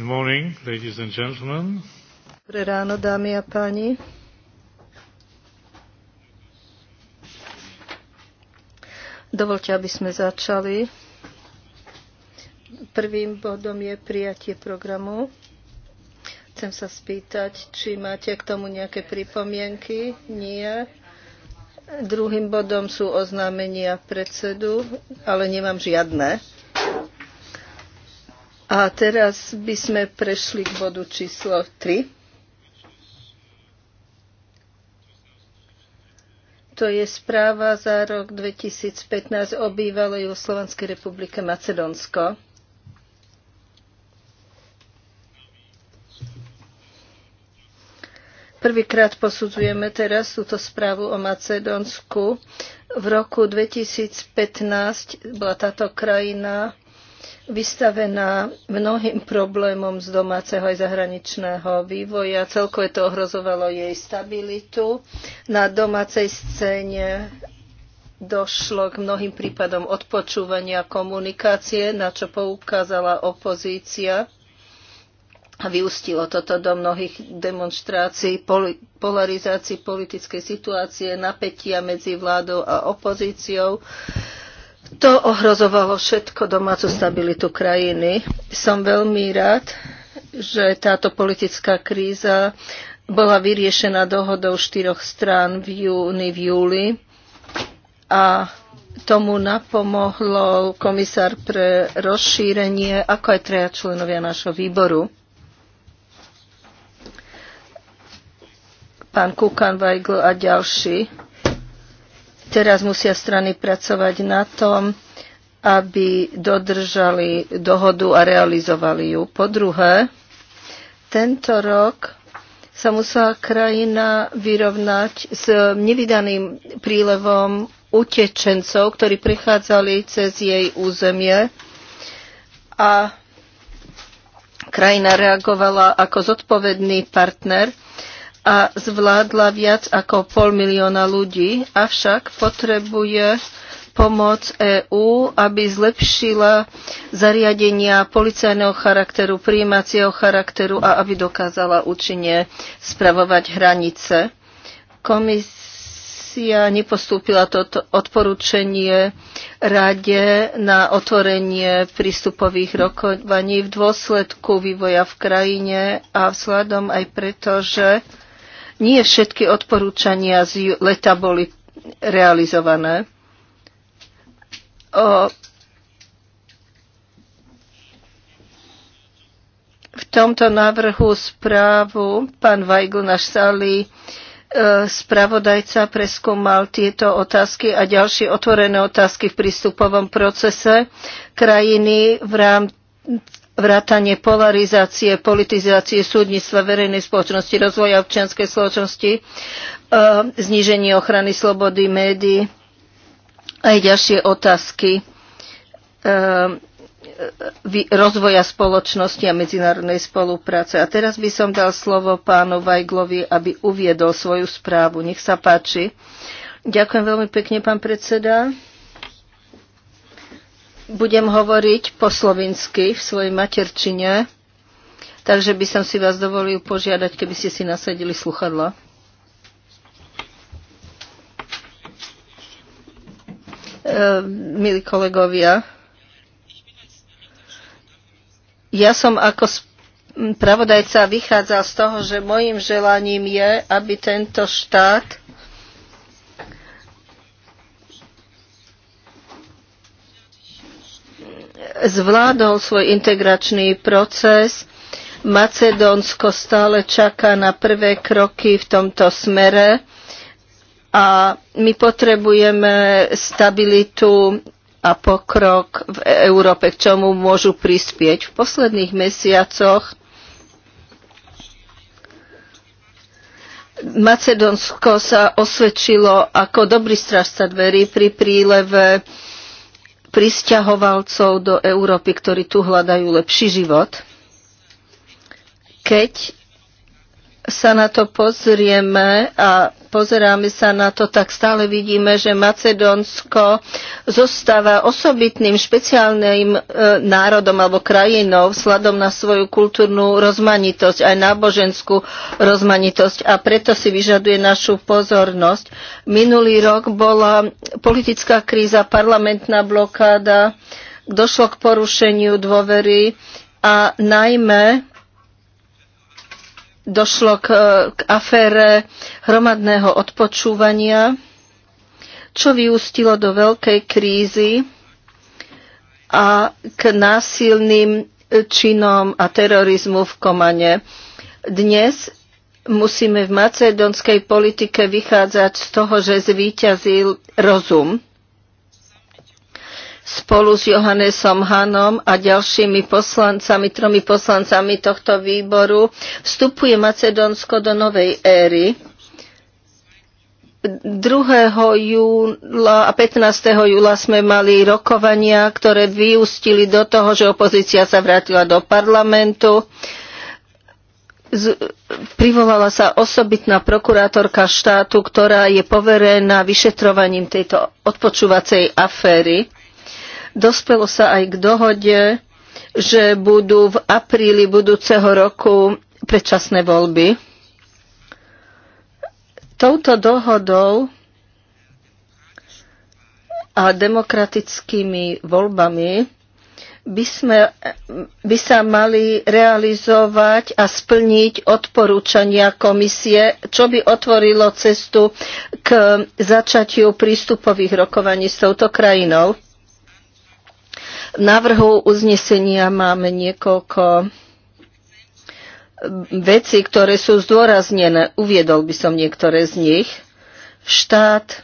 Good morning, ladies and gentlemen. Dobré ráno, dámy a páni. Dovolte, aby sme začali. Prvým bodom je prijatie programu. Chcem sa spýtať, či máte k tomu nejaké pripomienky? Nie. Druhým bodom sú oznámenia predsedu, ale nemám žiadne. A teraz by sme prešli k bodu číslo 3. To je správa za rok 2015 o bývalej Slovenskej republike Macedónsko. Prvýkrát posudzujeme teraz túto správu o Macedónsku. V roku 2015 bola táto krajina vystavená mnohým problémom z domáceho aj zahraničného vývoja. celkové to ohrozovalo jej stabilitu. Na domácej scéne došlo k mnohým prípadom odpočúvania komunikácie, na čo poukázala opozícia. A vyústilo toto do mnohých demonstrácií, poli- polarizácií politickej situácie, napätia medzi vládou a opozíciou. Uh, to ohrozovalo všetko domácu stabilitu krajiny. Som veľmi rád, že táto politická kríza bola vyriešená dohodou štyroch strán v júni, v júli a tomu napomohlo komisár pre rozšírenie, ako aj treja členovia nášho výboru. Pán Kukan, Weigl a ďalší Teraz musia strany pracovať na tom, aby dodržali dohodu a realizovali ju. Po druhé, tento rok sa musela krajina vyrovnať s nevydaným prílevom utečencov, ktorí prichádzali cez jej územie a krajina reagovala ako zodpovedný partner a zvládla viac ako pol milióna ľudí, avšak potrebuje pomoc EÚ, aby zlepšila zariadenia policajného charakteru, príjímacieho charakteru a aby dokázala účinne spravovať hranice. Komisia nepostúpila toto odporúčanie rade na otvorenie prístupových rokovaní v dôsledku vývoja v krajine a vzhľadom aj preto, že nie všetky odporúčania z leta boli realizované. O, v tomto návrhu správu pán Vajgl náš sály e, spravodajca preskúmal tieto otázky a ďalšie otvorené otázky v prístupovom procese krajiny v rámci vrátanie polarizácie, politizácie súdnictva verejnej spoločnosti, rozvoja občianskej spoločnosti, e, zníženie ochrany slobody médií aj ďalšie otázky e, rozvoja spoločnosti a medzinárodnej spolupráce. A teraz by som dal slovo pánu Vajglovi, aby uviedol svoju správu. Nech sa páči. Ďakujem veľmi pekne, pán predseda budem hovoriť po slovinsky v svojej materčine, takže by som si vás dovolil požiadať, keby ste si nasadili sluchadla. E, milí kolegovia, ja som ako pravodajca vychádzal z toho, že mojim želaním je, aby tento štát zvládol svoj integračný proces. Macedónsko stále čaká na prvé kroky v tomto smere a my potrebujeme stabilitu a pokrok v Európe, k čomu môžu prispieť. V posledných mesiacoch Macedónsko sa osvedčilo ako dobrý stražca dverí pri príleve prisťahovalcov do Európy, ktorí tu hľadajú lepší život. Keď sa na to pozrieme a pozeráme sa na to, tak stále vidíme, že Macedónsko zostáva osobitným špeciálnym e, národom alebo krajinou vzhľadom na svoju kultúrnu rozmanitosť, aj náboženskú rozmanitosť a preto si vyžaduje našu pozornosť. Minulý rok bola politická kríza, parlamentná blokáda, došlo k porušeniu dôvery a najmä došlo k, k afére hromadného odpočúvania, čo vyústilo do veľkej krízy a k násilným činom a terorizmu v Komane. Dnes musíme v Macedonskej politike vychádzať z toho, že zvíťazil rozum spolu s Johannesom Hanom a ďalšími poslancami, tromi poslancami tohto výboru vstupuje Macedónsko do novej éry. 2. júla a 15. júla sme mali rokovania, ktoré vyústili do toho, že opozícia sa vrátila do parlamentu. Z, privolala sa osobitná prokurátorka štátu, ktorá je poverená vyšetrovaním tejto odpočúvacej aféry. Dospelo sa aj k dohode, že budú v apríli budúceho roku predčasné voľby. Touto dohodou a demokratickými voľbami by, sme, by sa mali realizovať a splniť odporúčania komisie, čo by otvorilo cestu k začatiu prístupových rokovaní s touto krajinou návrhu uznesenia máme niekoľko veci, ktoré sú zdôraznené. Uviedol by som niektoré z nich. Štát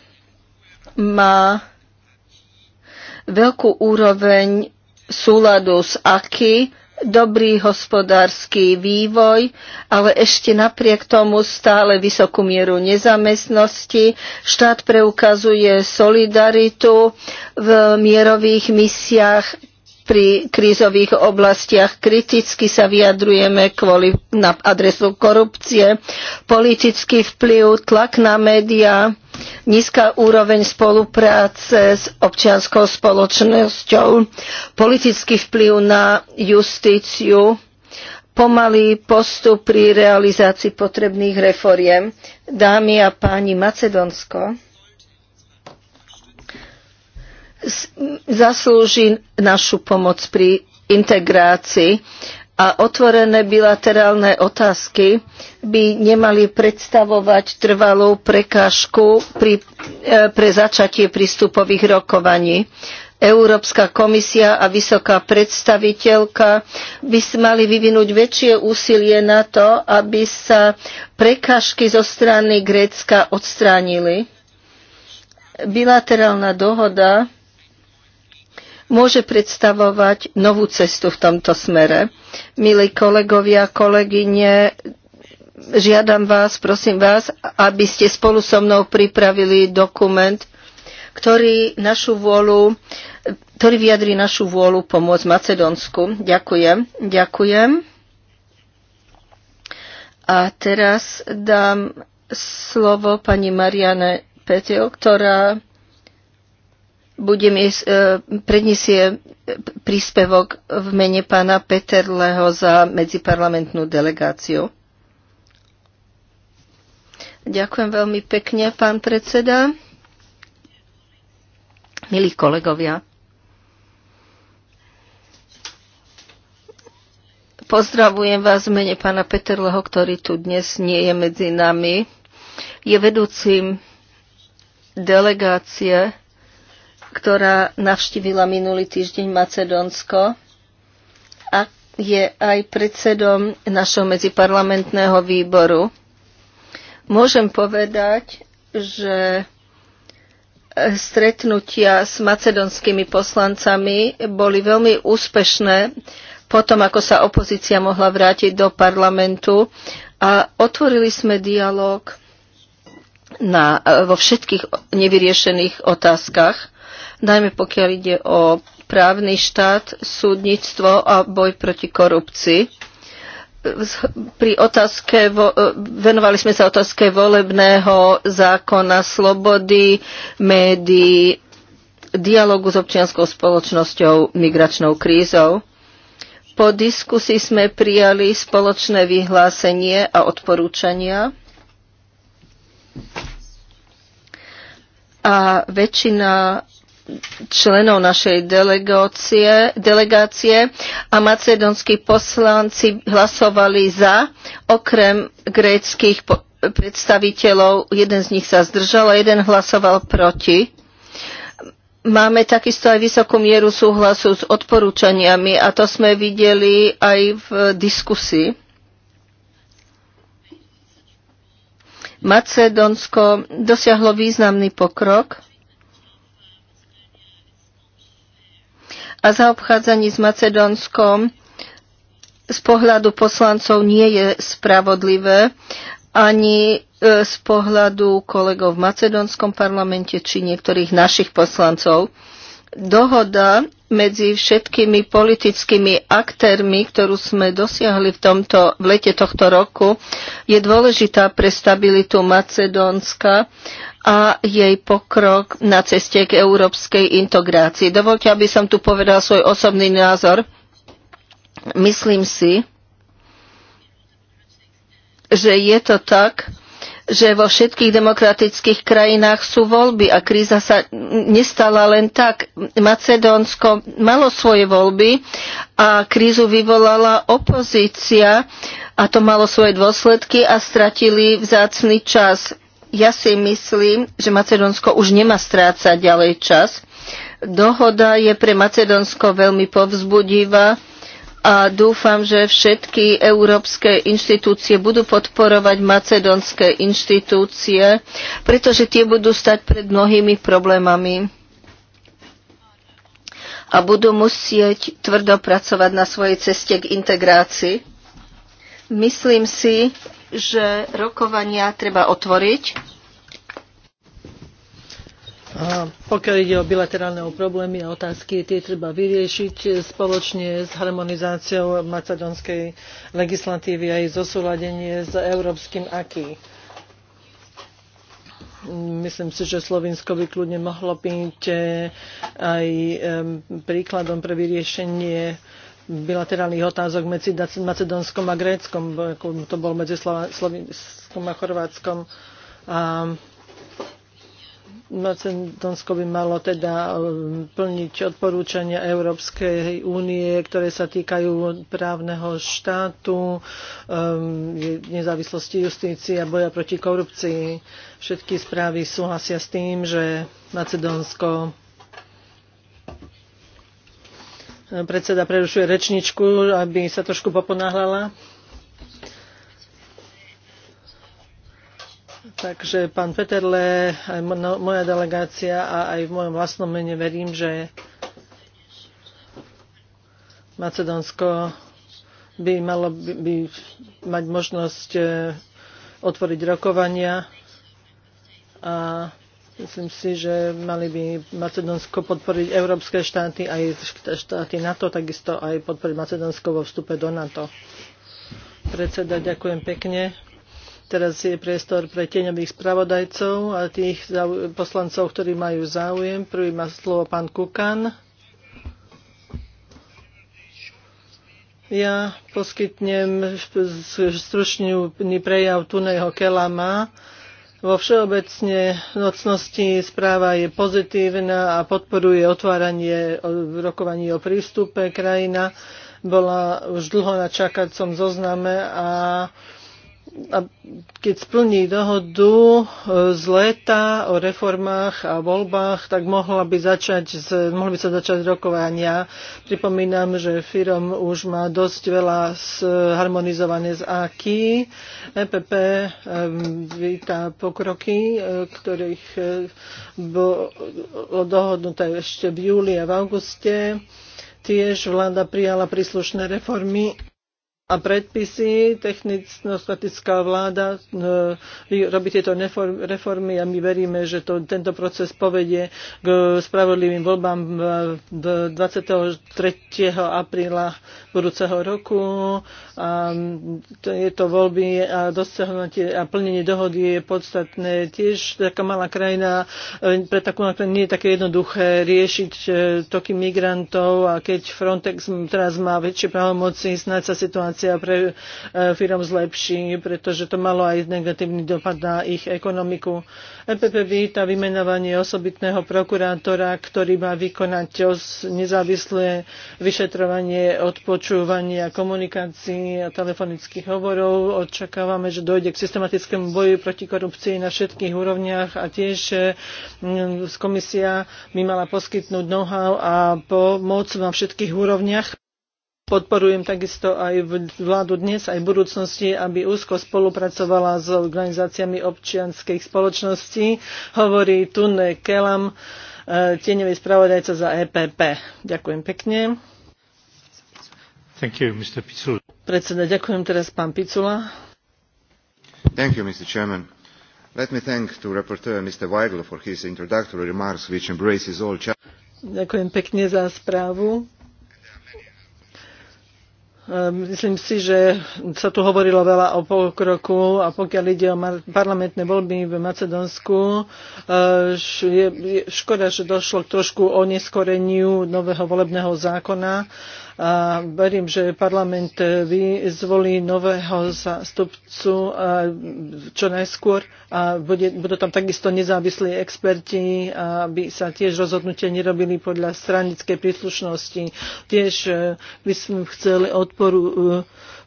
má veľkú úroveň súladu s aký dobrý hospodársky vývoj, ale ešte napriek tomu stále vysokú mieru nezamestnosti. Štát preukazuje solidaritu v mierových misiách pri krízových oblastiach. Kriticky sa vyjadrujeme kvôli na adresu korupcie, politický vplyv, tlak na médiá, nízka úroveň spolupráce s občianskou spoločnosťou, politický vplyv na justíciu, pomalý postup pri realizácii potrebných reforiem. Dámy a páni, Macedónsko zaslúži našu pomoc pri integrácii a otvorené bilaterálne otázky by nemali predstavovať trvalú prekážku pri, e, pre začatie prístupových rokovaní. Európska komisia a vysoká predstaviteľka by si mali vyvinúť väčšie úsilie na to, aby sa prekážky zo strany Grécka odstránili. Bilaterálna dohoda môže predstavovať novú cestu v tomto smere. Milí kolegovia, kolegyne, žiadam vás, prosím vás, aby ste spolu so mnou pripravili dokument, ktorý, našu vôľu, ktorý vyjadri našu vôľu pomôcť Macedónsku. Ďakujem. Ďakujem. A teraz dám slovo pani Mariane Petel, ktorá budem jesť, e, predniesie e, príspevok v mene pána Peterleho za medziparlamentnú delegáciu. Ďakujem veľmi pekne, pán predseda. Milí kolegovia, pozdravujem vás v mene pána Peterleho, ktorý tu dnes nie je medzi nami. Je vedúcim delegácie ktorá navštívila minulý týždeň Macedónsko a je aj predsedom našho medziparlamentného výboru. Môžem povedať, že eh, stretnutia s macedonskými poslancami boli veľmi úspešné potom, ako sa opozícia mohla vrátiť do parlamentu a otvorili sme dialog na, eh, vo všetkých nevyriešených otázkach najmä pokiaľ ide o právny štát, súdnictvo a boj proti korupcii pri otázke, venovali sme sa otázke volebného zákona, slobody, médií, dialogu s občianskou spoločnosťou, migračnou krízou. Po diskusii sme prijali spoločné vyhlásenie a odporúčania. A väčšina členov našej delegácie, delegácie a macedonskí poslanci hlasovali za, okrem gréckých predstaviteľov, jeden z nich sa zdržal a jeden hlasoval proti. Máme takisto aj vysokú mieru súhlasu s odporúčaniami a to sme videli aj v diskusii. Macedónsko dosiahlo významný pokrok a zaobchádzanie s Macedónskom z pohľadu poslancov nie je spravodlivé ani e, z pohľadu kolegov v Macedónskom parlamente či niektorých našich poslancov. Dohoda medzi všetkými politickými aktérmi, ktorú sme dosiahli v, tomto, v lete tohto roku, je dôležitá pre stabilitu Macedónska a jej pokrok na ceste k európskej integrácii. Dovolte, aby som tu povedal svoj osobný názor. Myslím si, že je to tak, že vo všetkých demokratických krajinách sú voľby a kríza sa nestala len tak. Macedónsko malo svoje voľby a krízu vyvolala opozícia a to malo svoje dôsledky a stratili vzácny čas ja si myslím, že Macedónsko už nemá strácať ďalej čas. Dohoda je pre Macedónsko veľmi povzbudivá a dúfam, že všetky európske inštitúcie budú podporovať macedónske inštitúcie, pretože tie budú stať pred mnohými problémami a budú musieť tvrdo pracovať na svojej ceste k integrácii. Myslím si, že rokovania treba otvoriť. A pokiaľ ide o bilaterálne problémy a otázky, tie treba vyriešiť spoločne s harmonizáciou Macedonskej legislatívy a jej zosúladenie s európskym aký. Myslím si, že Slovinsko by kľudne mohlo byť eh, aj príkladom pre vyriešenie bilaterálnych otázok medzi Macedónskom a Gréckom, ako to bol medzi Slovenskom a Chorvátskom. A Macedónsko by malo teda um, plniť odporúčania Európskej únie, ktoré sa týkajú právneho štátu, um, nezávislosti justície a boja proti korupcii. Všetky správy súhlasia s tým, že Macedónsko Predseda prerušuje rečničku, aby sa trošku poponáhľala. Takže pán Peterle, aj no, moja delegácia a aj v mojom vlastnom mene verím, že Macedónsko by malo by, by mať možnosť eh, otvoriť rokovania a Myslím si, že mali by Macedónsko podporiť európske štáty aj štáty NATO, takisto aj podporiť Macedónsko vo vstupe do NATO. Predseda, ďakujem pekne. Teraz je priestor pre tieňových spravodajcov a tých poslancov, ktorí majú záujem. Prvý má slovo pán Kukan. Ja poskytnem stručný prejav Tuného Kelama vo všeobecne nocnosti správa je pozitívna a podporuje otváranie rokovaní o prístupe. Krajina bola už dlho na čakacom zozname a keď splní dohodu e, z leta o reformách a voľbách, tak mohla by začať, mohli by sa začať rokovania. Pripomínam, že firom už má dosť veľa harmonizované z AKI. EPP e, víta pokroky, e, ktorých bolo dohodnuté ešte v júli a v auguste. Tiež vláda prijala príslušné reformy a predpisy, technicko-statická vláda e, robí tieto reformy a my veríme, že to, tento proces povedie k spravodlivým voľbám 23. apríla budúceho roku. A to, je to voľby a dosiahnutie a plnenie dohody je podstatné. Tiež taká malá krajina, e, pre takú krajinu nie je také jednoduché riešiť e, toky migrantov a keď Frontex teraz má väčšie právomoci, snáď sa situácia situácia pre e, firm zlepší, pretože to malo aj negatívny dopad na ich ekonomiku. EPP víta vymenovanie osobitného prokurátora, ktorý má vykonať nezávislé vyšetrovanie odpočúvania komunikácií a telefonických hovorov. Očakávame, že dojde k systematickému boju proti korupcii na všetkých úrovniach a tiež e, komisia by mala poskytnúť know-how a pomoc na všetkých úrovniach Podporujem takisto aj vládu dnes, aj v budúcnosti, aby úzko spolupracovala s organizáciami občianskej spoločnosti, hovorí Tune Kelam, e, tieňový spravodajca za EPP. Ďakujem pekne. Thank you, Mr. Picula. Predseda, ďakujem teraz pán Picula. Thank you, Mr. Chairman. Let me thank to Rapporteur Mr. Weigl for his introductory remarks, which embraces all challenges. Ďakujem pekne za správu Ehm, myslím si, že sa tu hovorilo veľa o pokroku a pokiaľ ide o parlamentné voľby v Macedónsku, ehm, je škoda, že došlo k trošku oneskoreniu nového volebného zákona, a verím, že parlament vyzvolí nového zástupcu čo najskôr a bude, budú tam takisto nezávislí experti, aby sa tiež rozhodnutia nerobili podľa stranickej príslušnosti. Tiež e, by som chcel odporu e,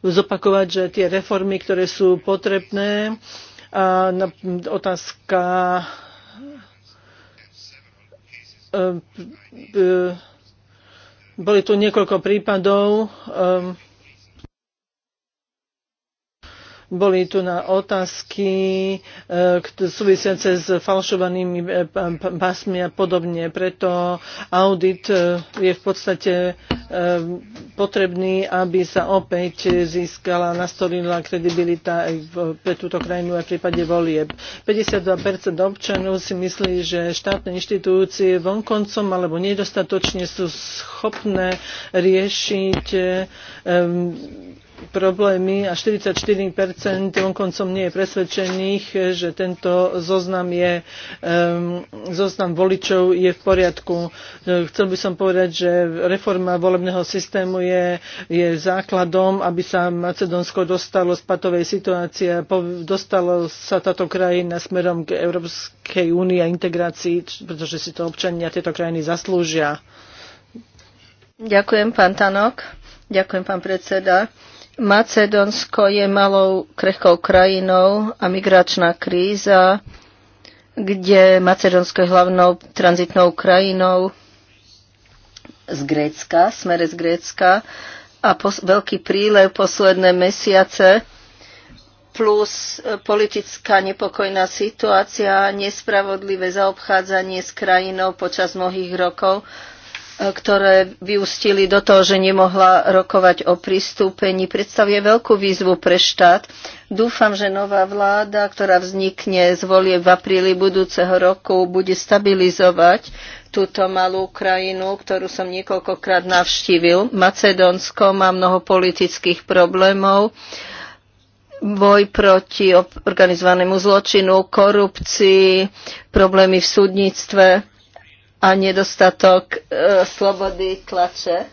zopakovať, že tie reformy, ktoré sú potrebné, a na, otázka e, boli tu niekoľko prípadov. Um, boli tu na otázky eh, súvisiace s falšovanými eh, pásmi a podobne. Preto audit eh, je v podstate potrebný, aby sa opäť získala, nastolila kredibilita aj pre túto krajinu aj v prípade volieb. 52% občanov si myslí, že štátne inštitúcie vonkoncom alebo nedostatočne sú schopné riešiť um, problémy a 44% koncom nie je presvedčených, že tento zoznam, je, zoznam voličov je v poriadku. Chcel by som povedať, že reforma volebného systému je, je základom, aby sa Macedónsko dostalo z patovej situácie, dostalo sa táto krajina smerom k Európskej únii a integrácii, pretože si to občania tieto krajiny zaslúžia. Ďakujem, pán Tanok. Ďakujem, pán predseda. Macedónsko je malou krehkou krajinou a migračná kríza, kde Macedónsko je hlavnou tranzitnou krajinou z Grécka, smere z Grécka a pos- veľký prílev posledné mesiace plus e, politická nepokojná situácia, nespravodlivé zaobchádzanie s krajinou počas mnohých rokov ktoré vyústili do toho, že nemohla rokovať o pristúpení, predstavuje veľkú výzvu pre štát. Dúfam, že nová vláda, ktorá vznikne z volie v apríli budúceho roku, bude stabilizovať túto malú krajinu, ktorú som niekoľkokrát navštívil. Macedónsko má mnoho politických problémov boj proti organizovanému zločinu, korupcii, problémy v súdnictve a nedostatok e, slobody tlače.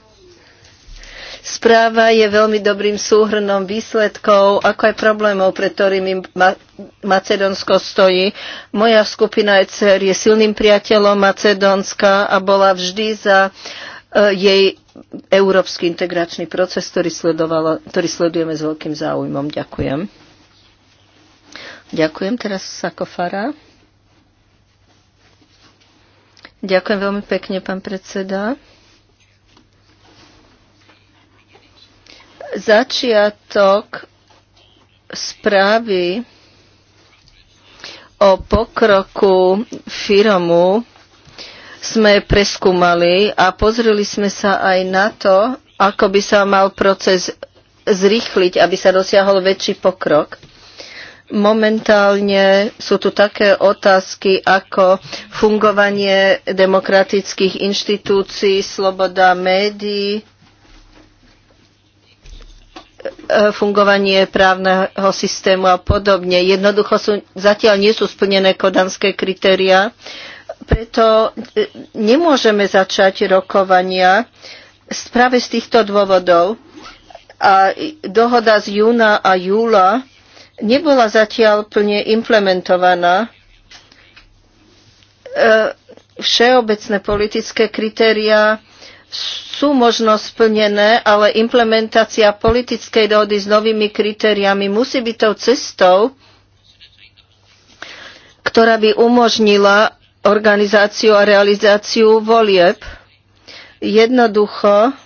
Správa je veľmi dobrým súhrnom výsledkov, ako aj problémov, pred ktorými Ma- Macedónsko stojí. Moja skupina ECR je silným priateľom Macedónska a bola vždy za e, jej európsky integračný proces, ktorý, ktorý sledujeme s veľkým záujmom. Ďakujem. Ďakujem. Teraz Sakofara. Ďakujem veľmi pekne, pán predseda. Začiatok správy o pokroku firmu sme preskúmali a pozreli sme sa aj na to, ako by sa mal proces zrýchliť, aby sa dosiahol väčší pokrok. Momentálne sú tu také otázky ako fungovanie demokratických inštitúcií, sloboda médií, e, fungovanie právneho systému a podobne. Jednoducho sú, zatiaľ nie sú splnené kodanské kritéria, preto e, nemôžeme začať rokovania práve z týchto dôvodov. A dohoda z júna a júla nebola zatiaľ plne implementovaná. E, všeobecné politické kritéria sú možno splnené, ale implementácia politickej dohody s novými kritériami musí byť tou cestou, ktorá by umožnila organizáciu a realizáciu volieb. Jednoducho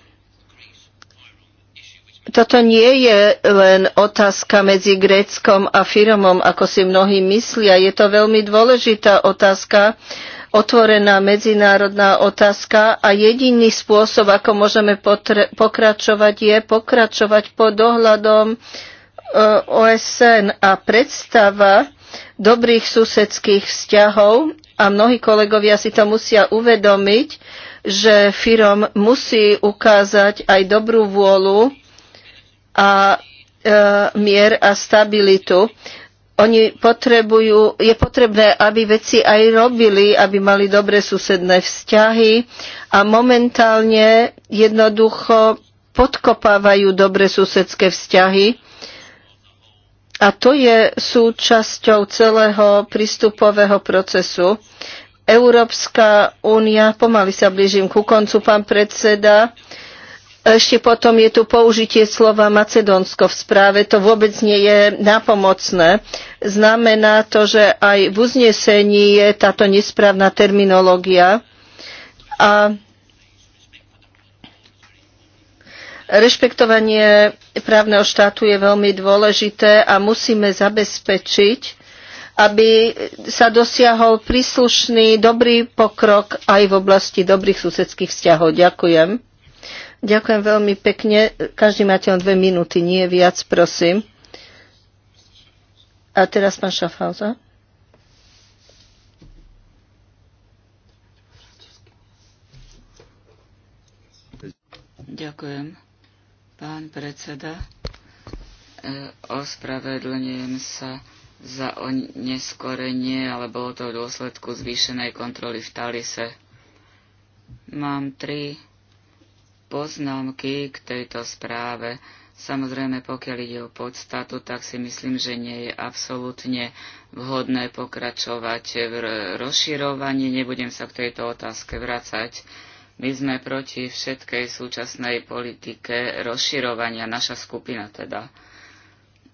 toto nie je len otázka medzi Gréckom a Firomom, ako si mnohí myslia. Je to veľmi dôležitá otázka, otvorená medzinárodná otázka a jediný spôsob, ako môžeme pokračovať, je pokračovať pod dohľadom e, OSN a predstava dobrých susedských vzťahov a mnohí kolegovia si to musia uvedomiť, že Firom musí ukázať aj dobrú vôľu a e, mier a stabilitu. Oni potrebujú, je potrebné, aby veci aj robili, aby mali dobre susedné vzťahy a momentálne jednoducho podkopávajú dobre susedské vzťahy. A to je súčasťou celého prístupového procesu. Európska únia, pomaly sa blížim ku koncu, pán predseda, ešte potom je tu použitie slova Macedónsko v správe. To vôbec nie je napomocné. Znamená to, že aj v uznesení je táto nesprávna terminológia. A rešpektovanie právneho štátu je veľmi dôležité a musíme zabezpečiť, aby sa dosiahol príslušný dobrý pokrok aj v oblasti dobrých susedských vzťahov. Ďakujem. Ďakujem veľmi pekne. Každý máte len dve minúty, nie viac, prosím. A teraz pán Schaffhauser. Ďakujem. Pán predseda, e, ospravedlňujem sa za oneskorenie, ale bolo to v dôsledku zvýšenej kontroly v Talise. Mám tri poznámky k tejto správe. Samozrejme, pokiaľ ide o podstatu, tak si myslím, že nie je absolútne vhodné pokračovať v rozširovaní. Nebudem sa k tejto otázke vracať. My sme proti všetkej súčasnej politike rozširovania, naša skupina teda.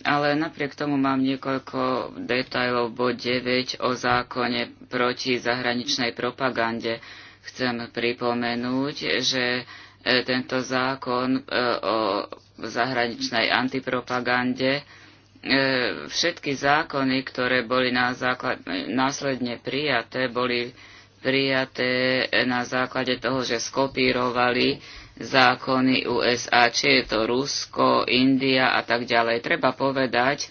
Ale napriek tomu mám niekoľko detajlov bod 9 o zákone proti zahraničnej propagande. Chcem pripomenúť, že E, tento zákon e, o zahraničnej antipropagande. E, všetky zákony, ktoré boli následne prijaté, boli prijaté na základe toho, že skopírovali zákony USA, či je to Rusko, India a tak ďalej. Treba povedať,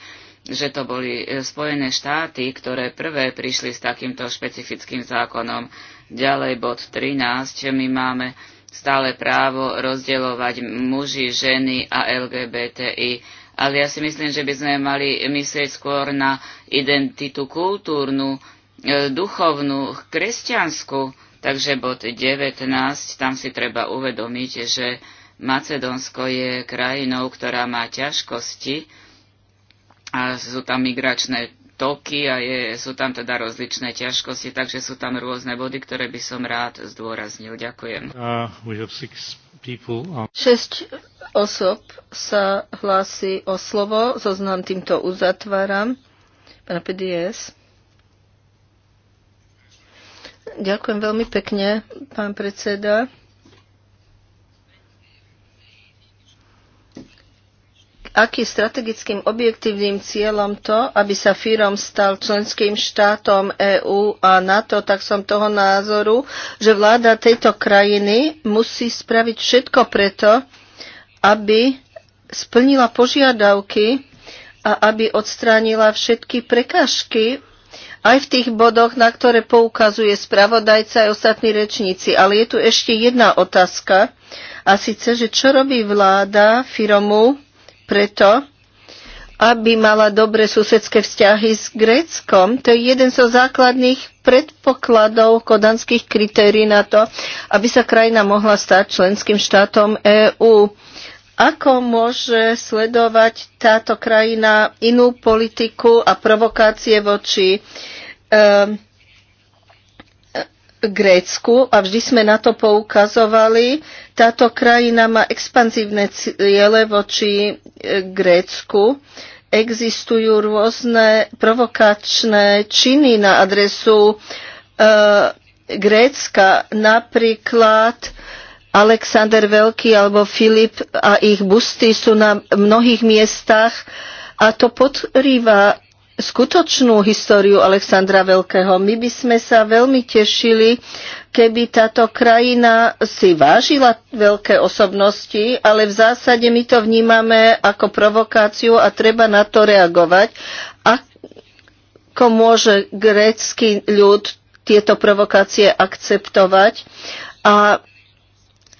že to boli Spojené štáty, ktoré prvé prišli s takýmto špecifickým zákonom. Ďalej bod 13, my máme stále právo rozdielovať muži, ženy a LGBTI. Ale ja si myslím, že by sme mali myslieť skôr na identitu kultúrnu, e, duchovnú, kresťanskú. Takže bod 19, tam si treba uvedomiť, že Macedónsko je krajinou, ktorá má ťažkosti a sú tam migračné toky a je, sú tam teda rozličné ťažkosti, takže sú tam rôzne body, ktoré by som rád zdôraznil. Ďakujem. Uh, on... Šesť osob sa hlási o slovo. Zoznam týmto uzatváram. Pana PDS. Ďakujem veľmi pekne, pán predseda. aký strategickým objektívnym cieľom to, aby sa Fyrom stal členským štátom EÚ a NATO, tak som toho názoru, že vláda tejto krajiny musí spraviť všetko preto, aby splnila požiadavky a aby odstránila všetky prekážky aj v tých bodoch, na ktoré poukazuje spravodajca aj ostatní rečníci. Ale je tu ešte jedna otázka, a síce, že čo robí vláda Firomu preto, aby mala dobre susedské vzťahy s Gréckom. To je jeden zo základných predpokladov kodanských kritérií na to, aby sa krajina mohla stať členským štátom EÚ. Ako môže sledovať táto krajina inú politiku a provokácie voči ehm, Grécku a vždy sme na to poukazovali. Táto krajina má expanzívne ciele voči e, Grécku. Existujú rôzne provokačné činy na adresu e, Grécka, napríklad Alexander Veľký alebo Filip a ich busty sú na mnohých miestach a to podrýva skutočnú históriu Alexandra Veľkého. My by sme sa veľmi tešili, keby táto krajina si vážila veľké osobnosti, ale v zásade my to vnímame ako provokáciu a treba na to reagovať. Ako môže grécky ľud tieto provokácie akceptovať a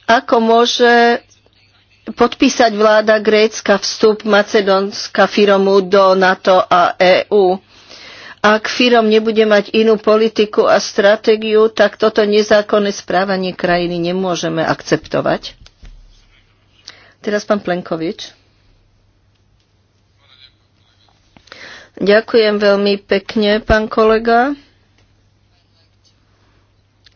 ako môže podpísať vláda Grécka vstup Macedónska firmu do NATO a EÚ. Ak firom nebude mať inú politiku a stratégiu, tak toto nezákonné správanie krajiny nemôžeme akceptovať. Teraz pán Plenkovič. Ďakujem veľmi pekne, pán kolega.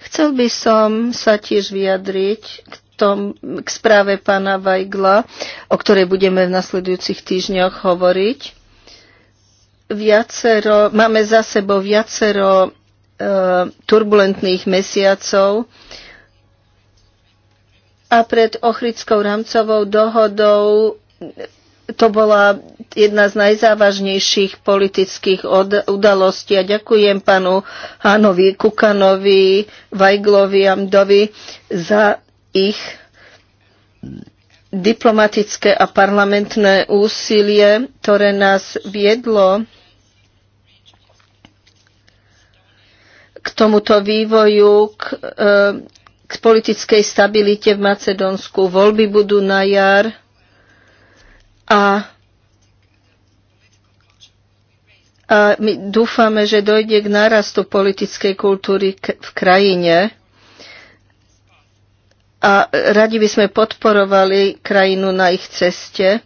Chcel by som sa tiež vyjadriť k tom, k správe pána Vajgla, o ktorej budeme v nasledujúcich týždňoch hovoriť. Viacero, máme za sebou viacero e, turbulentných mesiacov a pred Ochrickou rámcovou dohodou to bola jedna z najzávažnejších politických udalostí a ďakujem panu Hánovi, Kukanovi, Vajglovi, Amdovi za ich diplomatické a parlamentné úsilie, ktoré nás viedlo k tomuto vývoju, k, e, k politickej stabilite v Macedónsku. Voľby budú na jar a, a my dúfame, že dojde k nárastu politickej kultúry v krajine a radi by sme podporovali krajinu na ich ceste.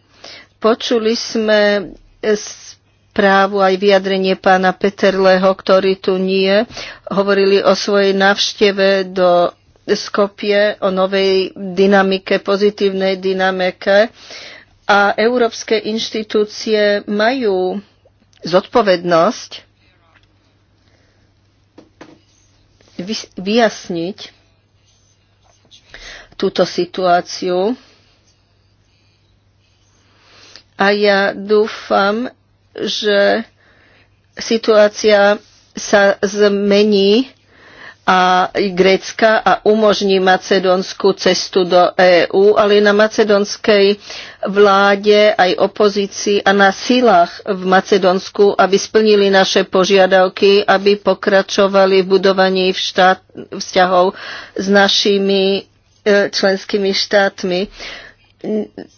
Počuli sme e, správu aj vyjadrenie pána Peterleho, ktorý tu nie. Hovorili o svojej návšteve do Skopie, o novej dynamike, pozitívnej dynamike. A európske inštitúcie majú zodpovednosť vyjasniť, túto situáciu. A ja dúfam, že situácia sa zmení a Grécka a umožní Macedónsku cestu do EÚ, ale na macedónskej vláde aj opozícii a na silách v Macedónsku, aby splnili naše požiadavky, aby pokračovali v budovaní vzťahov s našimi E, členskými štátmi.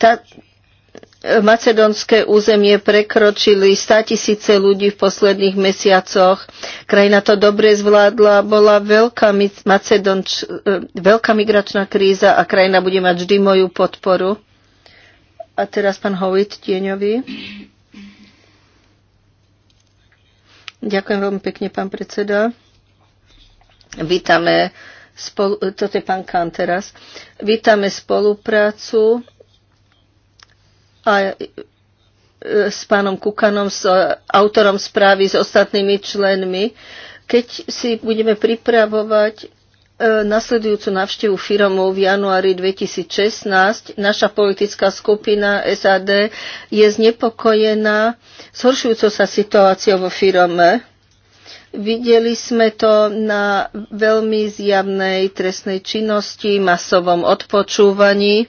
Tá, e, macedonské územie prekročili 100 tisíce ľudí v posledných mesiacoch. Krajina to dobre zvládla, bola veľká, Macedonč, e, veľká migračná kríza a krajina bude mať vždy moju podporu. A teraz pán Hovit Tieňový. Ďakujem veľmi pekne, pán predseda. Vítame spolu, toto je pán Kán teraz, vítame spoluprácu a e, s pánom Kukanom, s e, autorom správy, s ostatnými členmi, keď si budeme pripravovať e, nasledujúcu návštevu firmu v januári 2016 naša politická skupina SAD je znepokojená zhoršujúcou sa situáciou vo firme Videli sme to na veľmi zjavnej trestnej činnosti, masovom odpočúvaní.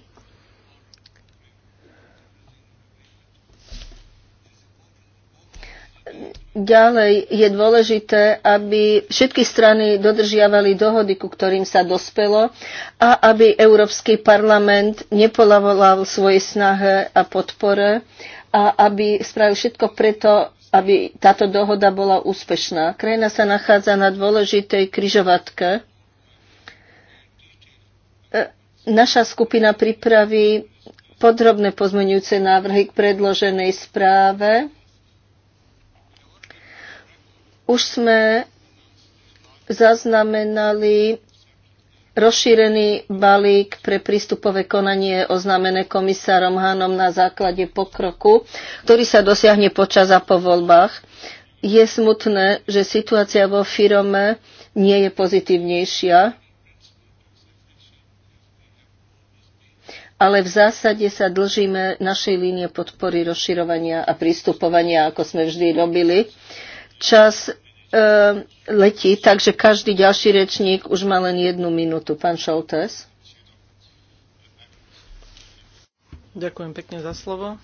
Ďalej je dôležité, aby všetky strany dodržiavali dohody, ku ktorým sa dospelo a aby Európsky parlament nepolavoval svoje snahe a podpore a aby spravil všetko preto, aby táto dohoda bola úspešná. Krajina sa nachádza na dôležitej kryžovatke. E, naša skupina pripraví podrobné pozmeňujúce návrhy k predloženej správe. Už sme zaznamenali Rozšírený balík pre prístupové konanie je oznámené komisárom Hanom na základe pokroku, ktorý sa dosiahne počas a po voľbách. Je smutné, že situácia vo firme nie je pozitívnejšia, ale v zásade sa dlžíme našej línie podpory rozširovania a prístupovania, ako sme vždy robili. Čas Ehm, letí, takže každý ďalší rečník už má len jednu minútu. Pán Šoltes. Ďakujem pekne za slovo.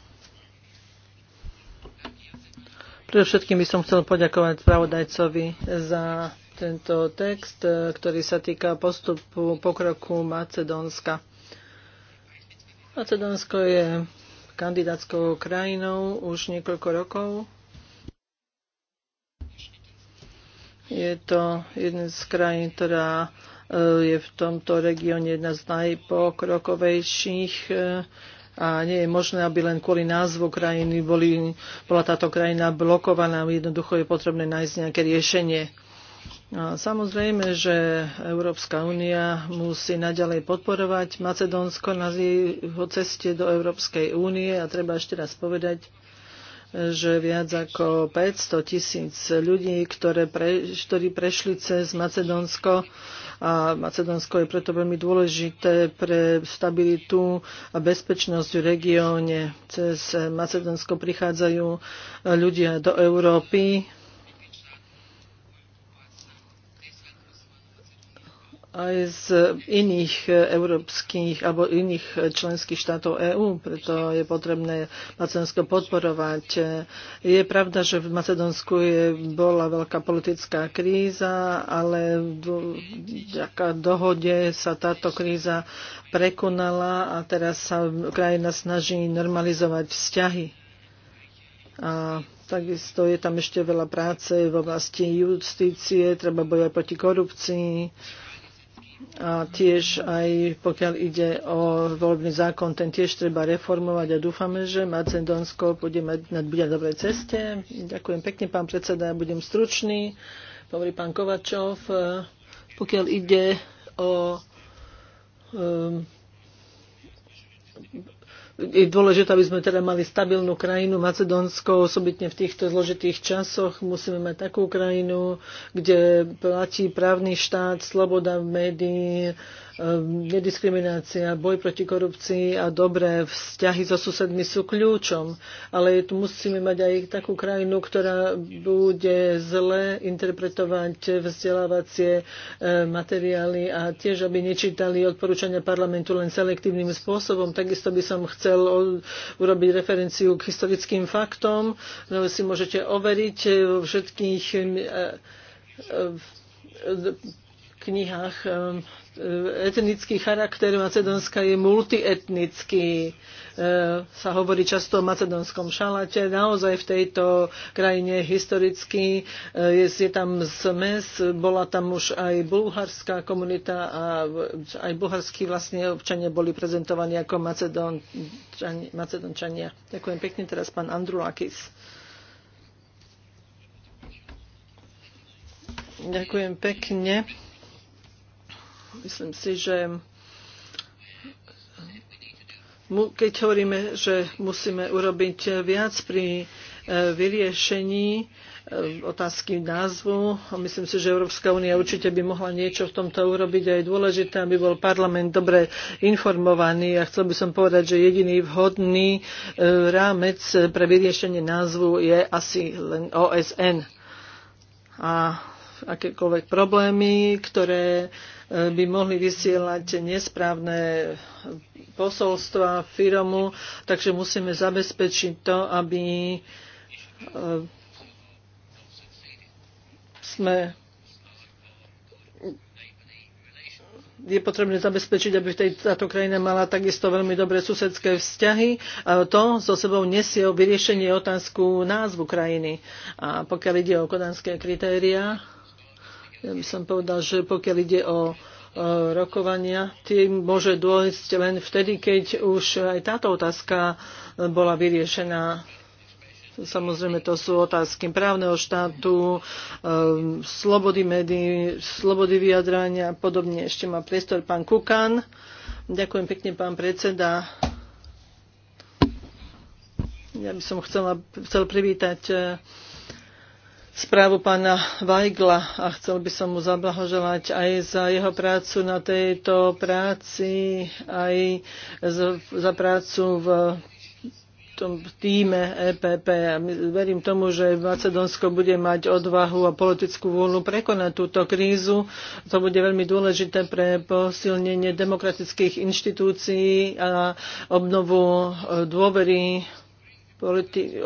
všetkým by som chcel poďakovať spravodajcovi za tento text, e, ktorý sa týka postupu pokroku Macedónska. Macedónsko je kandidátskou krajinou už niekoľko rokov Je to jedna z krajín, ktorá eh, je v tomto regióne jedna z najpokrokovejších eh, a nie je možné, aby len kvôli názvu krajiny boli, bola táto krajina blokovaná. Jednoducho je potrebné nájsť nejaké riešenie. A samozrejme, že Európska únia musí naďalej podporovať Macedónsko na jeho ceste do Európskej únie a treba ešte raz povedať, že viac ako 500 tisíc ľudí, ktoré pre, ktorí prešli cez Macedónsko a Macedónsko je preto veľmi dôležité pre stabilitu a bezpečnosť v regióne. Cez Macedónsko prichádzajú ľudia do Európy, aj z iných e, európskych alebo iných e, členských štátov EÚ, preto je potrebné Macedónsko podporovať. E, je pravda, že v Macedónsku je, bola veľká politická kríza, ale vďaka dohode sa táto kríza prekonala a teraz sa krajina snaží normalizovať vzťahy. A takisto je tam ešte veľa práce v oblasti justície, treba bojovať proti korupcii a tiež aj pokiaľ ide o voľbný zákon, ten tiež treba reformovať a dúfame, že Macedónsko bude mať, na dobrej ceste. Ďakujem pekne, pán predseda, ja budem stručný. Hovorí pán Kovačov, pokiaľ ide o um, je dôležité, aby sme teda mali stabilnú krajinu Macedónsko, osobitne v týchto zložitých časoch. Musíme mať takú krajinu, kde platí právny štát, sloboda médií, Ehm, nediskriminácia, boj proti korupcii a dobré vzťahy so susedmi sú kľúčom. Ale tu musíme mať aj takú krajinu, ktorá bude zle interpretovať vzdelávacie ehm, materiály a tiež, aby nečítali odporúčania parlamentu len selektívnym spôsobom. Takisto by som chcel urobiť referenciu k historickým faktom. No si môžete overiť e, všetkých e, e, knihách eh, eh, etnický charakter Macedónska je multietnický. Eh, sa hovorí často o macedónskom šalate. Naozaj v tejto krajine historicky je, je tam zmes. Bola tam už aj bulharská komunita a aj bulharskí vlastne občania boli prezentovaní ako macedónčania. Ďakujem pekne teraz pán Andrulakis. Ďakujem pekne. Myslím si, že keď hovoríme, že musíme urobiť viac pri e, vyriešení e, otázky názvu. Myslím si, že Európska únia určite by mohla niečo v tomto urobiť a je dôležité, aby bol parlament dobre informovaný a chcel by som povedať, že jediný vhodný e, rámec pre vyriešenie názvu je asi len OSN. A akékoľvek problémy, ktoré e, by mohli vysielať nesprávne posolstva firmu, takže musíme zabezpečiť to, aby e, sme je potrebné zabezpečiť, aby tej, táto krajina mala takisto veľmi dobré susedské vzťahy. A to so sebou nesie o vyriešenie otázku názvu krajiny. A pokiaľ ide o kodanské kritéria, ja by som povedal, že pokiaľ ide o rokovania, tým môže dôjsť len vtedy, keď už aj táto otázka bola vyriešená. Samozrejme, to sú otázky právneho štátu, ehm, slobody médií, slobody vyjadrania a podobne. Ešte má priestor pán Kukan. Ďakujem pekne, pán predseda. Ja by som chcela, chcel privítať eh, správu pána Vajgla a chcel by som mu zablahoželať aj za jeho prácu na tejto práci, aj za prácu v tom týme EPP. A verím tomu, že Macedónsko bude mať odvahu a politickú vôľu prekonať túto krízu. To bude veľmi dôležité pre posilnenie demokratických inštitúcií a obnovu e, dôvery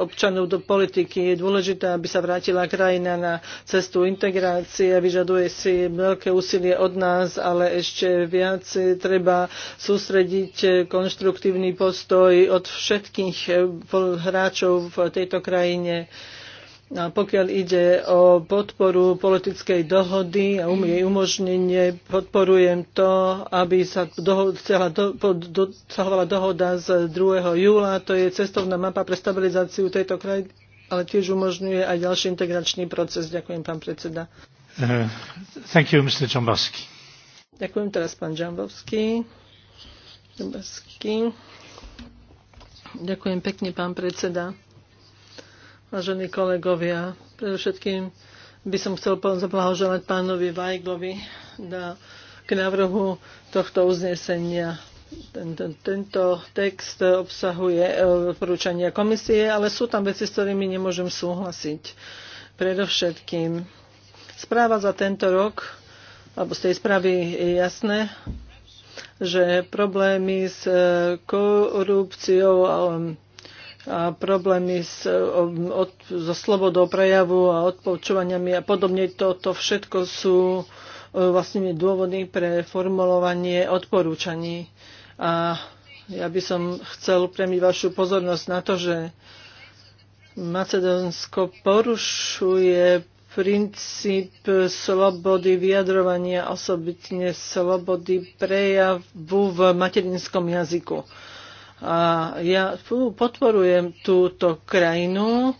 občanov do politiky. Je dôležité, aby sa vrátila krajina na cestu integrácie. Vyžaduje si veľké úsilie od nás, ale ešte viac treba sústrediť konštruktívny postoj od všetkých eh, hráčov v tejto krajine. No a pokiaľ ide o podporu politickej dohody a um-, jej umožnenie, podporujem to, aby sa dosahovala do, do, dohoda z 2. júla. To je cestovná mapa pre stabilizáciu tejto krajiny, ale tiež umožňuje aj ďalší integračný proces. Ďakujem, pán predseda. Uh, thank you, Mr. Ďakujem teraz, pán Jambovský. Ďakujem pekne, pán predseda vážení kolegovia. Predovšetkým by som chcel zablahoželať pánovi Vajglovi na, k návrhu tohto uznesenia. Tento, tento text obsahuje e, odporúčania komisie, ale sú tam veci, s ktorými nemôžem súhlasiť. Predovšetkým správa za tento rok, alebo z tej správy je jasné, že problémy s e, korupciou a problémy s, e, od, so slobodou prejavu a odpočúvaniami a podobne. Toto všetko sú e, vlastne dôvody pre formulovanie odporúčaní. A ja by som chcel premiť vašu pozornosť na to, že Macedónsko porušuje princíp slobody vyjadrovania, osobitne slobody prejavu v materinskom jazyku. A ja podporujem túto krajinu,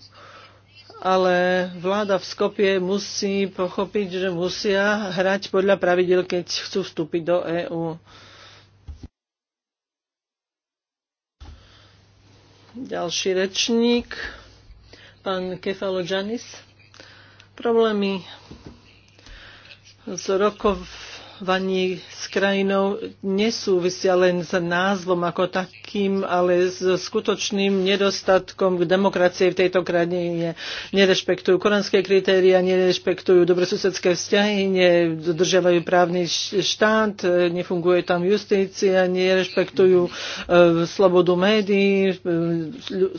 ale vláda v Skopie musí pochopiť, že musia hrať podľa pravidel, keď chcú vstúpiť do EÚ. Ďalší rečník, pán Kefalo Janis. Problémy s rokov obchodovanie s krajinou nesúvisia len s názvom ako takým, ale s skutočným nedostatkom k demokracie v tejto krajine. Nerešpektujú koranské kritéria, nerešpektujú dobrosusedské vzťahy, nedodržiavajú právny štát, nefunguje tam justícia, nerešpektujú e, slobodu médií, e,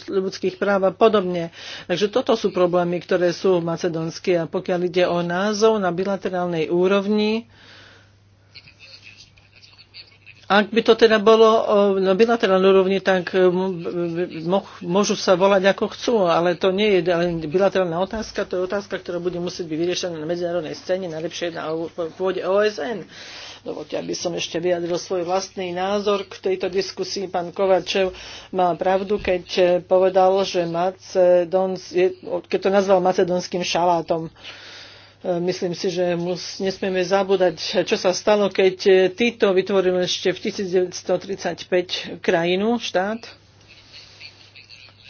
ľudských práv a podobne. Takže toto sú problémy, ktoré sú v Macedónsky a pokiaľ ide o názov na bilaterálnej úrovni, ak by to teda bolo na bilaterálnej úrovni, tak môžu sa volať ako chcú, ale to nie je len bilaterálna otázka, to je otázka, ktorá bude musieť byť vyriešená na medzinárodnej scéne, najlepšie na pôde OSN. Dovolte, aby som ešte vyjadril svoj vlastný názor k tejto diskusii. Pán Kovačev má pravdu, keď povedal, že Macedons, keď to nazval macedonským šalátom. Uh, E, myslím si, že mus, nesmieme zabúdať, čo sa stalo, keď e, Tito vytvoril ešte v 1935 krajinu, štát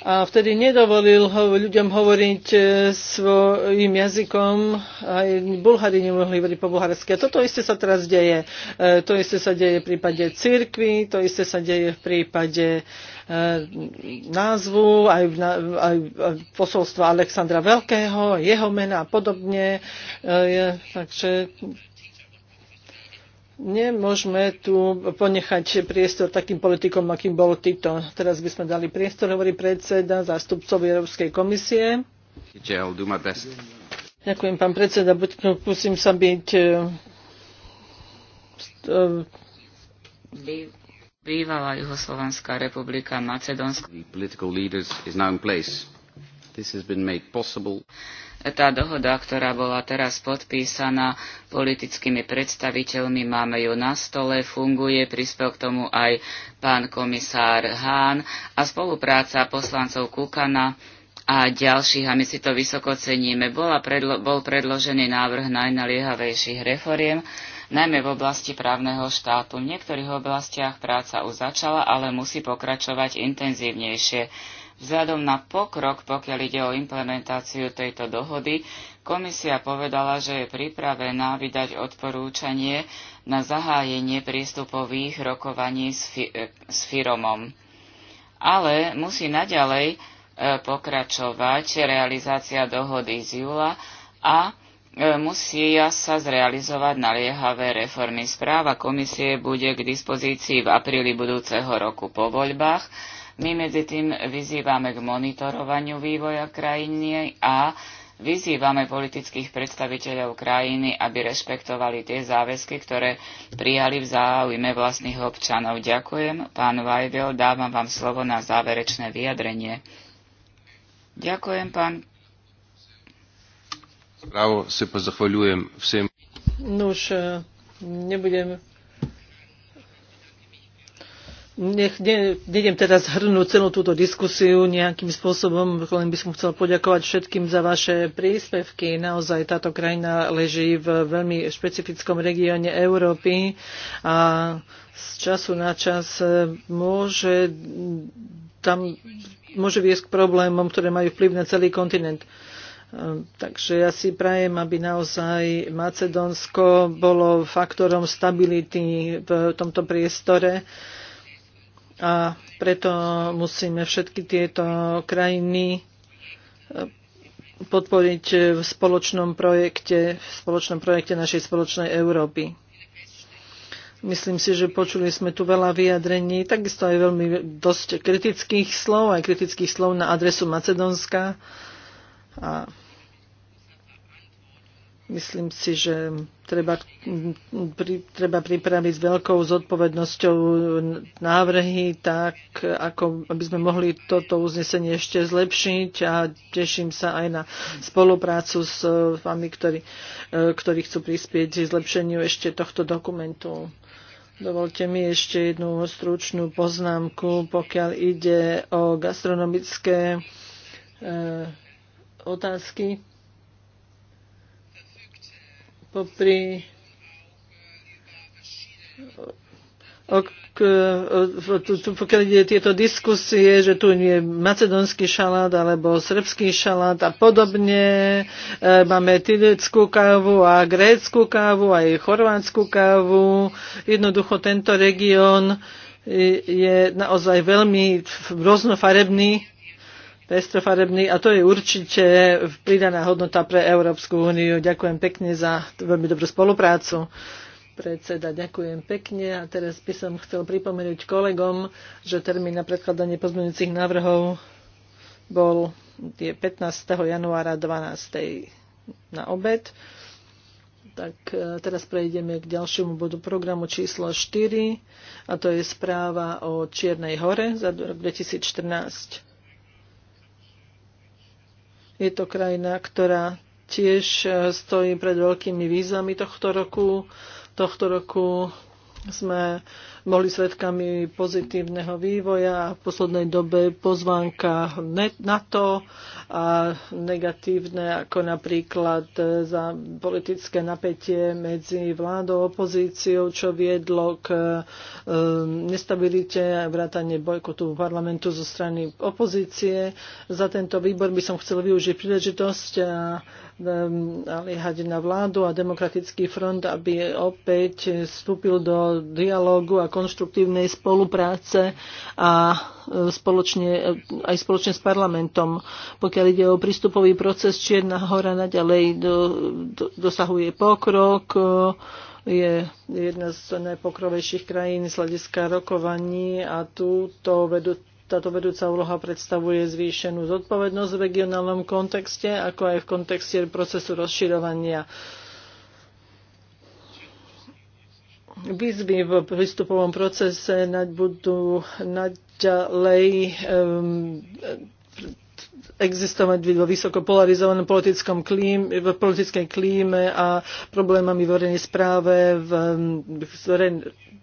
a vtedy nedovolil ho, ľuďom hovoriť e, svojim jazykom, aj Bulhari nemohli hovoriť po bulharsky. A toto isté sa teraz deje. E, to isté sa deje v prípade cirkvy, to isté sa deje v prípade e, názvu, aj, aj posolstva Alexandra Veľkého, jeho mena a podobne. Takže Nemôžeme tu ponechať priestor takým politikom, akým bol Tito. Teraz by sme dali priestor, hovorí predseda zástupcov Európskej komisie. Ďakujem, pán predseda. Pusím sa byť... E, e, bývalá Juhoslovanská republika Macedónska tá dohoda, ktorá bola teraz podpísaná politickými predstaviteľmi, máme ju na stole, funguje, prispel k tomu aj pán komisár Hán a spolupráca poslancov Kukana a ďalších, a my si to vysoko ceníme, bola predlo- bol predložený návrh najnaliehavejších reforiem, najmä v oblasti právneho štátu. V niektorých oblastiach práca už začala, ale musí pokračovať intenzívnejšie. Vzhľadom na pokrok, pokiaľ ide o implementáciu tejto dohody, komisia povedala, že je pripravená vydať odporúčanie na zahájenie prístupových rokovaní s, fi- e, s firomom. Ale musí naďalej e, pokračovať realizácia dohody z júla a e, musia sa zrealizovať naliehavé reformy. Správa komisie bude k dispozícii v apríli budúceho roku po voľbách my medzi tým vyzývame k monitorovaniu vývoja krajiny a vyzývame politických predstaviteľov krajiny, aby rešpektovali tie záväzky, ktoré prijali v záujme vlastných občanov. Ďakujem. Pán Vajdel, dávam vám slovo na záverečné vyjadrenie. Ďakujem, pán Právo sa pozachvaľujem všem. Nuž, eh, nebudem nech, ne, nejdem teraz zhrnúť celú túto diskusiu nejakým spôsobom, len by som chcel poďakovať všetkým za vaše príspevky. Naozaj táto krajina leží v veľmi špecifickom regióne Európy a z času na čas e, môže tam môže viesť k problémom, ktoré majú vplyv na celý kontinent. E, takže ja si prajem, aby naozaj Macedónsko bolo faktorom stability v tomto priestore a preto musíme všetky tieto krajiny eh, podporiť v spoločnom projekte, v spoločnom projekte našej spoločnej Európy. Myslím si, že počuli sme tu veľa vyjadrení, takisto aj veľmi dosť kritických slov, aj kritických slov na adresu Macedónska. A Myslím si, že treba, pri, treba pripraviť s veľkou zodpovednosťou návrhy, tak ako aby sme mohli toto uznesenie ešte zlepšiť a teším sa aj na spoluprácu s vami, ktorí, ktorí chcú prispieť k zlepšeniu ešte tohto dokumentu. Dovolte mi ešte jednu stručnú poznámku, pokiaľ ide o gastronomické e, otázky tu, pokiaľ ide tieto diskusie, že tu je macedonský šalát alebo srbský šalát a podobne. E, máme tileckú kávu a grécku kávu, aj chorvátsku kávu. Jednoducho tento región je naozaj veľmi roznofarebný pestrofarebný a to je určite pridaná hodnota pre Európsku úniu. Ďakujem pekne za veľmi dobrú spoluprácu predseda. Ďakujem pekne a teraz by som chcel pripomenúť kolegom, že termín na predkladanie pozmeňujúcich návrhov bol 15. januára 12. na obed. Tak e, teraz prejdeme k ďalšiemu bodu programu číslo 4 a to je správa o Čiernej hore za rok 2014. Je to krajina, ktorá tiež e, stojí pred veľkými výzvami tohto roku. Tohto roku sme boli svedkami pozitívneho vývoja a v poslednej dobe pozvánka NATO a negatívne ako napríklad e, za politické napätie medzi vládou a opozíciou, čo viedlo k e, nestabilite a vrátanie bojkotu parlamentu zo strany opozície. Za tento výbor by som chcel využiť príležitosť a naliehať e, na vládu a demokratický front, aby opäť vstúpil do dialógu a konštruktívnej spolupráce a e, spoločne, e, aj spoločne s parlamentom. Pokiaľ ide o prístupový proces, Čierna hora naďalej do, do, dosahuje pokrok e, je jedna z najpokrovejších krajín z hľadiska rokovaní a túto vedú táto vedúca úloha predstavuje zvýšenú zodpovednosť v regionálnom kontexte, ako aj v kontexte procesu rozširovania. výzvy v prístupovom procese budú naďalej um, existovať vo vysoko polarizovanom politickom klíme, v politickej klíme a problémami v verejnej správe, v, v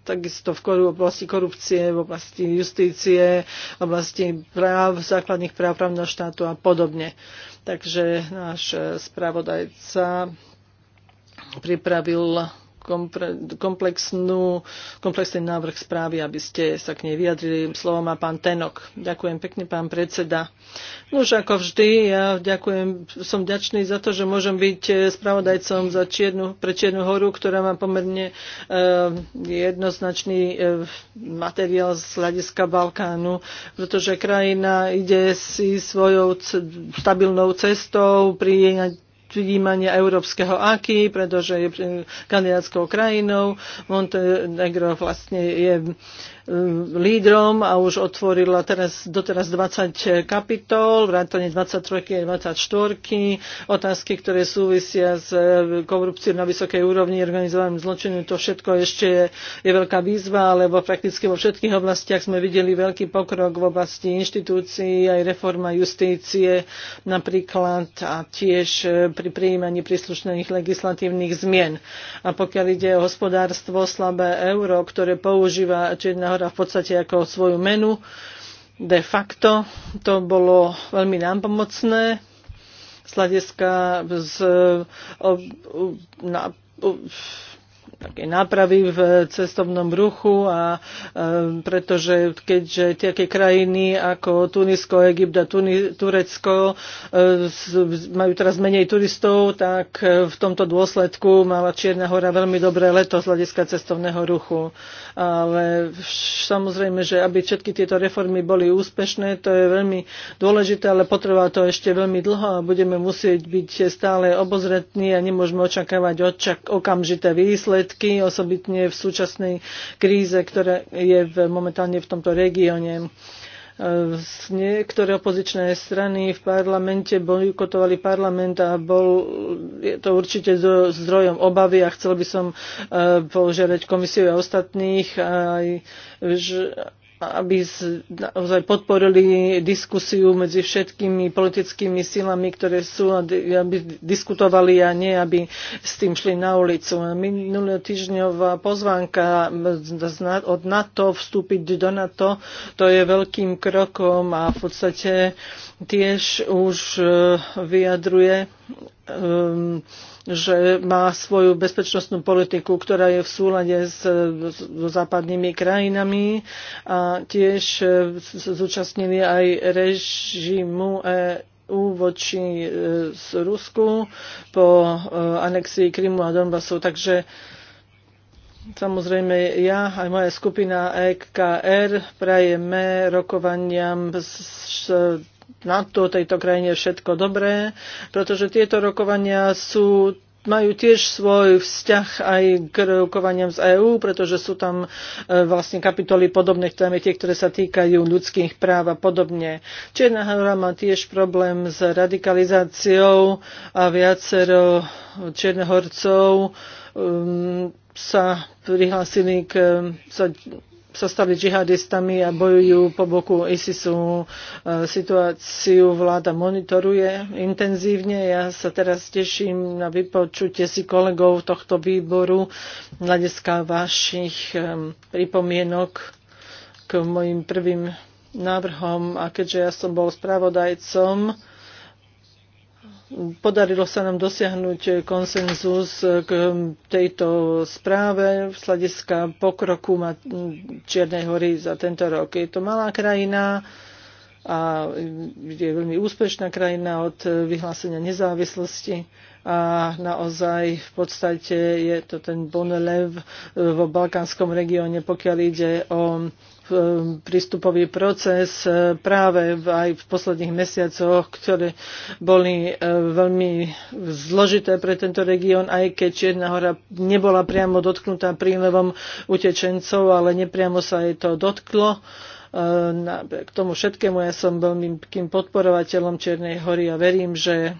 takisto v, koru, v oblasti korupcie, v oblasti justície, v oblasti práv, základných práv právneho štátu a podobne. Takže náš spravodajca pripravil komplexnú, komplexný návrh správy, aby ste sa k nej vyjadrili. Slovo má pán Tenok. Ďakujem pekne, pán predseda. No už ako vždy, ja ďakujem, som ďačný za to, že môžem byť eh, spravodajcom za Čiernu, pre Čiernu horu, ktorá má pomerne e, jednoznačný e, materiál z hľadiska Balkánu, pretože krajina ide si svojou stabilnou cestou, prijímať príjmania európskeho AKI, pretože je kandidátskou krajinou. Montenegro vlastne je Eh, lídrom a už otvorila teraz, doteraz 20 eh, kapitol, vrátane 23 a 24, otázky, ktoré súvisia s eh, korupciou na vysokej úrovni, organizovaným zločinom, to všetko ešte je, je veľká výzva, lebo prakticky vo všetkých oblastiach sme videli veľký pokrok v oblasti inštitúcií, aj reforma justície napríklad a tiež pri prijímaní príslušných legislatívnych zmien. A pokiaľ ide o hospodárstvo slabé euro, ktoré používa jedna Sahara v podstate ako svoju menu. De facto to bolo veľmi nám z Sladeska z, o, o, na, o, také nápravy v cestovnom ruchu a e, pretože keďže také krajiny ako Tunisko, Egypt a Tuni, Turecko e, s, majú teraz menej turistov, tak e, v tomto dôsledku mala Čierna hora veľmi dobré leto z hľadiska cestovného ruchu. Ale samozrejme, že aby všetky tieto reformy boli úspešné, to je veľmi dôležité, ale potrvá to ešte veľmi dlho a budeme musieť byť stále obozretní a nemôžeme očakávať očak, okamžité výsledky dôsledky, osobitne v súčasnej kríze, ktorá je v, momentálne v tomto regióne e, niektoré opozičné strany v parlamente bojkotovali parlament a bol je to určite zdrojom obavy a chcel by som e, požiadať komisiu a ostatných, aj, aby naozaj podporili diskusiu medzi všetkými politickými silami, ktoré sú, aby diskutovali a nie, aby s tým šli na ulicu. týždňová pozvánka od NATO vstúpiť do NATO, to je veľkým krokom a v podstate tiež už eh, vyjadruje um, že má svoju bezpečnostnú politiku, ktorá je v súlade s, s, s západnými krajinami a tiež e, zúčastnili aj režimu EU voči e, Rusku po e, anexii Krymu a Donbasu. Takže Samozrejme, ja aj moja skupina EKR prajeme rokovaniam s na to tejto krajine všetko dobré, pretože tieto rokovania sú majú tiež svoj vzťah aj k rokovaniam z EÚ, pretože sú tam e, vlastne kapitoly podobné, ktoré, tie, ktoré sa týkajú ľudských práv a podobne. Čierna hora má tiež problém s radikalizáciou a viacero čiernohorcov um, sa prihlásili k, sa sa stali džihadistami a bojujú po boku ISISu. E, situáciu vláda monitoruje intenzívne. Ja sa teraz teším na vypočutie si kolegov tohto výboru hľadiska vašich e, pripomienok k mojim prvým návrhom. A keďže ja som bol spravodajcom, Podarilo sa nám dosiahnuť konsenzus k tejto správe v sladiska pokroku Čiernej hory za tento rok. Je to malá krajina a je veľmi úspešná krajina od vyhlásenia nezávislosti a naozaj v podstate je to ten bonelev vo balkánskom regióne, pokiaľ ide o E, prístupový proces e, práve aj v posledných mesiacoch, ktoré boli e, veľmi zložité pre tento región, aj keď Čierna hora nebola priamo dotknutá prílevom utečencov, ale nepriamo sa jej to dotklo k tomu všetkému ja som veľkým podporovateľom Čiernej hory a verím, že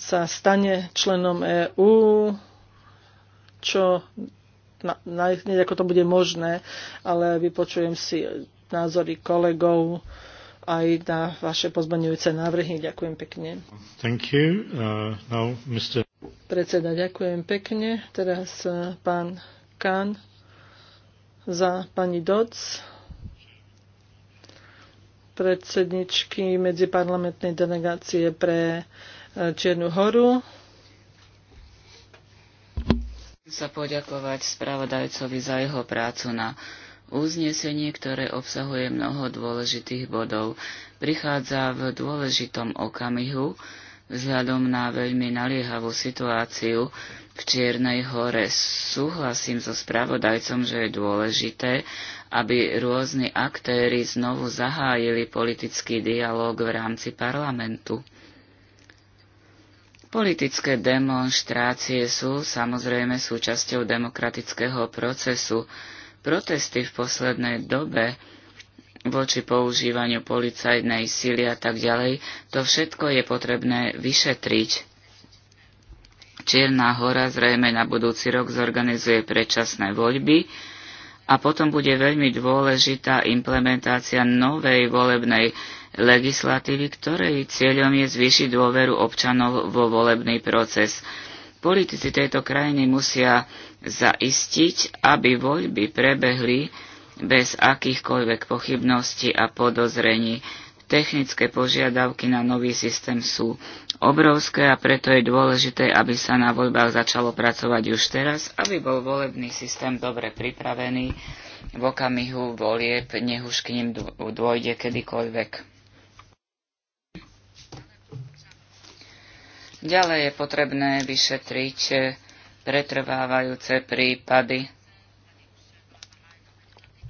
sa stane členom EÚ, čo na, ako to bude možné, ale vypočujem si názory kolegov aj na vaše pozmeňujúce návrhy. Ďakujem pekne. Thank you. Uh, now, Mr. Predseda, ďakujem pekne. Teraz uh, pán Kán za pani Doc predsedničky medziparlamentnej delegácie pre uh, Čiernu horu sa poďakovať spravodajcovi za jeho prácu na uznesenie, ktoré obsahuje mnoho dôležitých bodov. Prichádza v dôležitom okamihu vzhľadom na veľmi naliehavú situáciu v Čiernej hore. Súhlasím so spravodajcom, že je dôležité, aby rôzni aktéry znovu zahájili politický dialog v rámci parlamentu. Politické demonstrácie sú samozrejme súčasťou demokratického procesu. Protesty v poslednej dobe voči používaniu policajnej síly a tak ďalej, to všetko je potrebné vyšetriť. Čierna hora zrejme na budúci rok zorganizuje predčasné voľby a potom bude veľmi dôležitá implementácia novej volebnej legislatívy, ktorej cieľom je zvýšiť dôveru občanov vo volebný proces. Politici tejto krajiny musia zaistiť, aby voľby prebehli bez akýchkoľvek pochybností a podozrení. Technické požiadavky na nový systém sú obrovské a preto je dôležité, aby sa na voľbách začalo pracovať už teraz, aby bol volebný systém dobre pripravený v okamihu volieb, nech už k ním dôjde kedykoľvek. Ďalej je potrebné vyšetriť pretrvávajúce prípady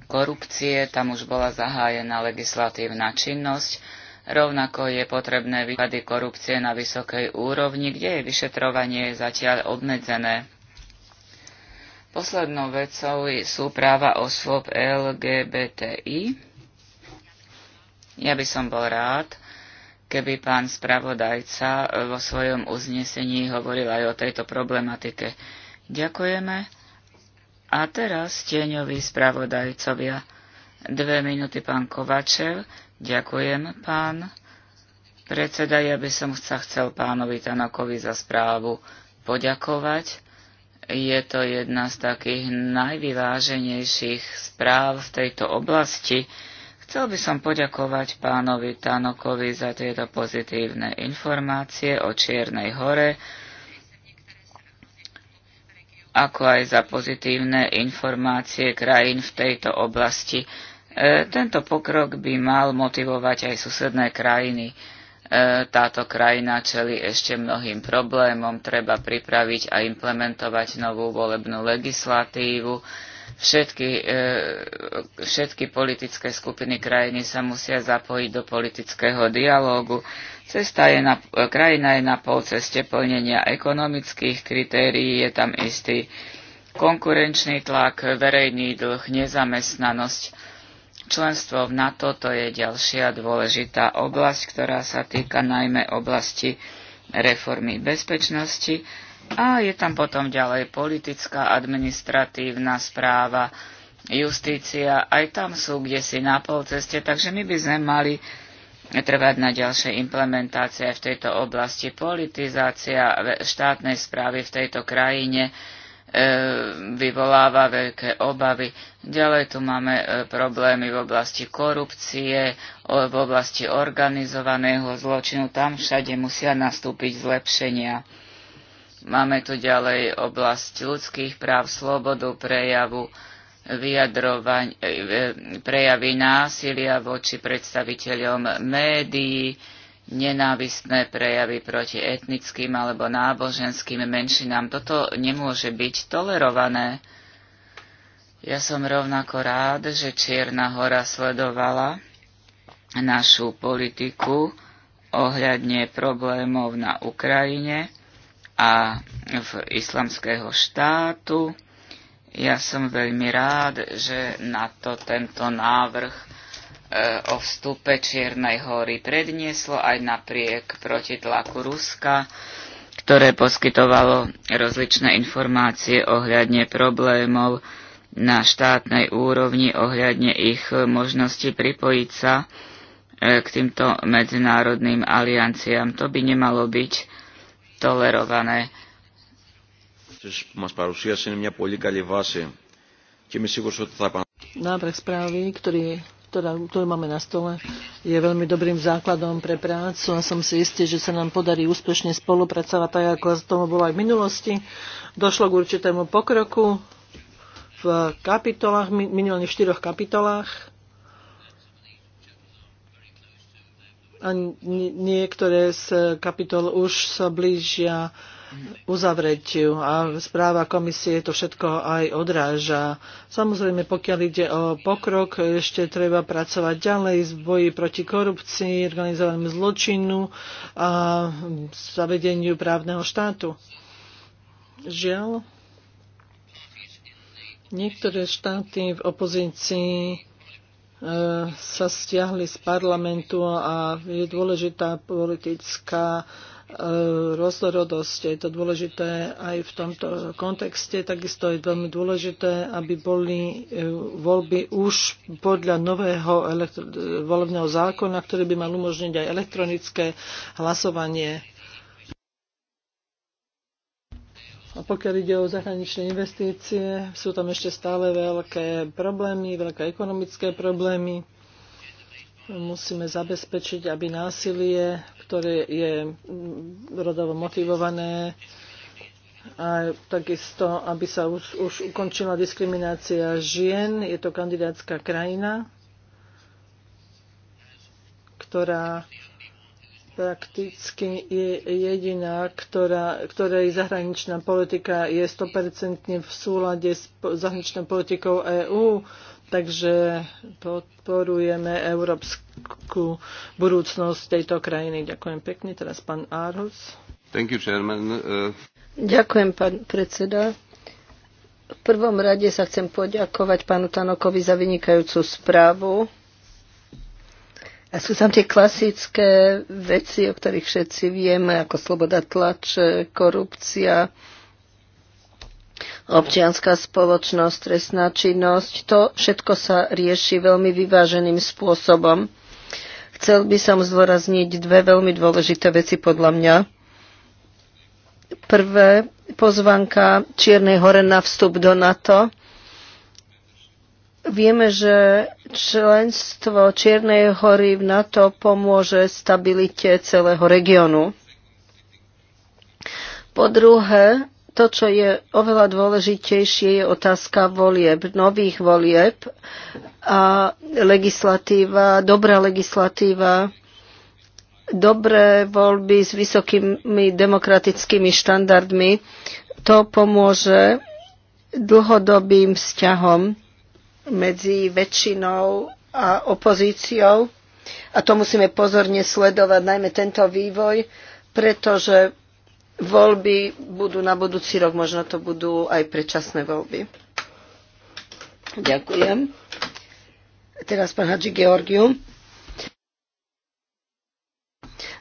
korupcie, tam už bola zahájená legislatívna činnosť, Rovnako je potrebné výpady korupcie na vysokej úrovni, kde je vyšetrovanie zatiaľ obmedzené. Poslednou vecou sú práva osôb LGBTI. Ja by som bol rád, keby pán spravodajca e, vo svojom uznesení hovoril aj o tejto problematike. Ďakujeme. A teraz tieňoví spravodajcovia. Dve minúty pán Kovačev. Ďakujem, pán predseda. Ja by som sa chcel pánovi Tanakovi za správu poďakovať. Je to jedna z takých najvyváženejších správ v tejto oblasti, Chcel by som poďakovať pánovi Tanokovi za tieto pozitívne informácie o Čiernej hore, ako aj za pozitívne informácie krajín v tejto oblasti. E, tento pokrok by mal motivovať aj susedné krajiny. E, táto krajina čeli ešte mnohým problémom, treba pripraviť a implementovať novú volebnú legislatívu, všetky, e, všetky politické skupiny krajiny sa musia zapojiť do politického dialógu. Cesta je na, e, krajina je na polceste plnenia ekonomických kritérií, je tam istý konkurenčný tlak, verejný dlh, nezamestnanosť. Členstvo v NATO to je ďalšia dôležitá oblasť, ktorá sa týka najmä oblasti reformy bezpečnosti a je tam potom ďalej politická, administratívna správa, justícia, aj tam sú kde si na polceste, takže my by sme mali trvať na ďalšej implementácie v tejto oblasti. Politizácia štátnej správy v tejto krajine e, vyvoláva veľké obavy. Ďalej tu máme e, problémy v oblasti korupcie, o, v oblasti organizovaného zločinu. Tam všade musia nastúpiť zlepšenia Máme tu ďalej oblasť ľudských práv, slobodu prejavu, e, e, prejavy násilia voči predstaviteľom médií, nenávistné prejavy proti etnickým alebo náboženským menšinám. Toto nemôže byť tolerované. Ja som rovnako rád, že Čierna hora sledovala našu politiku ohľadne problémov na Ukrajine a v islamského štátu. Ja som veľmi rád, že na to tento návrh e, o vstupe Čiernej hory prednieslo aj napriek proti tlaku Ruska, ktoré poskytovalo rozličné informácie ohľadne problémov na štátnej úrovni, ohľadne ich možnosti pripojiť sa e, k týmto medzinárodným alianciám. To by nemalo byť tolerované. Návrh správy, ktorý, ktorá, ktorú máme na stole, je veľmi dobrým základom pre prácu a som si istý, že sa nám podarí úspešne spolupracovať tak, ako tomu bolo aj v minulosti. Došlo k určitému pokroku v kapitolách, minimálne v štyroch kapitolách a niektoré z kapitol už sa blížia uzavretiu a správa komisie to všetko aj odráža. Samozrejme, pokiaľ ide o pokrok, ešte treba pracovať ďalej v boji proti korupcii, organizovanému zločinu a zavedeniu právneho štátu. Žiaľ, niektoré štáty v opozícii E, sa stiahli z parlamentu a je dôležitá politická e, rozhodosť. Je to dôležité aj v tomto kontexte. Takisto je veľmi dôležité, aby boli e, voľby už podľa nového volebného zákona, ktorý by mal umožniť aj elektronické hlasovanie. A pokiaľ ide o zahraničné investície, sú tam ešte stále veľké problémy, veľké ekonomické problémy. Musíme zabezpečiť, aby násilie, ktoré je mm, rodovo motivované, a takisto, aby sa už, už ukončila diskriminácia žien. Je to kandidátska krajina, ktorá prakticky je jediná, ktorá, ktorej zahraničná politika je 100% v súlade s zahraničnou politikou EÚ, takže podporujeme európsku budúcnosť tejto krajiny. Ďakujem pekne. Teraz pán Árhus. Thank you, chairman. Uh... Ďakujem, pán predseda. V prvom rade sa chcem poďakovať pánu Tanokovi za vynikajúcu správu a sú tam tie klasické veci, o ktorých všetci vieme, ako sloboda tlač, korupcia, občianská spoločnosť, trestná činnosť. To všetko sa rieši veľmi vyváženým spôsobom. Chcel by som zdôrazniť dve veľmi dôležité veci podľa mňa. Prvé, pozvanka Čiernej hore na vstup do NATO Vieme, že členstvo Čiernej hory v NATO pomôže stabilite celého regiónu. Po druhé, to, čo je oveľa dôležitejšie, je otázka volieb, nových volieb a legislatíva, dobrá legislatíva, dobré voľby s vysokými demokratickými štandardmi. To pomôže dlhodobým vzťahom medzi väčšinou a opozíciou. A to musíme pozorne sledovať, najmä tento vývoj, pretože voľby budú na budúci rok, možno to budú aj predčasné voľby. Ďakujem. Teraz pán Hadži Georgiu.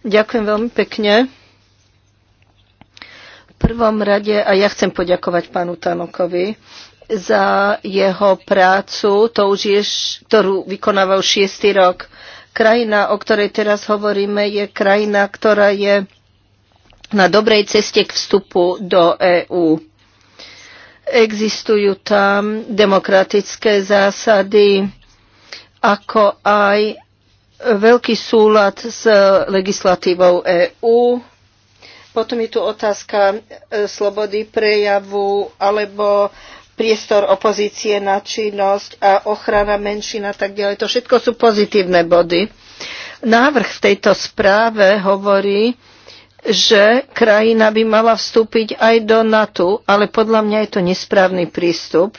Ďakujem veľmi pekne. V prvom rade, a ja chcem poďakovať pánu Tanokovi, za jeho prácu, to už je, ktorú vykonával šiestý rok. Krajina, o ktorej teraz hovoríme, je krajina, ktorá je na dobrej ceste k vstupu do EÚ. Existujú tam demokratické zásady, ako aj veľký súlad s legislatívou EÚ. Potom je tu otázka e, slobody prejavu alebo priestor opozície na činnosť a ochrana menšín a tak ďalej. To všetko sú pozitívne body. Návrh v tejto správe hovorí, že krajina by mala vstúpiť aj do NATO, ale podľa mňa je to nesprávny prístup.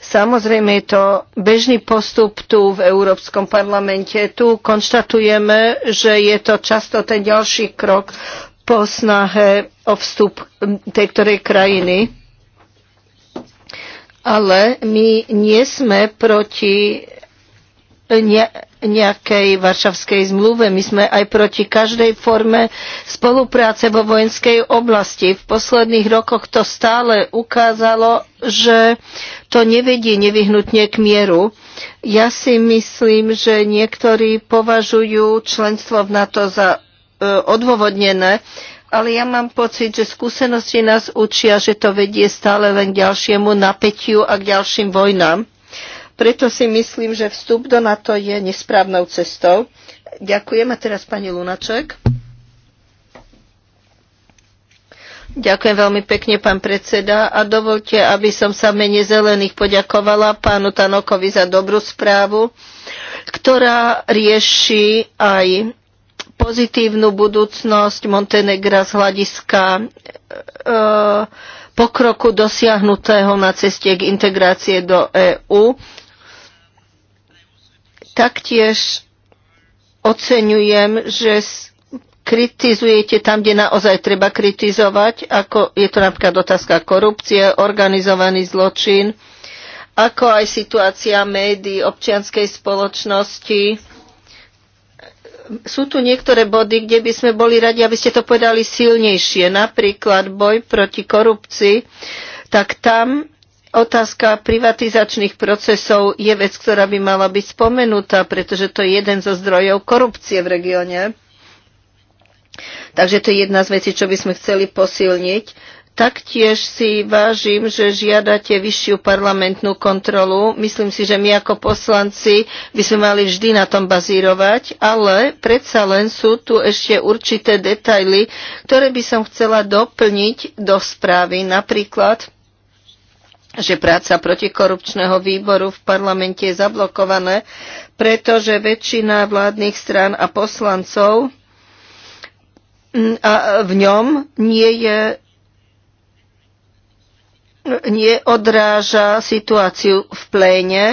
Samozrejme je to bežný postup tu v Európskom parlamente. Tu konštatujeme, že je to často ten ďalší krok po snahe o vstup tej ktorej krajiny ale my nie sme proti e, nejakej varšavskej zmluve. My sme aj proti každej forme spolupráce vo vojenskej oblasti. V posledných rokoch to stále ukázalo, že to nevedie nevyhnutne k mieru. Ja si myslím, že niektorí považujú členstvo v NATO za e, odôvodnené, ale ja mám pocit, že skúsenosti nás učia, že to vedie stále len k ďalšiemu napätiu a k ďalším vojnám. Preto si myslím, že vstup do NATO je nesprávnou cestou. Ďakujem a teraz pani Lunaček. Ďakujem veľmi pekne, pán predseda. A dovolte, aby som sa mene zelených poďakovala pánu Tanokovi za dobrú správu, ktorá rieši aj pozitívnu budúcnosť Montenegra z hľadiska e, e, pokroku dosiahnutého na ceste k integrácie do EÚ. Taktiež oceňujem, že kritizujete tam, kde naozaj treba kritizovať, ako je to napríklad otázka korupcie, organizovaný zločin, ako aj situácia médií, občianskej spoločnosti sú tu niektoré body, kde by sme boli radi, aby ste to povedali silnejšie, napríklad boj proti korupcii, tak tam otázka privatizačných procesov je vec, ktorá by mala byť spomenutá, pretože to je jeden zo zdrojov korupcie v regióne. Takže to je jedna z vecí, čo by sme chceli posilniť. Taktiež si vážim, že žiadate vyššiu parlamentnú kontrolu. Myslím si, že my ako poslanci by sme mali vždy na tom bazírovať, ale predsa len sú tu ešte určité detaily, ktoré by som chcela doplniť do správy. Napríklad že práca protikorupčného výboru v parlamente je zablokované, pretože väčšina vládnych strán a poslancov mm, a v ňom nie je neodráža situáciu v pléne.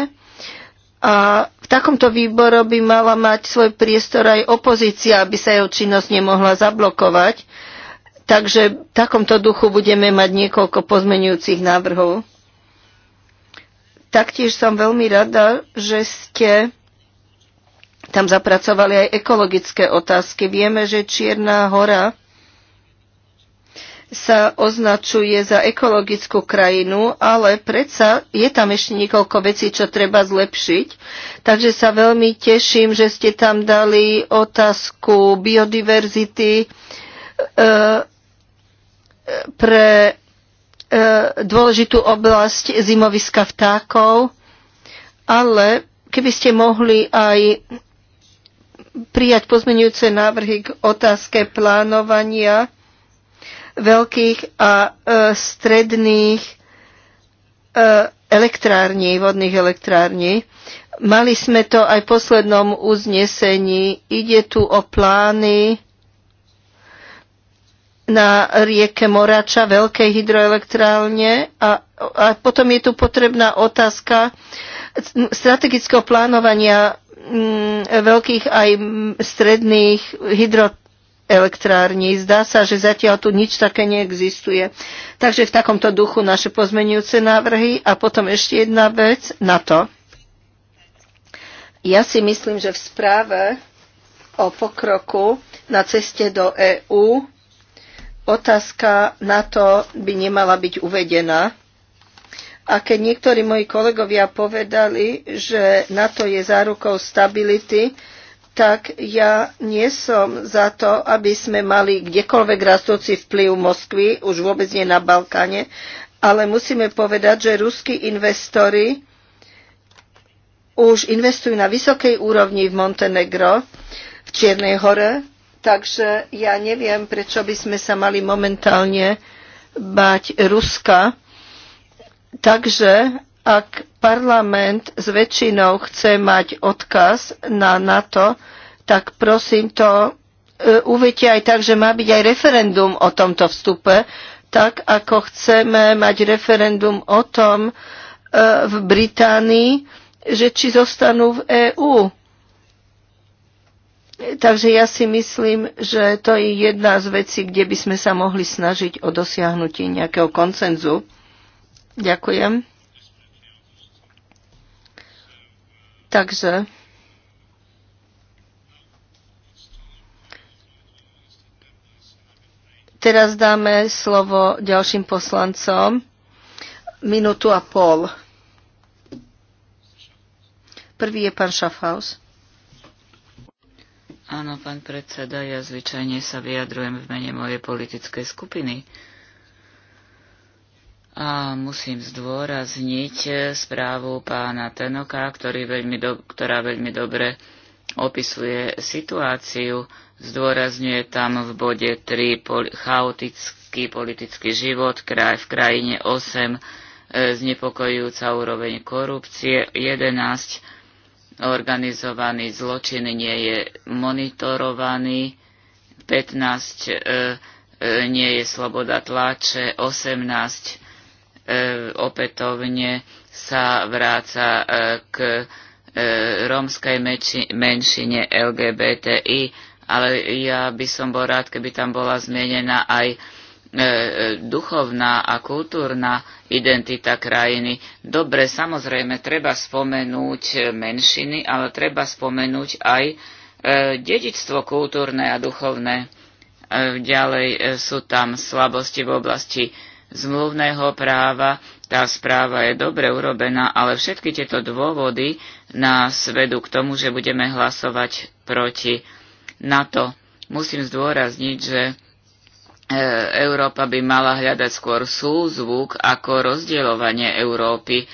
A v takomto výbore by mala mať svoj priestor aj opozícia, aby sa jeho činnosť nemohla zablokovať. Takže v takomto duchu budeme mať niekoľko pozmenujúcich návrhov. Taktiež som veľmi rada, že ste tam zapracovali aj ekologické otázky. Vieme, že Čierna hora sa označuje za ekologickú krajinu, ale predsa je tam ešte niekoľko vecí, čo treba zlepšiť. Takže sa veľmi teším, že ste tam dali otázku biodiverzity e, pre e, dôležitú oblasť zimoviska vtákov, ale keby ste mohli aj prijať pozmenujúce návrhy k otázke plánovania, veľkých a e, stredných e, elektrární, vodných elektrární. Mali sme to aj v poslednom uznesení. Ide tu o plány na rieke Morača, veľké hydroelektrálne a, a potom je tu potrebná otázka strategického plánovania mm, veľkých aj mm, stredných hydro, elektrárni. Zdá sa, že zatiaľ tu nič také neexistuje. Takže v takomto duchu naše pozmenujúce návrhy. A potom ešte jedna vec na to. Ja si myslím, že v správe o pokroku na ceste do EÚ otázka na to by nemala byť uvedená. A keď niektorí moji kolegovia povedali, že NATO je zárukou stability, tak ja nie som za to, aby sme mali kdekoľvek rastúci vplyv Moskvy, už vôbec nie na Balkáne, ale musíme povedať, že ruskí investori už investujú na vysokej úrovni v Montenegro, v Čiernej hore, takže ja neviem, prečo by sme sa mali momentálne bať Ruska. Takže ak parlament s väčšinou chce mať odkaz na NATO, tak prosím to e, uvedte aj tak, že má byť aj referendum o tomto vstupe, tak ako chceme mať referendum o tom e, v Británii, že či zostanú v EÚ. Takže ja si myslím, že to je jedna z vecí, kde by sme sa mohli snažiť o dosiahnutie nejakého koncenzu. Ďakujem. Takže teraz dáme slovo ďalším poslancom. Minútu a pol. Prvý je pán Schaffhaus. Áno, pán predseda, ja zvyčajne sa vyjadrujem v mene mojej politickej skupiny. A musím zdôrazniť eh, správu pána Tenoka, ktorý veľmi do, ktorá veľmi dobre opisuje situáciu. Zdôrazňuje tam v bode 3 poli, chaotický politický život, kraj v krajine 8, e, eh, znepokojujúca úroveň korupcie, 11, organizovaný zločin nie je monitorovaný, 15, e, e, nie je sloboda tlače, 18, E, opätovne sa vráca e, k e, rómskej menšine LGBTI, ale ja by som bol rád, keby tam bola zmienená aj duchovná a kultúrna identita krajiny. Dobre, samozrejme, treba spomenúť menšiny, ale treba spomenúť aj dedičstvo kultúrne a duchovné. Ďalej sú tam slabosti v oblasti zmluvného práva. Tá správa je dobre urobená, ale všetky tieto dôvody nás vedú k tomu, že budeme hlasovať proti NATO. Musím zdôrazniť, že e, Európa by mala hľadať skôr súzvuk ako rozdielovanie Európy e,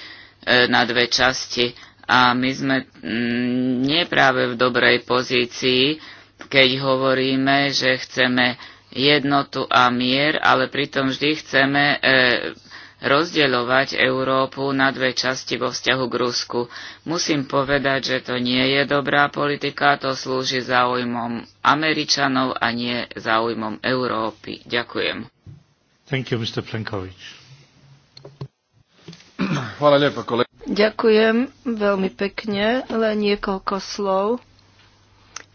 na dve časti. A my sme mm, nie práve v dobrej pozícii, keď hovoríme, že chceme jednotu a mier, ale pritom vždy chceme e, rozdeľovať Európu na dve časti vo vzťahu k Rusku. Musím povedať, že to nie je dobrá politika, to slúži záujmom Američanov a nie záujmom Európy. Ďakujem. Thank you, Mr. Plenkovič. Hvala lepa, kolega. Ďakujem veľmi pekne, len niekoľko slov,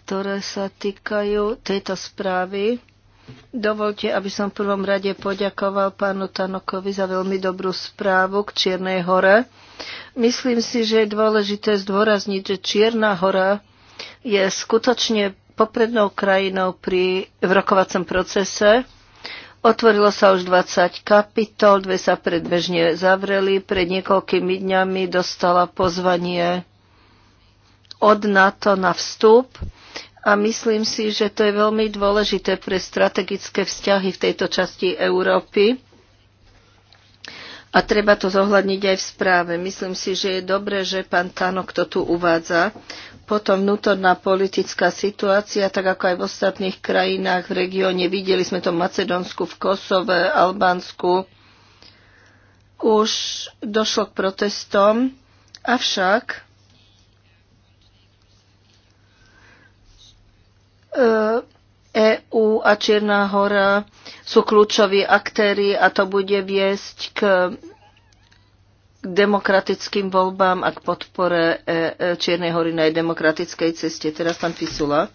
ktoré sa týkajú tejto správy. Dovolte, aby som v prvom rade poďakoval pánu Tanokovi za veľmi dobrú správu k Čiernej hore. Myslím si, že je dôležité zdôrazniť, že Čierna hora je skutočne poprednou krajinou pri v rokovacom procese. Otvorilo sa už 20 kapitol, dve sa predbežne zavreli. Pred niekoľkými dňami dostala pozvanie od NATO na vstup a myslím si, že to je veľmi dôležité pre strategické vzťahy v tejto časti Európy. A treba to zohľadniť aj v správe. Myslím si, že je dobré, že pán Tanok to tu uvádza. Potom vnútorná politická situácia, tak ako aj v ostatných krajinách v regióne. Videli sme to v Macedónsku, v Kosove, Albánsku. Už došlo k protestom, avšak EU e a Čierna hora sú kľúčoví aktéry a to bude viesť k demokratickým voľbám a k podpore e, e, Čiernej hory na jej demokratickej ceste. Teraz pán Pisula.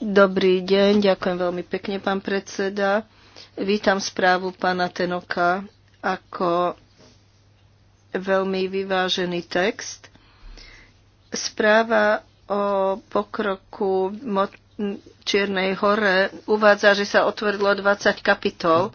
Dobrý deň, ďakujem veľmi pekne, pán predseda. Vítam správu pána Tenoka ako veľmi vyvážený text. Správa o pokroku Čiernej hore uvádza, že sa otvorilo 20 kapitol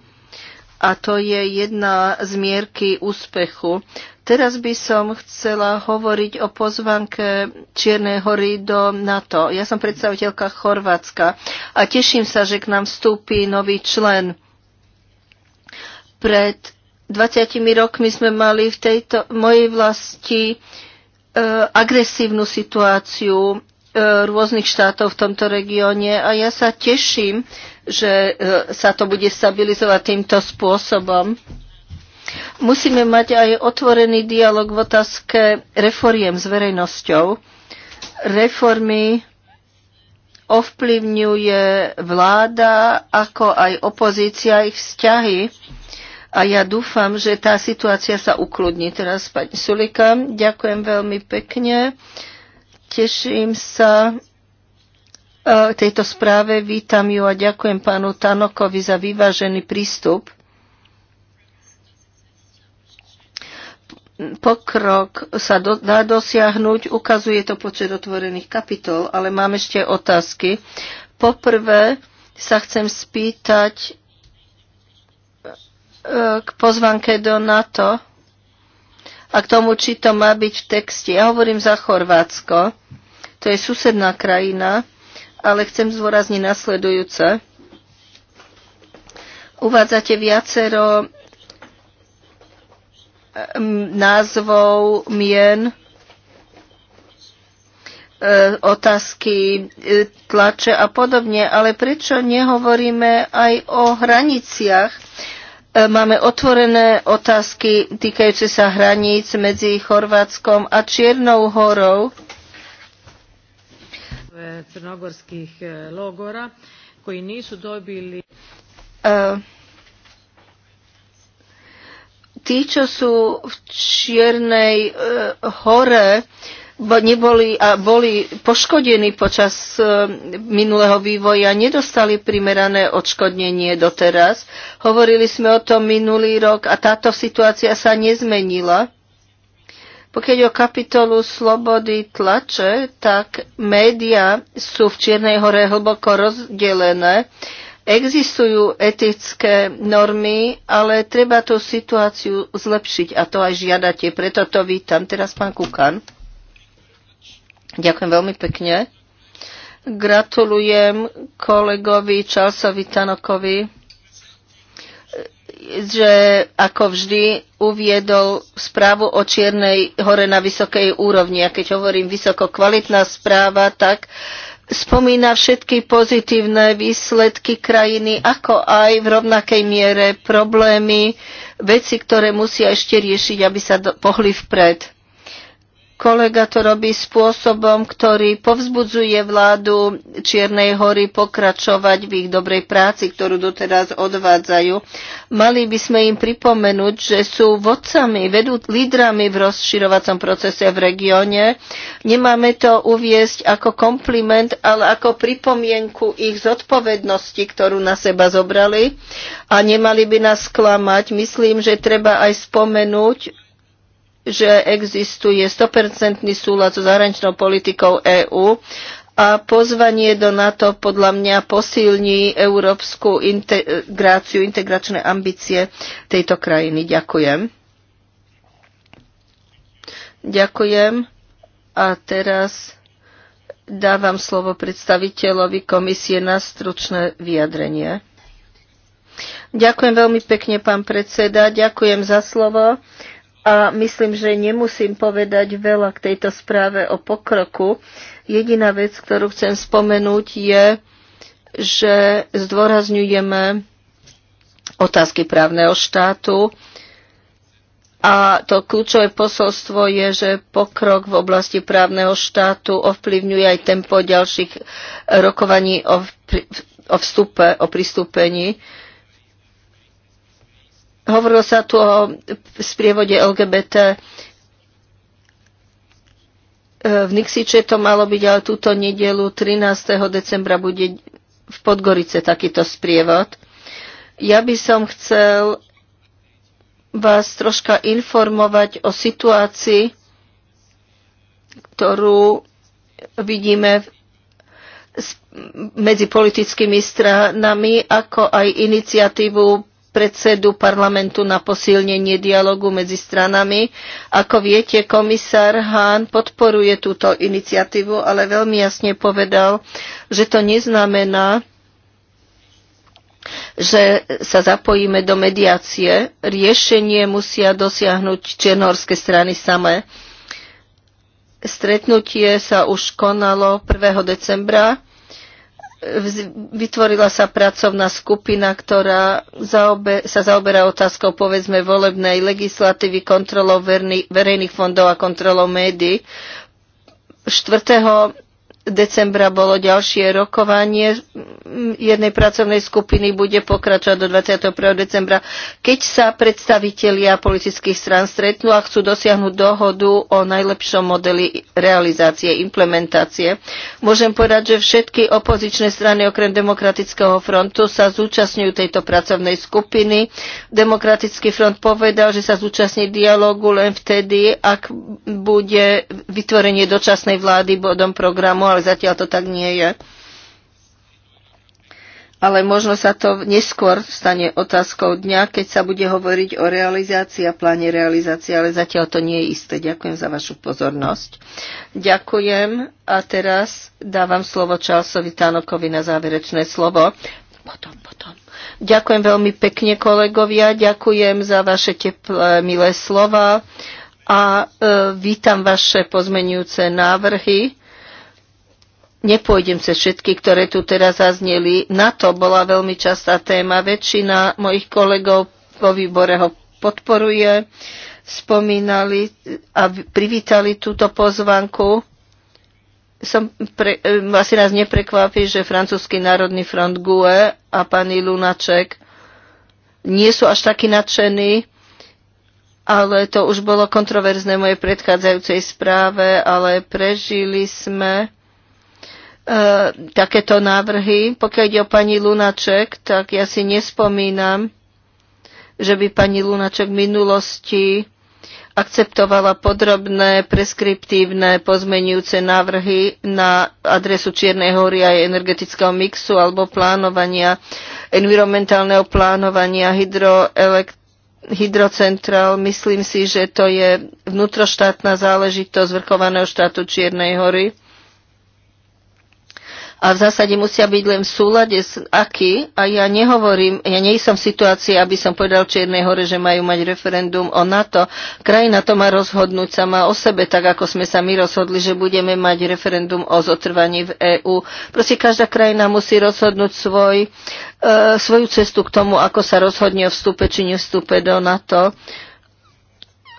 a to je jedna z mierky úspechu. Teraz by som chcela hovoriť o pozvanke Čiernej hory do NATO. Ja som predstaviteľka Chorvátska a teším sa, že k nám vstúpi nový člen. Pred 20 rokmi sme mali v tejto mojej vlasti E, agresívnu situáciu e, rôznych štátov v tomto regióne a ja sa teším, že e, sa to bude stabilizovať týmto spôsobom. Musíme mať aj otvorený dialog v otázke reforiem s verejnosťou. Reformy ovplyvňuje vláda, ako aj opozícia ich vzťahy a ja dúfam, že tá situácia sa ukludní. Teraz pani Sulika, ďakujem veľmi pekne. Teším sa e, tejto správe, vítam ju a ďakujem pánu Tanokovi za vyvážený prístup. Pokrok sa do, dá dosiahnuť, ukazuje to počet otvorených kapitol, ale mám ešte otázky. Poprvé sa chcem spýtať Eh, k pozvanke do NATO a k tomu, či to má byť v texte. Ja hovorím za Chorvátsko, to je susedná krajina, ale chcem zdôrazniť nasledujúce. Uvádzate viacero názvov mien, eh, otázky eh, tlače a podobne, ale prečo nehovoríme aj o hraniciach? E, máme otvorené otázky týkajúce sa hraníc medzi Chorvátskom a Čiernou horou. E, Crnogorských e, logora, koji nisu dobili... Tí, čo sú v Čiernej hore, neboli a boli poškodení počas e, minulého vývoja, nedostali primerané odškodnenie doteraz. Hovorili sme o tom minulý rok a táto situácia sa nezmenila. Pokiaľ o kapitolu slobody tlače, tak médiá sú v Čiernej hore hlboko rozdelené. Existujú etické normy, ale treba tú situáciu zlepšiť a to aj žiadate. Preto to vítam. Teraz pán Kukan. Ďakujem veľmi pekne. Gratulujem kolegovi Charlesovi Tanokovi, že ako vždy uviedol správu o Čiernej hore na vysokej úrovni. A keď hovorím vysoko kvalitná správa, tak spomína všetky pozitívne výsledky krajiny, ako aj v rovnakej miere problémy, veci, ktoré musia ešte riešiť, aby sa pohli vpred Kolega to robí spôsobom, ktorý povzbudzuje vládu Čiernej hory pokračovať v ich dobrej práci, ktorú doteraz odvádzajú. Mali by sme im pripomenúť, že sú vodcami, vedú lídrami v rozširovacom procese v regióne. Nemáme to uviesť ako kompliment, ale ako pripomienku ich zodpovednosti, ktorú na seba zobrali a nemali by nás sklamať. Myslím, že treba aj spomenúť, že existuje 100% súlad so zahraničnou politikou EÚ a pozvanie do NATO podľa mňa posilní európsku integráciu, integračné ambície tejto krajiny. Ďakujem. Ďakujem. A teraz dávam slovo predstaviteľovi komisie na stručné vyjadrenie. Ďakujem veľmi pekne, pán predseda. Ďakujem za slovo a myslím, že nemusím povedať veľa k tejto správe o pokroku. Jediná vec, ktorú chcem spomenúť, je, že zdôrazňujeme otázky právneho štátu a to kľúčové posolstvo je, že pokrok v oblasti právneho štátu ovplyvňuje aj tempo ďalších rokovaní o, o vstupe, o pristúpení. Hovorilo sa tu o sprievode LGBT e, v Nixiče to malo byť, ale túto nedelu 13. decembra bude v Podgorice takýto sprievod. Ja by som chcel vás troška informovať o situácii, ktorú vidíme medzi politickými stranami, ako aj iniciatívu predsedu parlamentu na posilnenie dialogu medzi stranami. Ako viete, komisár Hahn podporuje túto iniciatívu, ale veľmi jasne povedal, že to neznamená, že sa zapojíme do mediácie. Riešenie musia dosiahnuť černorské strany samé. Stretnutie sa už konalo 1. decembra vytvorila sa pracovná skupina, ktorá zaobe, sa zaoberá otázkou povedzme volebnej legislatívy, kontrolou verejných fondov a kontrolou médií. 4 decembra bolo ďalšie rokovanie jednej pracovnej skupiny, bude pokračovať do 21. decembra, keď sa predstavitelia politických strán stretnú a chcú dosiahnuť dohodu o najlepšom modeli realizácie, implementácie. Môžem povedať, že všetky opozičné strany okrem Demokratického frontu sa zúčastňujú tejto pracovnej skupiny. Demokratický front povedal, že sa zúčastní dialogu len vtedy, ak bude vytvorenie dočasnej vlády bodom programu ale zatiaľ to tak nie je. Ale možno sa to neskôr stane otázkou dňa, keď sa bude hovoriť o realizácii a pláne realizácie, ale zatiaľ to nie je isté. Ďakujem za vašu pozornosť. Ďakujem a teraz dávam slovo Charlesovi Tánokovi na záverečné slovo. Potom, potom. Ďakujem veľmi pekne kolegovia, ďakujem za vaše teplé, milé slova a e, vítam vaše pozmenujúce návrhy. Nepôjdem cez všetky, ktoré tu teraz zazneli. Na to bola veľmi častá téma. Väčšina mojich kolegov vo výbore ho podporuje. Spomínali a privítali túto pozvanku. Som pre, asi nás neprekvapí, že francúzsky národný front GUE a pani Lunaček nie sú až takí nadšení, ale to už bolo kontroverzné v mojej predchádzajúcej správe, ale prežili sme E, takéto návrhy. Pokiaľ ide o pani Lunaček, tak ja si nespomínam, že by pani Lunaček v minulosti akceptovala podrobné preskriptívne pozmenujúce návrhy na adresu Čiernej hory aj energetického mixu alebo plánovania, environmentálneho plánovania hydroelekt hydrocentrál. Myslím si, že to je vnútroštátna záležitosť vrchovaného štátu Čiernej hory a v zásade musia byť len v súlade s aký a ja nehovorím, ja nie som v situácii, aby som povedal Čiernej hore, že majú mať referendum o NATO. Krajina to má rozhodnúť sama o sebe, tak ako sme sa my rozhodli, že budeme mať referendum o zotrvaní v EÚ. Proste každá krajina musí rozhodnúť svoj, e, svoju cestu k tomu, ako sa rozhodne o vstupe či nevstupe do NATO.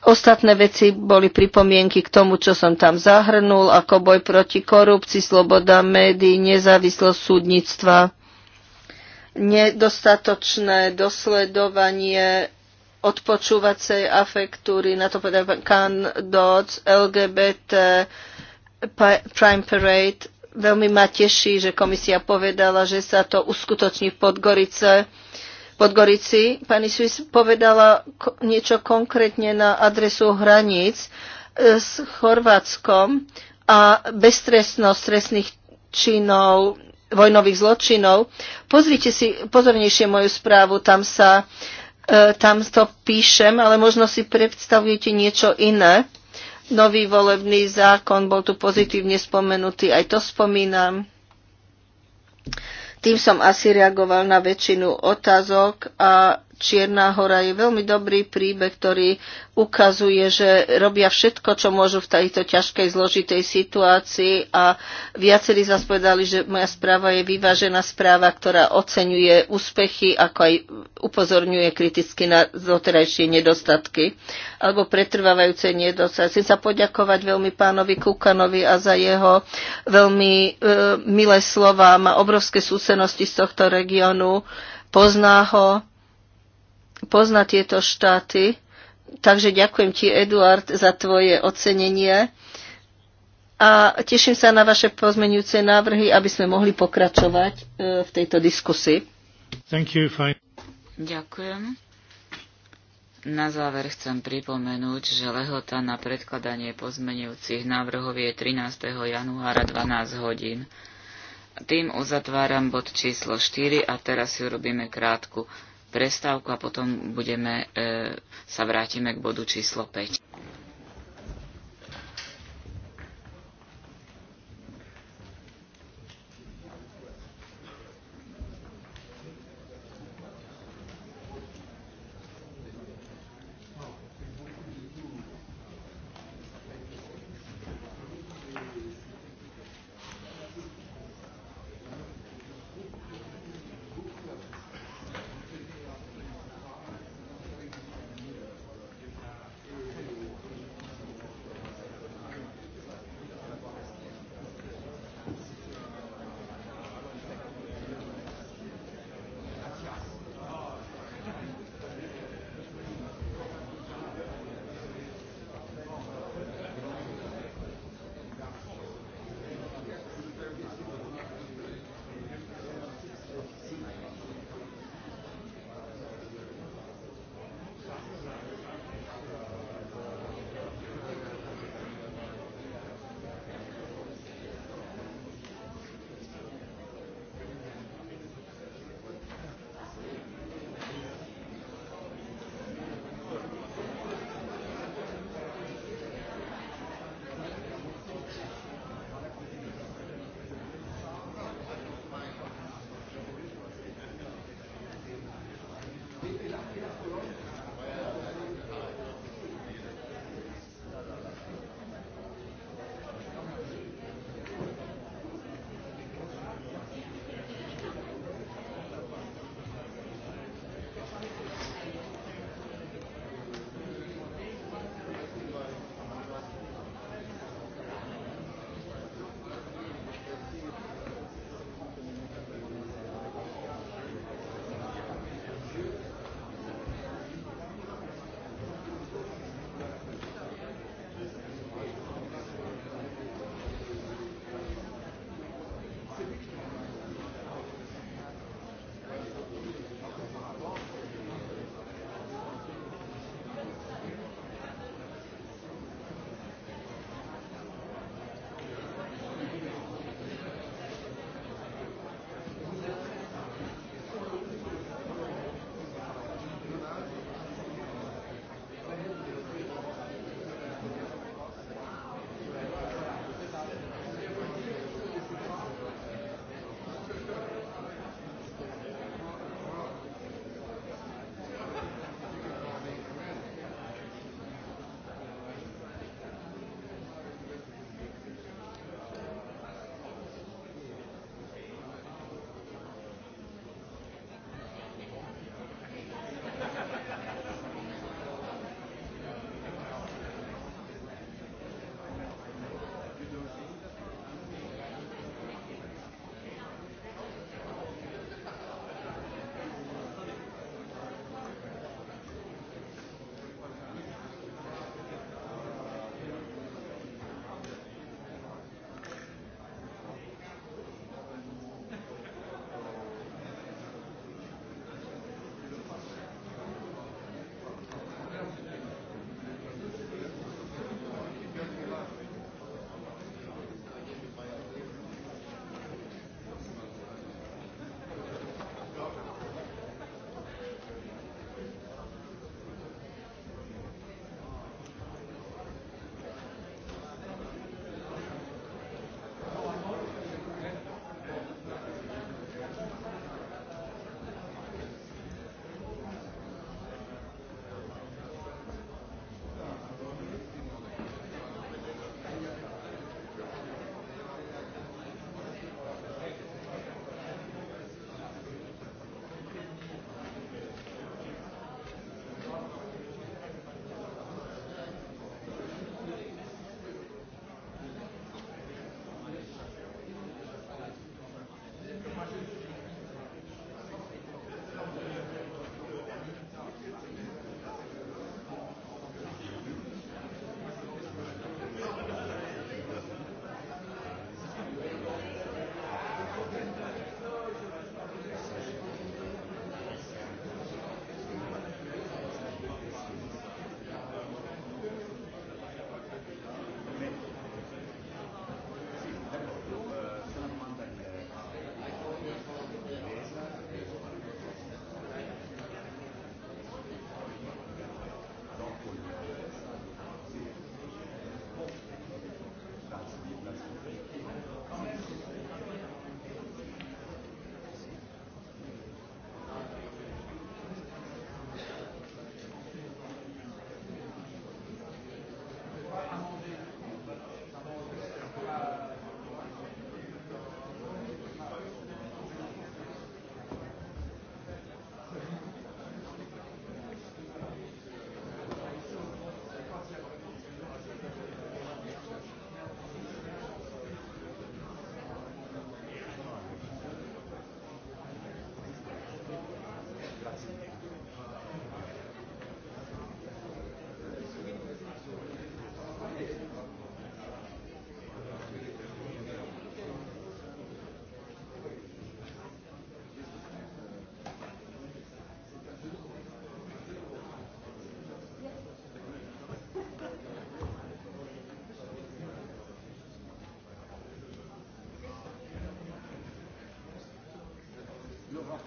Ostatné veci boli pripomienky k tomu, čo som tam zahrnul, ako boj proti korupcii, sloboda médií, nezávislosť súdnictva, nedostatočné dosledovanie odpočúvacej afektúry, na to povedal Khan Dodds, LGBT, Prime Parade. Veľmi ma teší, že komisia povedala, že sa to uskutoční v Podgorice Podgorici. Pani Suis povedala niečo konkrétne na adresu hraníc e, s Chorvátskom a beztrestnosť trestných činov, vojnových zločinov. Pozrite si pozornejšie moju správu, tam sa e, tam to píšem, ale možno si predstavujete niečo iné. Nový volebný zákon bol tu pozitívne spomenutý, aj to spomínam. Tým som asi reagoval na väčšinu otázok a Čierna hora je veľmi dobrý príbeh, ktorý ukazuje, že robia všetko, čo môžu v tejto ťažkej, zložitej situácii a viacerí zás povedali, že moja správa je vyvážená správa, ktorá oceňuje úspechy, ako aj upozorňuje kriticky na doterajšie nedostatky alebo pretrvávajúce nedostatky. Chcem sa poďakovať veľmi pánovi Kukanovi a za jeho e, veľmi e, milé slova. Má obrovské súsenosti z tohto regiónu, pozná ho pozná tieto štáty. Takže ďakujem ti, Eduard, za tvoje ocenenie a teším sa na vaše pozmenujúce návrhy, aby sme mohli pokračovať e, v tejto diskusii. Thank you, fine. Ďakujem. Na záver chcem pripomenúť, že lehota na predkladanie pozmenujúcich návrhov je 13. januára 12 hodín. Tým uzatváram bod číslo 4 a teraz si urobíme krátku prestávku a potom budeme, e, sa vrátime k bodu číslo 5.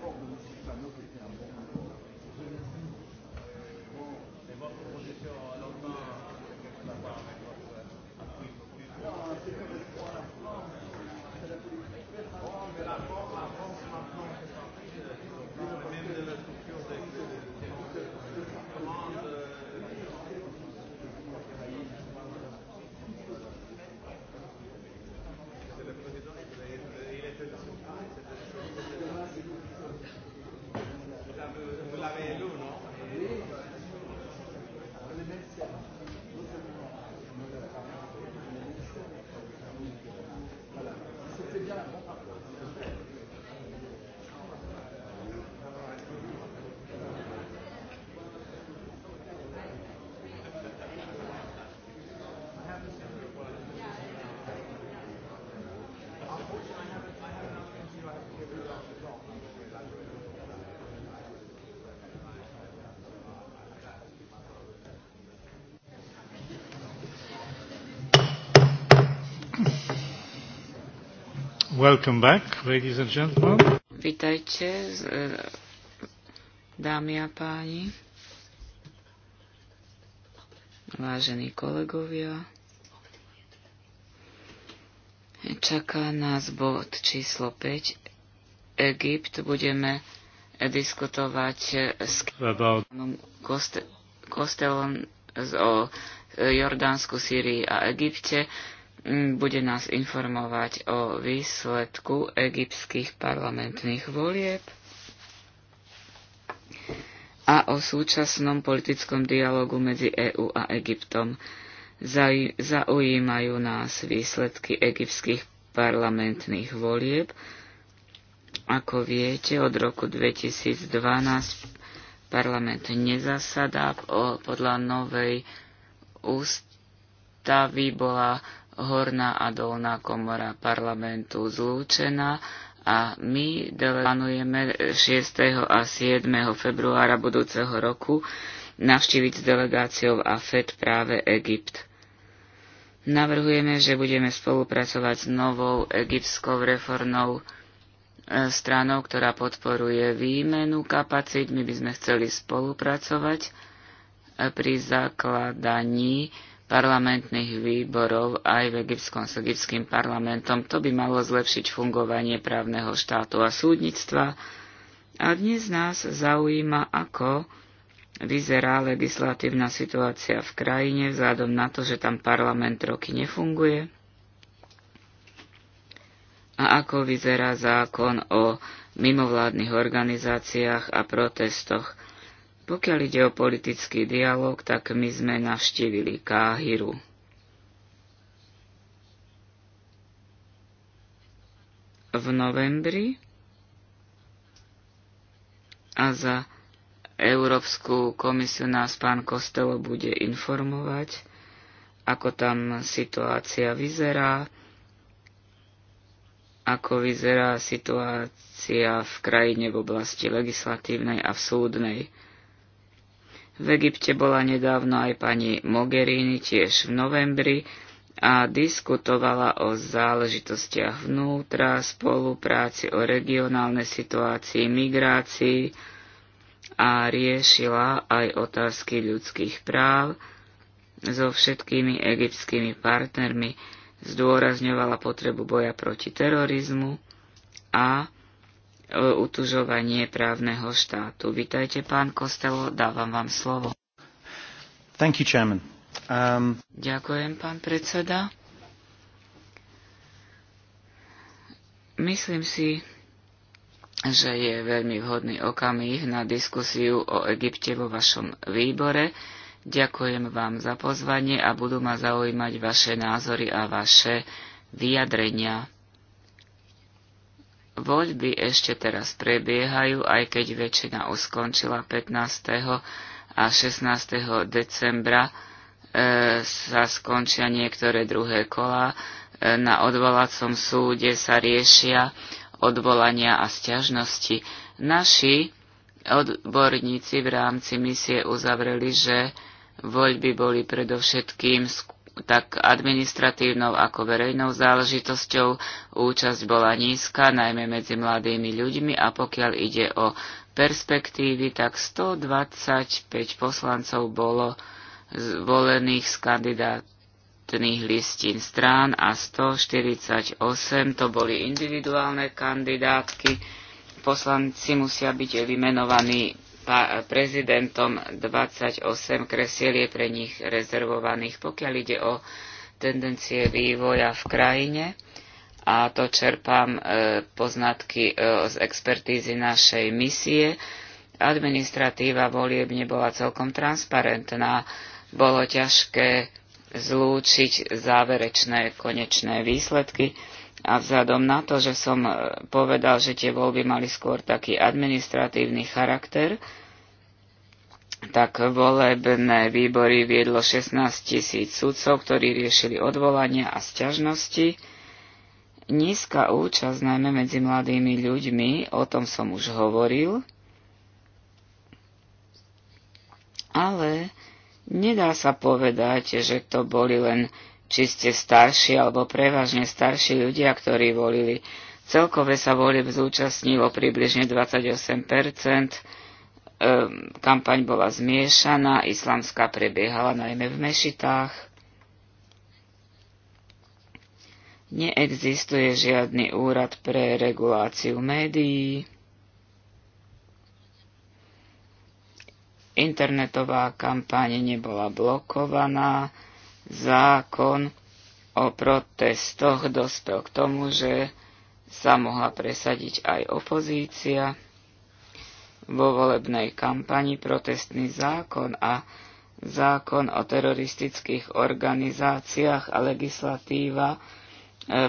problem. ano, ano. Welcome back, ladies and gentlemen. Vítajte, e, dámy a páni, vážení kolegovia. Čaká nás bod číslo 5. Egypt. Budeme diskutovať s About... pánom Kostelom o Jordánsku, Syrii a Egypte bude nás informovať o výsledku egyptských parlamentných volieb a o súčasnom politickom dialogu medzi EÚ a Egyptom. Zaujímajú nás výsledky egyptských parlamentných volieb. Ako viete, od roku 2012 parlament nezasadá. Podľa novej ústavy bola horná a dolná komora parlamentu zlúčená a my plánujeme 6. a 7. februára budúceho roku navštíviť s delegáciou AFED práve Egypt. Navrhujeme, že budeme spolupracovať s novou egyptskou reformnou e, stranou, ktorá podporuje výmenu kapacít. My by sme chceli spolupracovať e, pri zakladaní parlamentných výborov aj v Egyptskom s egyptským parlamentom. To by malo zlepšiť fungovanie právneho štátu a súdnictva. A dnes nás zaujíma, ako vyzerá legislatívna situácia v krajine vzhľadom na to, že tam parlament roky nefunguje a ako vyzerá zákon o mimovládnych organizáciách a protestoch. Pokiaľ ide o politický dialog, tak my sme navštívili Káhiru. V novembri a za Európsku komisiu nás pán Kostelo bude informovať, ako tam situácia vyzerá, ako vyzerá situácia v krajine v oblasti legislatívnej a v súdnej. V Egypte bola nedávno aj pani Mogherini tiež v novembri a diskutovala o záležitostiach vnútra, spolupráci, o regionálnej situácii, migrácii a riešila aj otázky ľudských práv so všetkými egyptskými partnermi, zdôrazňovala potrebu boja proti terorizmu a utužovanie právneho štátu. Vítajte, pán Kostelo, dávam vám slovo. Thank you, Chairman. Um... Ďakujem, pán predseda. Myslím si, že je veľmi vhodný okamih na diskusiu o Egypte vo vašom výbore. Ďakujem vám za pozvanie a budú ma zaujímať vaše názory a vaše vyjadrenia. Voľby ešte teraz prebiehajú, aj keď väčšina už skončila 15. a 16. decembra e, sa skončia niektoré druhé kolá. E, na odvolacom súde sa riešia odvolania a stiažnosti. Naši odborníci v rámci misie uzavreli, že voľby boli predovšetkým skôr tak administratívnou ako verejnou záležitosťou účasť bola nízka, najmä medzi mladými ľuďmi a pokiaľ ide o perspektívy, tak 125 poslancov bolo zvolených z kandidátnych listín strán a 148 to boli individuálne kandidátky. Poslanci musia byť vymenovaní prezidentom 28 kresiel je pre nich rezervovaných. Pokiaľ ide o tendencie vývoja v krajine, a to čerpám e, poznatky e, z expertízy našej misie, administratíva volieb nebola celkom transparentná. Bolo ťažké zlúčiť záverečné konečné výsledky a vzhľadom na to, že som e, povedal, že tie voľby mali skôr taký administratívny charakter, tak volebné výbory viedlo 16 tisíc sudcov, ktorí riešili odvolania a sťažnosti. Nízka účasť najmä medzi mladými ľuďmi, o tom som už hovoril, ale nedá sa povedať, že to boli len či ste starší alebo prevažne starší ľudia, ktorí volili. Celkové sa volieb zúčastnilo približne 28 ehm, kampaň bola zmiešaná, islamská prebiehala najmä v mešitách. Neexistuje žiadny úrad pre reguláciu médií. Internetová kampaň nebola blokovaná zákon o protestoch dospel k tomu, že sa mohla presadiť aj opozícia. Vo volebnej kampani protestný zákon a zákon o teroristických organizáciách a legislatíva e,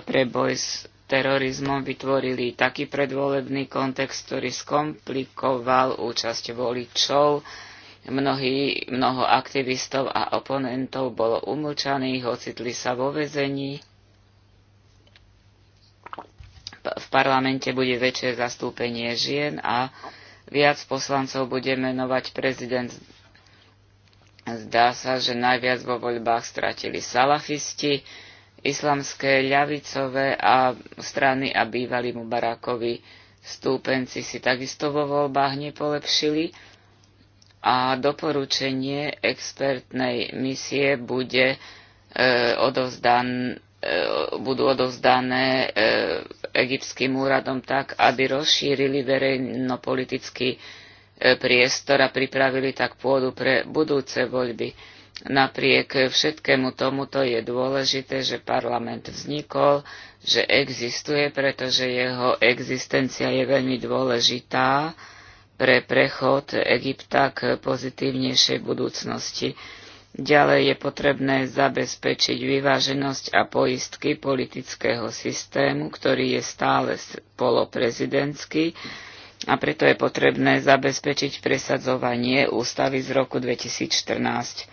pre boj s terorizmom vytvorili taký predvolebný kontext, ktorý skomplikoval účasť voličov Mnohí, mnoho aktivistov a oponentov bolo umlčaných, ocitli sa vo vezení. V parlamente bude väčšie zastúpenie žien a viac poslancov bude menovať prezident. Zdá sa, že najviac vo voľbách stratili salafisti, islamské ľavicové a strany a bývalí Mubarakovi stúpenci si takisto vo voľbách nepolepšili a doporučenie expertnej misie bude, e, odovzdan, e, budú odovzdané e, egyptským úradom tak, aby rozšírili verejnopolitický e, priestor a pripravili tak pôdu pre budúce voľby. Napriek všetkému tomuto je dôležité, že parlament vznikol, že existuje, pretože jeho existencia je veľmi dôležitá pre prechod Egypta k pozitívnejšej budúcnosti. Ďalej je potrebné zabezpečiť vyváženosť a poistky politického systému, ktorý je stále poloprezidentský a preto je potrebné zabezpečiť presadzovanie ústavy z roku 2014.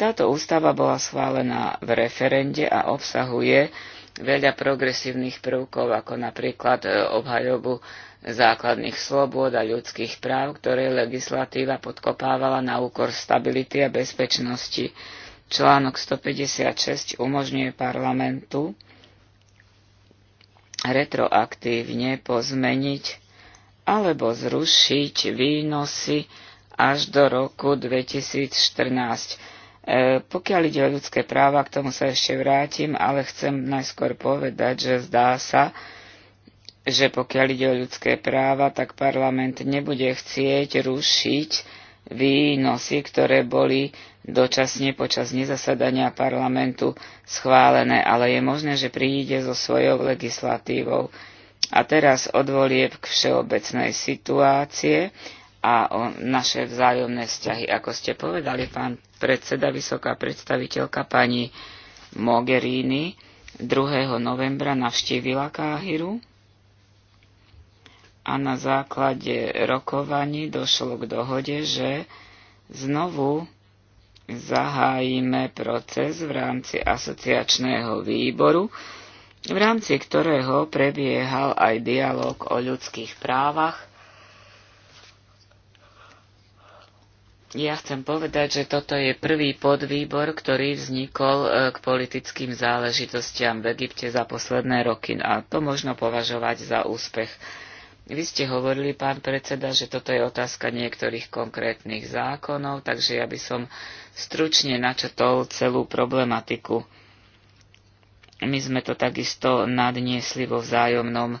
Táto ústava bola schválená v referende a obsahuje veľa progresívnych prvkov, ako napríklad e, obhajobu základných slobôd a ľudských práv, ktoré legislatíva podkopávala na úkor stability a bezpečnosti. Článok 156 umožňuje parlamentu retroaktívne pozmeniť alebo zrušiť výnosy až do roku 2014. E, pokiaľ ide o ľudské práva, k tomu sa ešte vrátim, ale chcem najskôr povedať, že zdá sa, že pokiaľ ide o ľudské práva, tak parlament nebude chcieť rušiť výnosy, ktoré boli dočasne počas nezasadania parlamentu schválené, ale je možné, že príde so svojou legislatívou. A teraz odvolieb k všeobecnej situácie a o naše vzájomné vzťahy. Ako ste povedali, pán predseda, vysoká predstaviteľka pani Mogherini 2. novembra navštívila Káhiru a na základe rokovaní došlo k dohode, že znovu zahájime proces v rámci asociačného výboru, v rámci ktorého prebiehal aj dialog o ľudských právach. Ja chcem povedať, že toto je prvý podvýbor, ktorý vznikol e, k politickým záležitostiam v Egypte za posledné roky a to možno považovať za úspech. Vy ste hovorili, pán predseda, že toto je otázka niektorých konkrétnych zákonov, takže ja by som stručne načetol celú problematiku. My sme to takisto nadniesli vo vzájomnom e,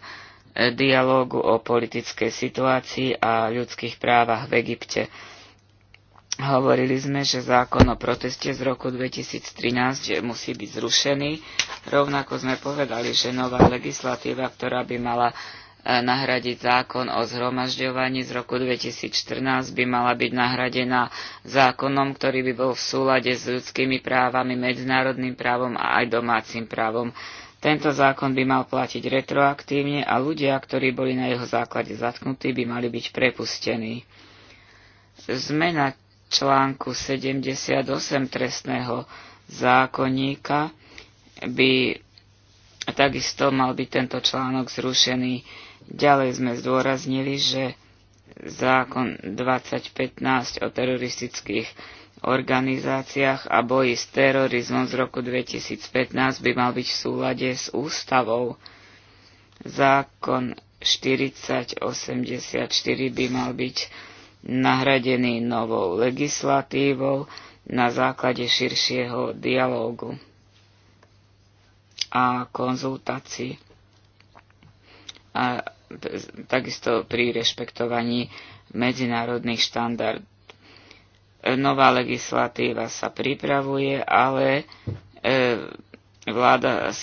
dialógu o politickej situácii a ľudských právach v Egypte. Hovorili sme, že zákon o proteste z roku 2013 musí byť zrušený. Rovnako sme povedali, že nová legislatíva, ktorá by mala E, nahradiť zákon o zhromažďovaní z roku 2014 by mala byť nahradená zákonom, ktorý by bol v súlade s ľudskými právami, medzinárodným právom a aj domácim právom. Tento zákon by mal platiť retroaktívne a ľudia, ktorí boli na jeho základe zatknutí, by mali byť prepustení. Zmena článku 78 trestného zákonníka by takisto mal byť tento článok zrušený. Ďalej sme zdôraznili, že zákon 2015 o teroristických organizáciách a boji s terorizmom z roku 2015 by mal byť v súlade s ústavou. Zákon 4084 by mal byť nahradený novou legislatívou na základe širšieho dialógu a konzultácií. A takisto pri rešpektovaní medzinárodných štandard. Nová legislatíva sa pripravuje, ale e, vláda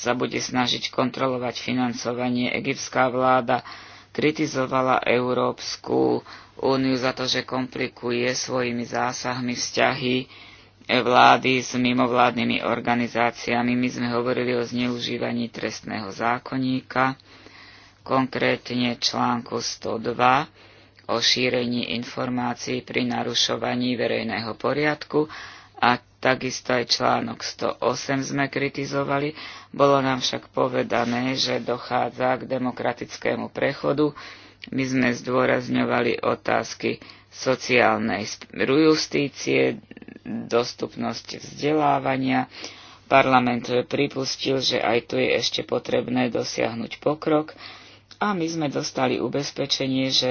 sa bude snažiť kontrolovať financovanie. Egyptská vláda kritizovala Európsku úniu za to, že komplikuje svojimi zásahmi vzťahy e, vlády s mimovládnymi organizáciami. My sme hovorili o zneužívaní trestného zákonníka konkrétne článku 102 o šírení informácií pri narušovaní verejného poriadku a takisto aj článok 108 sme kritizovali. Bolo nám však povedané, že dochádza k demokratickému prechodu. My sme zdôrazňovali otázky sociálnej justície, dostupnosť vzdelávania, Parlament pripustil, že aj tu je ešte potrebné dosiahnuť pokrok a my sme dostali ubezpečenie, že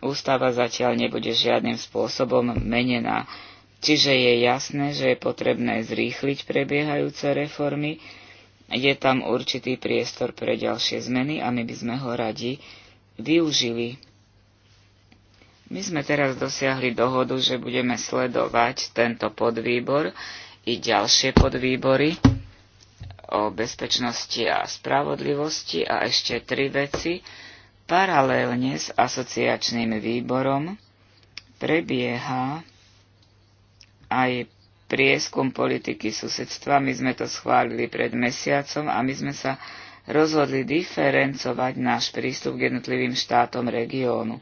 ústava zatiaľ nebude žiadnym spôsobom menená. Čiže je jasné, že je potrebné zrýchliť prebiehajúce reformy, je tam určitý priestor pre ďalšie zmeny a my by sme ho radi využili. My sme teraz dosiahli dohodu, že budeme sledovať tento podvýbor i ďalšie podvýbory o bezpečnosti a spravodlivosti a ešte tri veci. Paralelne s asociačným výborom prebieha aj prieskum politiky susedstva. My sme to schválili pred mesiacom a my sme sa rozhodli diferencovať náš prístup k jednotlivým štátom regiónu.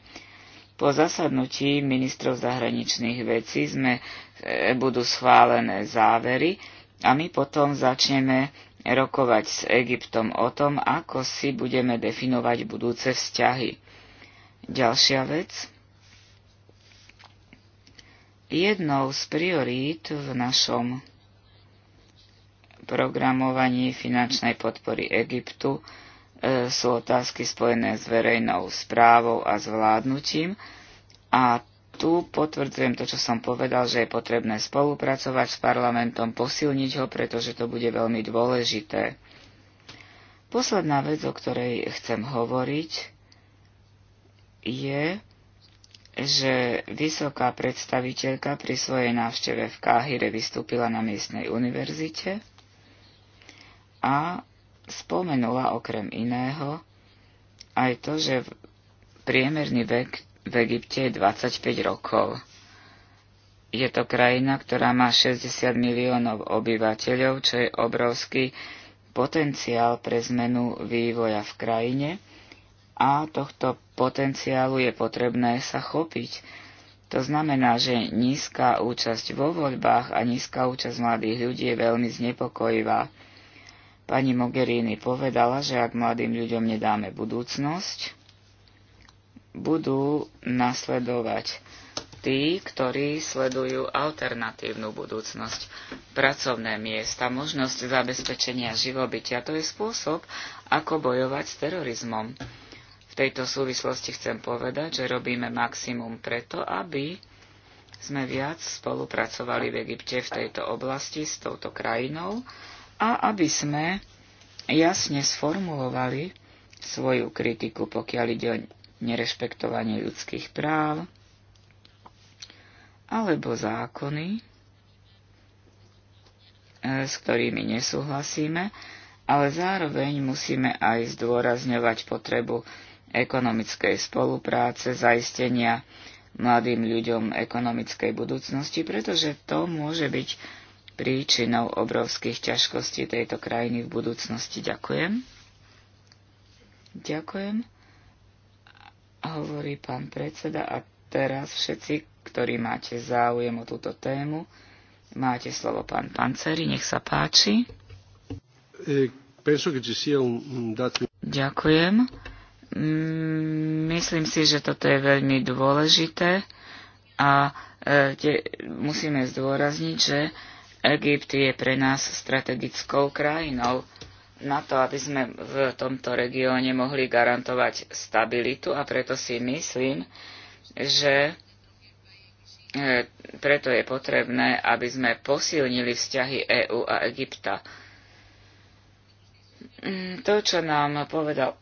Po zasadnutí ministrov zahraničných vecí sme, e, budú schválené závery a my potom začneme rokovať s Egyptom o tom, ako si budeme definovať budúce vzťahy. Ďalšia vec. Jednou z priorít v našom programovaní finančnej podpory Egyptu e, sú otázky spojené s verejnou správou a zvládnutím a tu potvrdzujem to, čo som povedal, že je potrebné spolupracovať s parlamentom, posilniť ho, pretože to bude veľmi dôležité. Posledná vec, o ktorej chcem hovoriť, je, že vysoká predstaviteľka pri svojej návšteve v Káhire vystúpila na miestnej univerzite a spomenula okrem iného aj to, že priemerný vek v Egypte je 25 rokov. Je to krajina, ktorá má 60 miliónov obyvateľov, čo je obrovský potenciál pre zmenu vývoja v krajine a tohto potenciálu je potrebné sa chopiť. To znamená, že nízka účasť vo voľbách a nízka účasť mladých ľudí je veľmi znepokojivá. Pani Mogherini povedala, že ak mladým ľuďom nedáme budúcnosť, budú nasledovať tí, ktorí sledujú alternatívnu budúcnosť, pracovné miesta, možnosť zabezpečenia živobytia. To je spôsob, ako bojovať s terorizmom. V tejto súvislosti chcem povedať, že robíme maximum preto, aby sme viac spolupracovali v Egypte v tejto oblasti s touto krajinou a aby sme jasne sformulovali svoju kritiku, pokiaľ ide o nerespektovanie ľudských práv alebo zákony, e, s ktorými nesúhlasíme, ale zároveň musíme aj zdôrazňovať potrebu ekonomickej spolupráce, zaistenia mladým ľuďom ekonomickej budúcnosti, pretože to môže byť príčinou obrovských ťažkostí tejto krajiny v budúcnosti. Ďakujem. Ďakujem hovorí pán predseda. A teraz všetci, ktorí máte záujem o túto tému, máte slovo pán Panceri, nech sa páči. Ďakujem. Mm, myslím si, že toto je veľmi dôležité a e, musíme zdôrazniť, že Egypt je pre nás strategickou krajinou na to, aby sme v tomto regióne mohli garantovať stabilitu a preto si myslím, že e, preto je potrebné, aby sme posilnili vzťahy EÚ a Egypta. Mm, to, čo nám povedal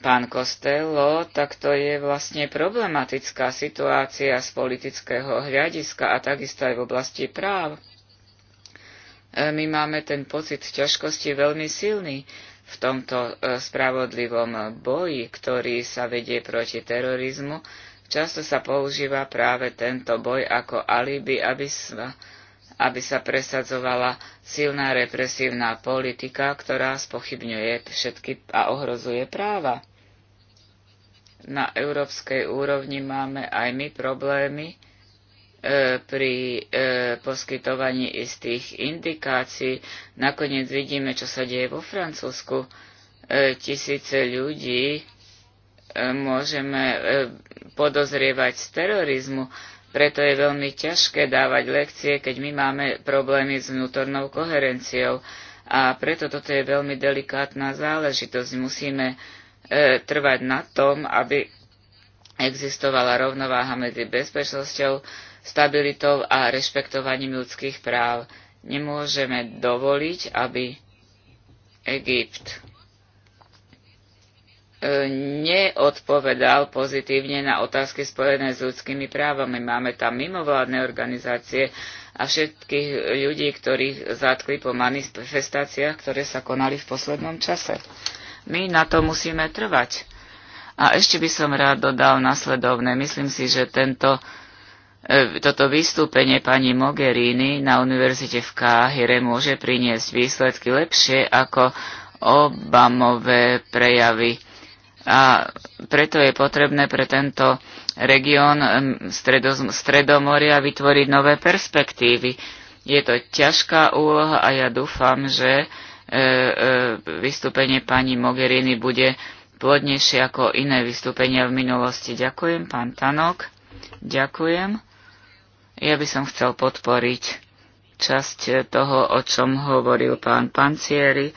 pán Costello, tak to je vlastne problematická situácia z politického hľadiska a takisto aj v oblasti práv. E, my máme ten pocit ťažkosti veľmi silný v tomto e, spravodlivom boji, ktorý sa vedie proti terorizmu. Často sa používa práve tento boj ako alibi, aby sa, aby sa presadzovala silná represívna politika, ktorá spochybňuje všetky a ohrozuje práva. Na európskej úrovni máme aj my problémy, E, pri e, poskytovaní istých indikácií. Nakoniec vidíme, čo sa deje vo Francúzsku. E, tisíce ľudí môžeme podozrievať z terorizmu, preto je veľmi ťažké dávať lekcie, keď my máme problémy s vnútornou koherenciou. A preto toto je veľmi delikátna záležitosť. Musíme trvať na tom, aby existovala rovnováha medzi bezpečnosťou, stabilitou a rešpektovaním ľudských práv. Nemôžeme dovoliť, aby Egypt e, neodpovedal pozitívne na otázky spojené s ľudskými právami. Máme tam mimovládne organizácie a všetkých ľudí, ktorých zatkli po manifestáciách, ktoré sa konali v poslednom čase. My na to musíme trvať. A ešte by som rád dodal nasledovné. Myslím si, že tento E, toto vystúpenie pani Mogherini na univerzite v Káhire môže priniesť výsledky lepšie ako Obamové prejavy. A preto je potrebné pre tento región Stredomoria vytvoriť nové perspektívy. Je to ťažká úloha a ja dúfam, že e, e, vystúpenie pani Mogherini bude plodnejšie ako iné vystúpenia v minulosti. Ďakujem, pán Tanok. Ďakujem. Ja by som chcel podporiť časť toho, o čom hovoril pán Pancieri.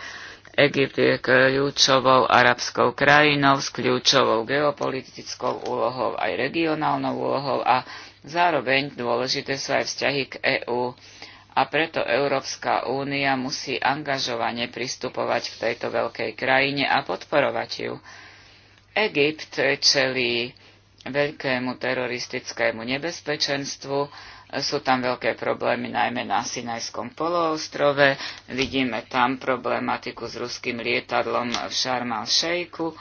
Egypt je kľúčovou arabskou krajinou s kľúčovou geopolitickou úlohou aj regionálnou úlohou a zároveň dôležité sú aj vzťahy k EÚ. A preto Európska únia musí angažovane pristupovať k tejto veľkej krajine a podporovať ju. Egypt čelí veľkému teroristickému nebezpečenstvu, sú tam veľké problémy najmä na Sinajskom poloostrove. Vidíme tam problematiku s ruským lietadlom v Šarmal Šejku.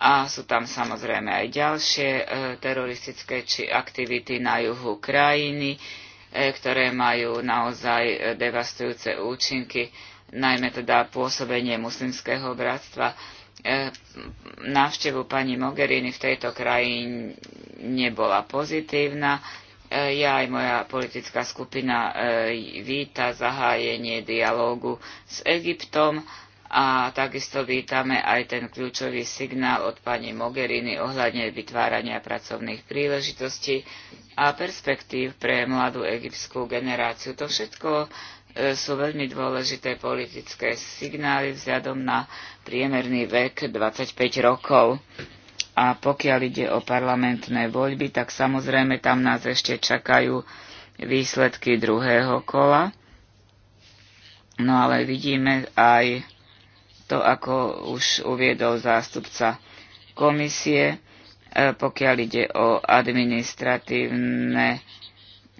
A sú tam samozrejme aj ďalšie e, teroristické či aktivity na juhu krajiny, e, ktoré majú naozaj e, devastujúce účinky, najmä teda pôsobenie muslimského bratstva. E, návštevu pani Mogherini v tejto krajine nebola pozitívna. E, ja aj moja politická skupina e, víta zahájenie dialógu s Egyptom a takisto vítame aj ten kľúčový signál od pani Mogherini ohľadne vytvárania pracovných príležitostí a perspektív pre mladú egyptskú generáciu. To všetko e, sú veľmi dôležité politické signály vzhľadom na priemerný vek 25 rokov. A pokiaľ ide o parlamentné voľby, tak samozrejme tam nás ešte čakajú výsledky druhého kola. No ale vidíme aj to, ako už uviedol zástupca komisie, e, pokiaľ ide o administratívne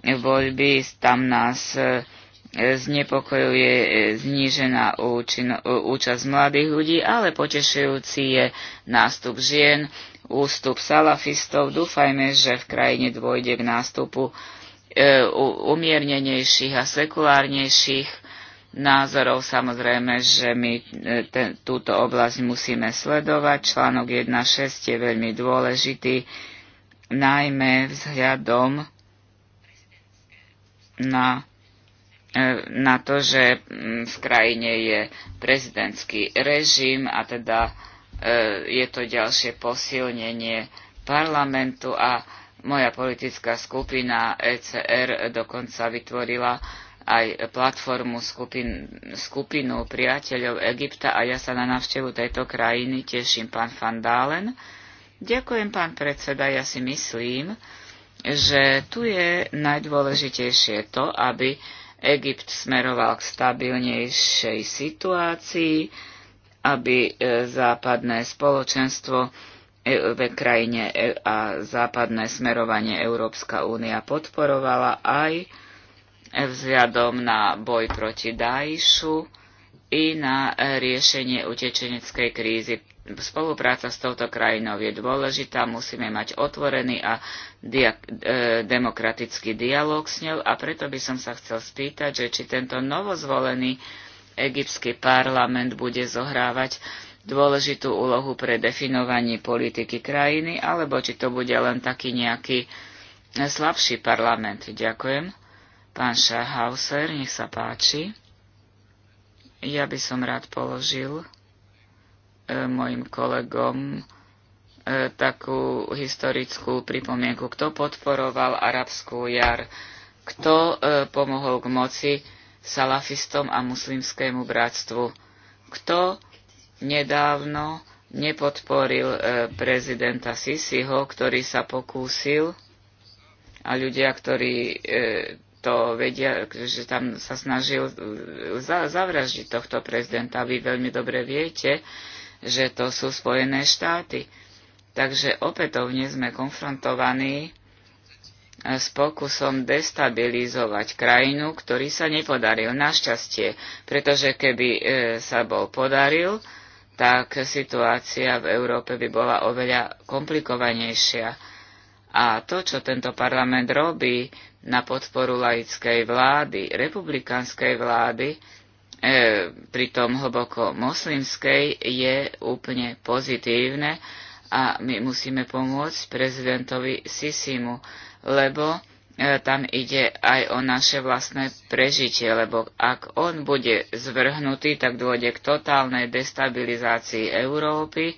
voľby, tam nás e, znepokojuje e, znížená e, účasť mladých ľudí, ale potešujúci je nástup žien, ústup salafistov. Dúfajme, že v krajine dôjde k nástupu e, umiernenejších a sekulárnejších názorov. Samozrejme, že my ten, túto oblasť musíme sledovať. Článok 1.6 je veľmi dôležitý, najmä vzhľadom na E, na to, že mm, v krajine je prezidentský režim a teda e, je to ďalšie posilnenie parlamentu a moja politická skupina ECR dokonca vytvorila aj platformu skupin, skupinu priateľov Egypta a ja sa na návštevu tejto krajiny teším, pán Van Dalen. Ďakujem, pán predseda, ja si myslím, že tu je najdôležitejšie to, aby Egypt smeroval k stabilnejšej situácii, aby e, západné spoločenstvo e, v krajine e, a západné smerovanie Európska únia podporovala aj vzhľadom na boj proti Dajšu i na riešenie utečeneckej krízy. Spolupráca s touto krajinou je dôležitá, musíme mať otvorený a dia- e, demokratický dialog s ňou a preto by som sa chcel spýtať, že či tento novozvolený egyptský parlament bude zohrávať dôležitú úlohu pre definovanie politiky krajiny, alebo či to bude len taký nejaký slabší parlament. Ďakujem. Pán Schahauser, nech sa páči. Ja by som rád položil E, mojim kolegom e, takú historickú pripomienku. Kto podporoval arabskú jar? Kto e, pomohol k moci salafistom a muslimskému bratstvu? Kto nedávno nepodporil prezidenta Sisiho, ktorý sa pokúsil a ľudia, ktorí to vedia, že tam sa snažil zavraždiť tohto prezidenta. Vy veľmi dobre viete, že to sú Spojené štáty. Takže opätovne sme konfrontovaní e, s pokusom destabilizovať krajinu, ktorý sa nepodaril. Našťastie, pretože keby e, sa bol podaril, tak situácia v Európe by bola oveľa komplikovanejšia. A to, čo tento parlament robí na podporu laickej vlády, republikanskej vlády, E, pritom hlboko moslimskej, je úplne pozitívne a my musíme pomôcť prezidentovi Sisimu, lebo e, tam ide aj o naše vlastné prežitie, lebo ak on bude zvrhnutý, tak dôjde k totálnej destabilizácii Európy, e,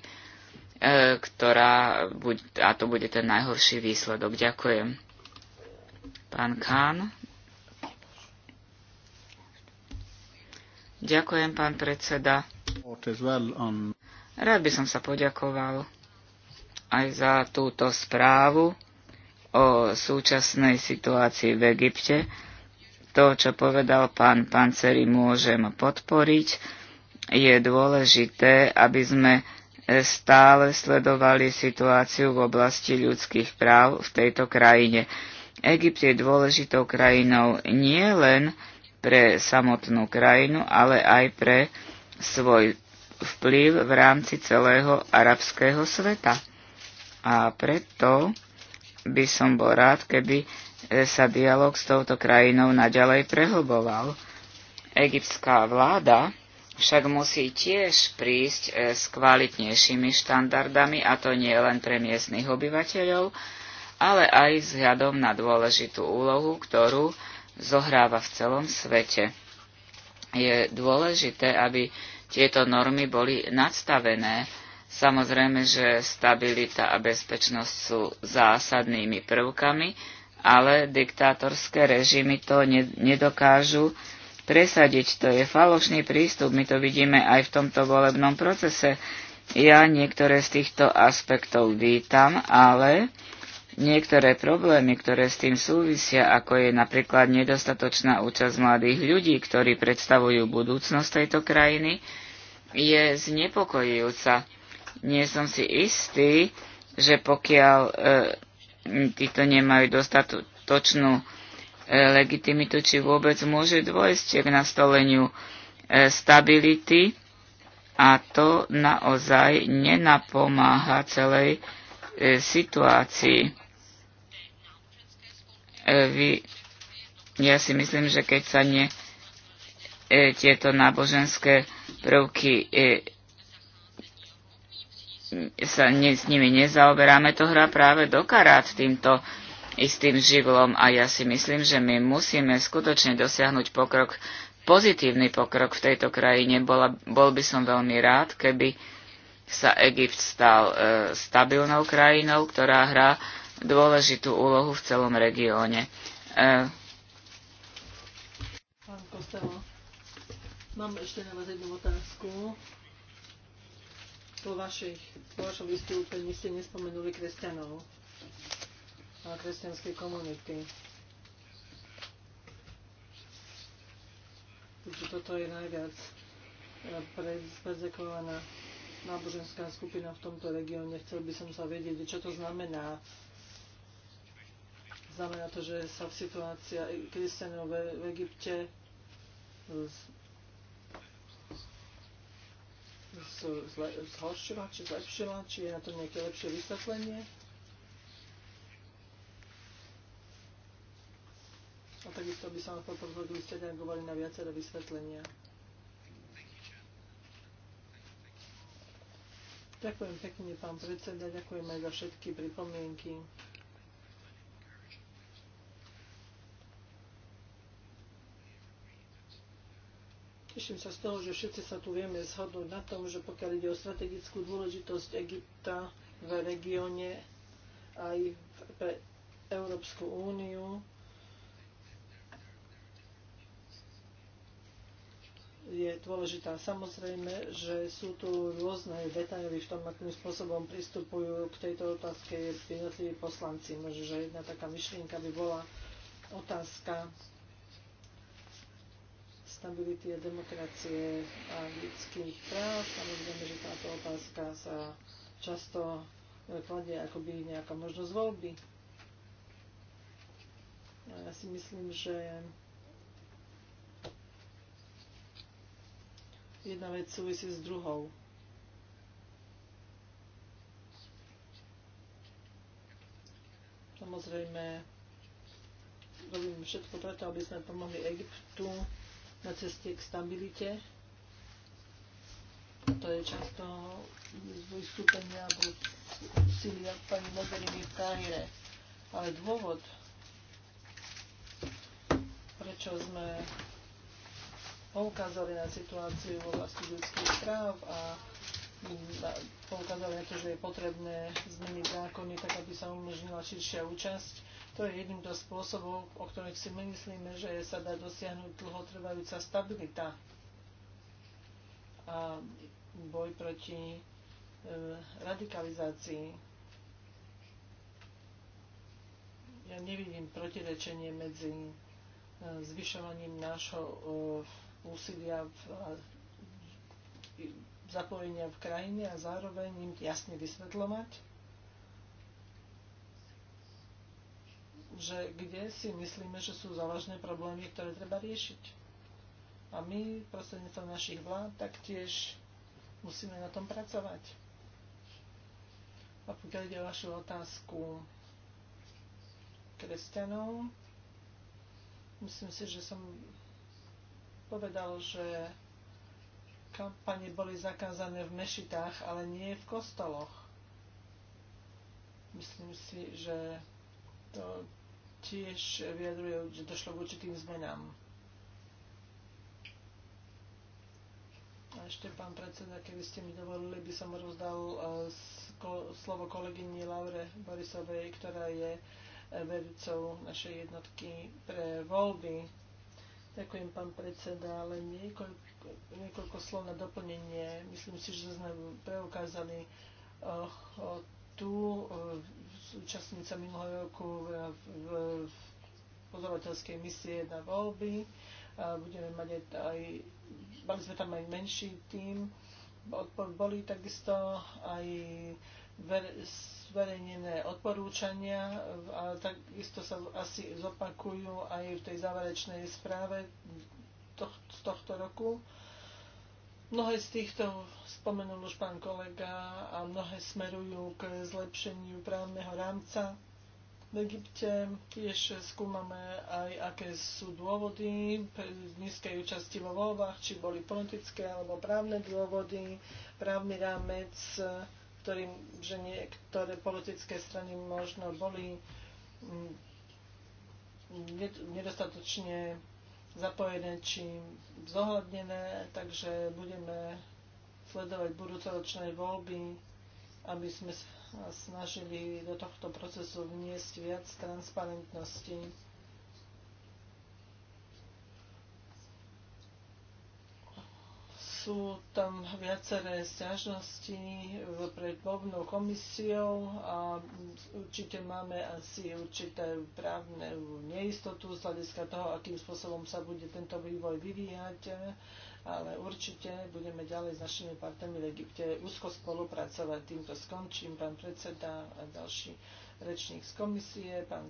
ktorá, a to bude ten najhorší výsledok. Ďakujem. Pán Kán. Ďakujem, pán predseda. Rád by som sa poďakoval aj za túto správu o súčasnej situácii v Egypte. To, čo povedal pán Panceri, môžem podporiť. Je dôležité, aby sme stále sledovali situáciu v oblasti ľudských práv v tejto krajine. Egypt je dôležitou krajinou nie len pre samotnú krajinu, ale aj pre svoj vplyv v rámci celého arabského sveta. A preto by som bol rád, keby e, sa dialog s touto krajinou naďalej prehlboval. Egyptská vláda však musí tiež prísť e, s kvalitnejšími štandardami, a to nie len pre miestnych obyvateľov, ale aj vzhľadom na dôležitú úlohu, ktorú zohráva v celom svete. Je dôležité, aby tieto normy boli nadstavené. Samozrejme, že stabilita a bezpečnosť sú zásadnými prvkami, ale diktátorské režimy to nedokážu presadiť. To je falošný prístup, my to vidíme aj v tomto volebnom procese. Ja niektoré z týchto aspektov vítam, ale Niektoré problémy, ktoré s tým súvisia, ako je napríklad nedostatočná účasť mladých ľudí, ktorí predstavujú budúcnosť tejto krajiny, je znepokojujúca. Nie som si istý, že pokiaľ e, títo nemajú dostatočnú e, legitimitu, či vôbec môže dôjsť k nastoleniu e, stability a to naozaj nenapomáha celej e, situácii E, vy, ja si myslím, že keď sa nie e, tieto náboženské prvky e, sa ne, s nimi nezaoberáme, to hrá práve do karát týmto istým živlom a ja si myslím, že my musíme skutočne dosiahnuť pokrok, pozitívny pokrok v tejto krajine. Bola, bol by som veľmi rád, keby sa Egypt stal e, stabilnou krajinou, ktorá hrá dôležitú úlohu v celom regióne. E... Pán Kostelo, mám ešte na vás jednu otázku. Po, vašich, po vašom vystúpení ste nespomenuli kresťanov a kresťanskej komunity. Takže toto je najviac e, prezekovaná náboženská skupina v tomto regióne. Chcel by som sa vedieť, čo to znamená Znamená to, že sa v situácia kresťanov v Egypte zhoršila, či zlepšila, či je na to nejaké lepšie vysvetlenie. A takisto by som ma poprosiť, aby ste reagovali na viaceré vysvetlenia. Ďakujem pekne, pán predseda, ďakujem aj za všetky pripomienky. Teším sa z toho, že všetci sa tu vieme zhodnúť na tom, že pokiaľ ide o strategickú dôležitosť Egypta v regióne aj pre Európsku úniu, je dôležitá. Samozrejme, že sú tu rôzne detaily v tom, akým spôsobom pristupujú k tejto otázke jednotliví poslanci. Možno, že jedna taká myšlienka by bola otázka stability a demokracie a ľudských práv. Samozrejme, že táto otázka sa často e, kladie akoby nejaká možnosť voľby. A ja si myslím, že jedna vec súvisí s druhou. Samozrejme, robím všetko preto, aby sme pomohli Egyptu na ceste k stabilite. To je často z alebo alebo ako pani Mogherini v kariére. Ale dôvod, prečo sme poukázali na situáciu v oblasti ľudských práv a poukázali na to, že je potrebné zmeniť zákony tak, aby sa umožnila širšia účasť to je jedným zo spôsobov, o ktorých si my myslíme, že sa dá dosiahnuť dlhotrvajúca stabilita a boj proti e, radikalizácii ja nevidím protirečenie medzi e, zvyšovaním nášho e, úsilia v zapojenia v krajine a zároveň im jasne vysvetľovať, že kde si myslíme, že sú závažné problémy, ktoré treba riešiť. A my prostredníctvom našich vlád taktiež musíme na tom pracovať. A pokiaľ ide o vašu otázku kresťanov, myslím si, že som povedal, že kampane boli zakázané v mešitách, ale nie v kostoloch. Myslím si, že to tiež vyjadruje, že došlo k určitým zmenám. A ešte, pán predseda, keby ste mi dovolili, by som rozdal e, slovo kolegyni Laure Borisovej, ktorá je e, vedúcou našej jednotky pre voľby. Ďakujem, pán predseda, ale niekoľko, niekoľko slov na doplnenie. Myslím si, že sme preukázali tu účastnica minulého roku v, v, v pozorovateľskej misie na voľby. A budeme mať aj, aj mali sme tam aj menší tím. Boli takisto aj zverejnené odporúčania a takisto sa asi zopakujú aj v tej záverečnej správe z tohto roku. Mnohé z týchto spomenul už pán kolega a mnohé smerujú k zlepšeniu právneho rámca. V Egypte tiež skúmame aj, aké sú dôvody nízkej účasti vo voľbách, či boli politické alebo právne dôvody, právny rámec, ktorým, že niektoré politické strany možno boli mm, nedostatočne zapojené či zohľadnené, takže budeme sledovať budúcoročné voľby, aby sme snažili do tohto procesu vniesť viac transparentnosti. sú tam viaceré stiažnosti eh, pred Bovnou komisiou a určite máme asi určité právne neistotu z hľadiska toho, akým spôsobom sa bude tento vývoj vyvíjať, eh, ale určite budeme ďalej s našimi partnermi v Egypte úzko spolupracovať. Týmto skončím, pán predseda a ďalší rečník z komisie, pán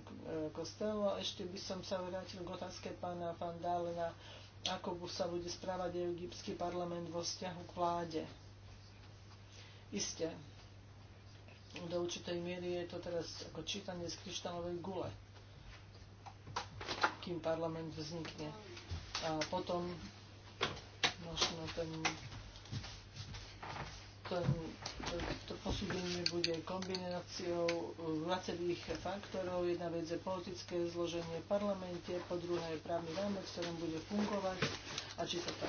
Kostelo. Eh, Ešte by som sa vrátil k otázke pána Van Dálena ako sa bude správať egyptský parlament vo vzťahu k vláde. Isté, do určitej miery je to teraz ako čítanie z kryštálovej gule, kým parlament vznikne. A potom možno ten E, to posúdenie bude kombináciou viacerých faktorov. Jedna vec je politické zloženie v parlamente, po druhé je právny rámec, v ktorom bude fungovať a či sa tam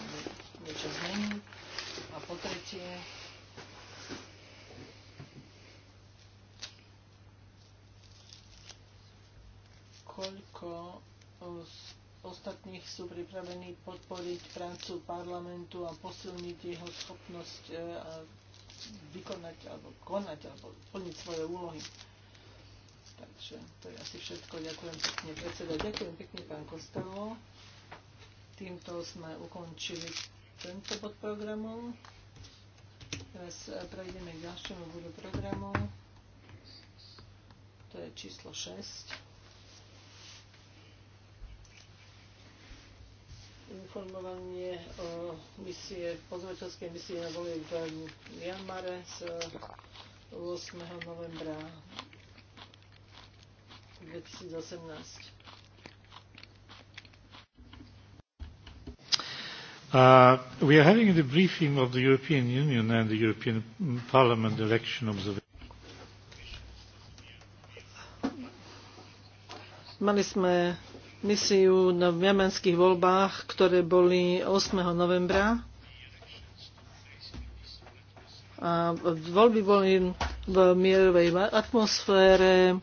niečo zmení. A po tretie koľko e, ostatných sú pripravení podporiť prácu parlamentu a posilniť jeho schopnosť e, a vykonať alebo konať alebo plniť svoje úlohy. Takže to je asi všetko. Ďakujem pekne predseda. Ďakujem pekne pán Kostelo. Týmto sme ukončili tento bod programu. Teraz e, prejdeme k ďalšiemu bodu programu. To je číslo 6. informovanie o misie, pozvateľskej misie na voli v Janmare z 8. novembra 2018. Uh, we are having the briefing of the European Union and the European Parliament election observation. Mali sme misiu v jemenských voľbách, ktoré boli 8. novembra. A voľby boli v mierovej atmosfére.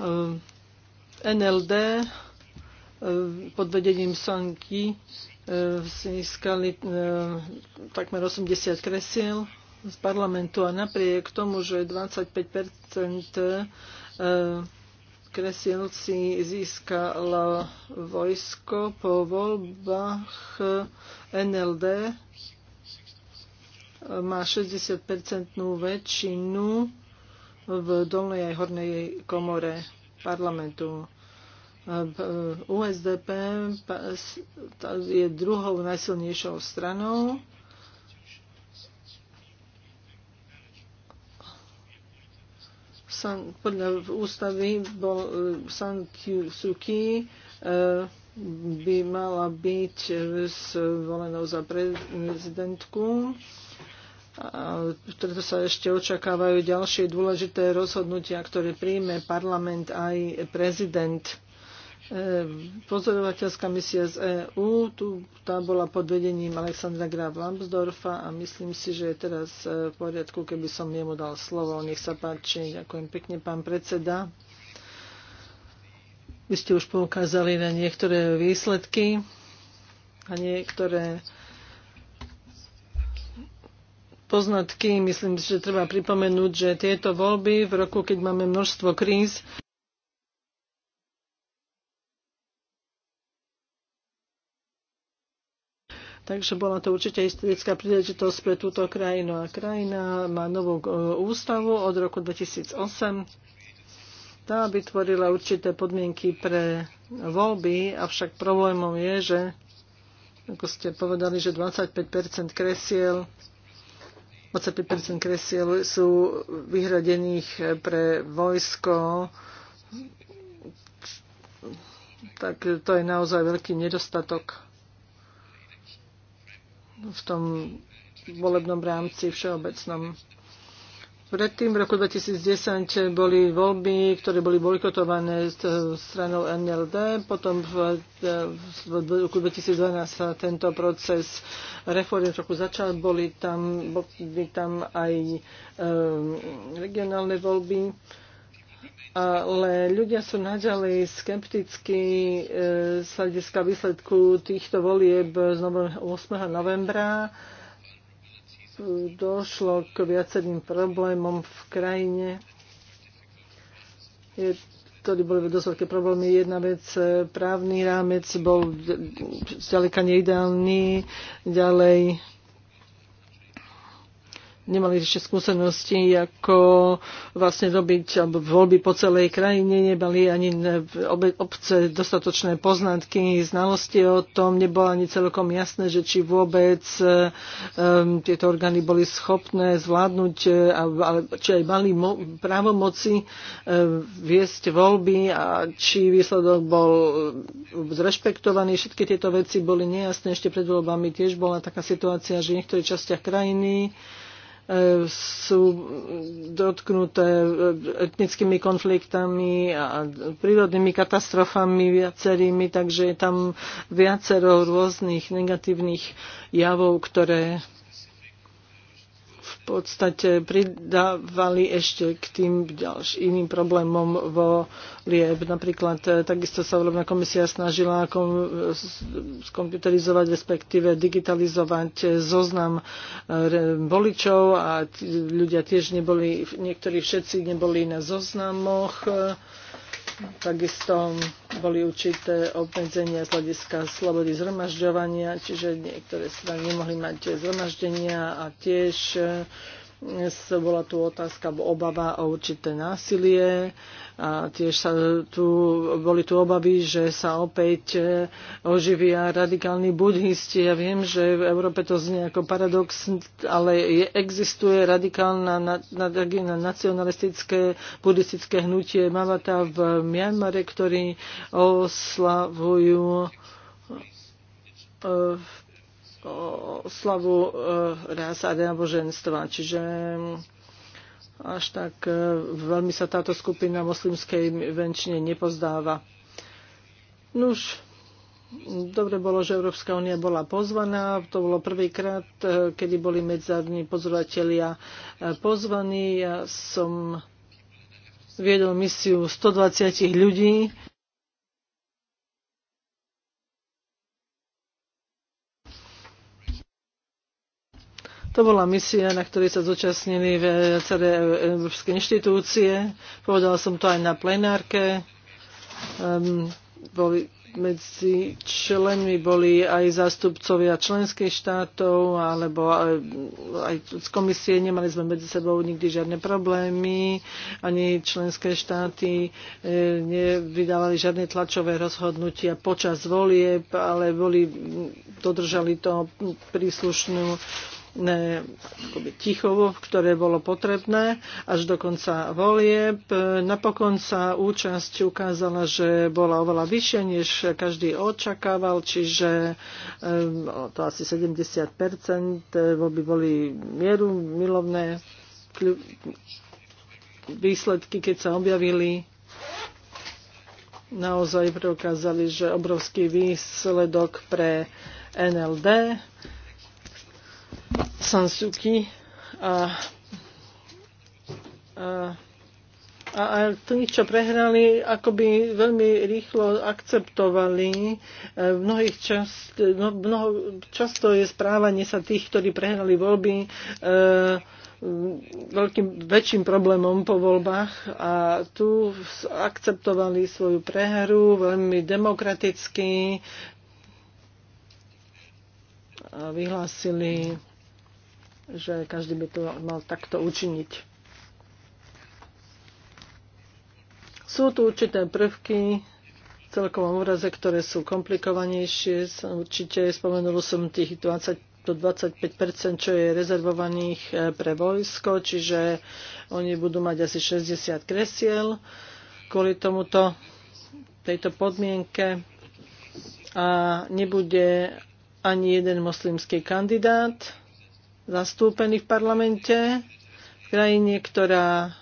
Eh, NLD eh, pod vedením Sanky eh, získali takmer 80 kresiel z parlamentu a napriek tomu, že 25 kresilci získalo vojsko po voľbách NLD. Má 60-percentnú väčšinu v dolnej aj hornej komore parlamentu. USDP je druhou najsilnejšou stranou San, podľa ústavy bol e, San Suki e, by mala byť zvolenou za prezidentku. A preto sa ešte očakávajú ďalšie dôležité rozhodnutia, ktoré príjme parlament aj prezident pozorovateľská misia z EÚ, tu tá bola pod vedením Alexandra Graf Lambsdorfa a myslím si, že je teraz e, v poriadku, keby som jemu dal slovo. Nech sa páči. Ďakujem pekne, pán predseda. Vy ste už poukázali na niektoré výsledky a niektoré poznatky. Myslím si, že treba pripomenúť, že tieto voľby v roku, keď máme množstvo kríz, Takže bola to určite historická príležitosť pre túto krajinu. A krajina má novú e, ústavu od roku 2008. Tá tvorila určité podmienky pre voľby, avšak problémom je, že ako ste povedali, že 25 kresiel 25 kresiel sú vyhradených pre vojsko, tak to je naozaj veľký nedostatok v tom volebnom rámci všeobecnom. Predtým v roku 2010 boli voľby, ktoré boli bojkotované e, stranou NLD. Potom v, e, v roku 2012 sa tento proces reformy trochu začal. Boli tam, boli tam aj um, regionálne voľby ale ľudia sú naďalej skeptickí e, z hľadiska výsledku týchto volieb z 8. novembra. Došlo k viacerým problémom v krajine. Je ktorý boli dosť veľké problémy. Jedna vec, e, právny rámec bol zďaleka neideálny, ďalej nemali ešte skúsenosti, ako vlastne robiť alebo voľby po celej krajine, nemali ani obce dostatočné poznatky, znalosti o tom, nebolo ani celkom jasné, že či vôbec um, tieto orgány boli schopné zvládnuť, e, ale či aj mali mo- právomoci um, viesť voľby a či výsledok bol e, zrešpektovaný. Všetky tieto veci boli nejasné. Ešte pred voľbami tiež bola taká situácia, že v niektorých častiach krajiny sú dotknuté etnickými konfliktami a prírodnými katastrofami viacerými, takže je tam viacero rôznych negatívnych javov, ktoré podstate pridávali ešte k tým ďalším iným problémom vo lieb. Napríklad e, takisto sa volebná komisia snažila kom, skomputerizovať, respektíve digitalizovať e, zoznam e, voličov a ľudia tiež neboli, niektorí všetci neboli na zoznamoch. E, Takisto boli určité obmedzenia z hľadiska slobody zhromažďovania, čiže niektoré strany nemohli mať zhromaždenia a tiež bola tu otázka, obava o určité násilie a tiež sa tu, boli tu obavy, že sa opäť e, oživia radikálni buddhisti. Ja viem, že v Európe to znie ako paradox, ale je, existuje radikálna na, na, na, nacionalistické buddhistické hnutie Mavata v Mianmare, ktorí oslavujú v e, oslavu e, raz a náboženstva. Čiže mm, až tak e, veľmi sa táto skupina moslimskej venčine nepozdáva. Nuž, dobre bolo, že Európska únia bola pozvaná. To bolo prvýkrát, e, kedy boli medzárodní pozorovatelia pozvaní. Ja som viedol misiu 120 ľudí To bola misia, na ktorej sa zúčastnili celé európske inštitúcie. Povedala som to aj na plenárke. Um, boli, medzi členmi boli aj zástupcovia členských štátov alebo aj z komisie. Nemali sme medzi sebou nikdy žiadne problémy, ani členské štáty e, nevydávali žiadne tlačové rozhodnutia počas volieb, ale boli, dodržali to príslušnú tichovo, ktoré bolo potrebné až do konca volieb. Napokon sa účasť ukázala, že bola oveľa vyššia, než každý očakával, čiže to asi 70 voľby boli mieru milovné výsledky, keď sa objavili naozaj preukázali, že obrovský výsledok pre NLD Sansuki a, a a tí, čo prehrali, akoby veľmi rýchlo akceptovali. E, mnohých čast, no, mnoho, často je správanie sa tých, ktorí prehrali voľby, e, veľkým, väčším problémom po voľbách a tu akceptovali svoju prehru veľmi demokraticky, vyhlásili, že každý by to mal takto učiniť. Sú tu určité prvky v celkovom úraze, ktoré sú komplikovanejšie. Určite spomenul som tých 20 do 25 čo je rezervovaných eh, pre vojsko, čiže oni budú mať asi 60 kresiel kvôli tomuto, tejto podmienke a nebude ani jeden moslimský kandidát zastúpený v parlamente v krajine, ktorá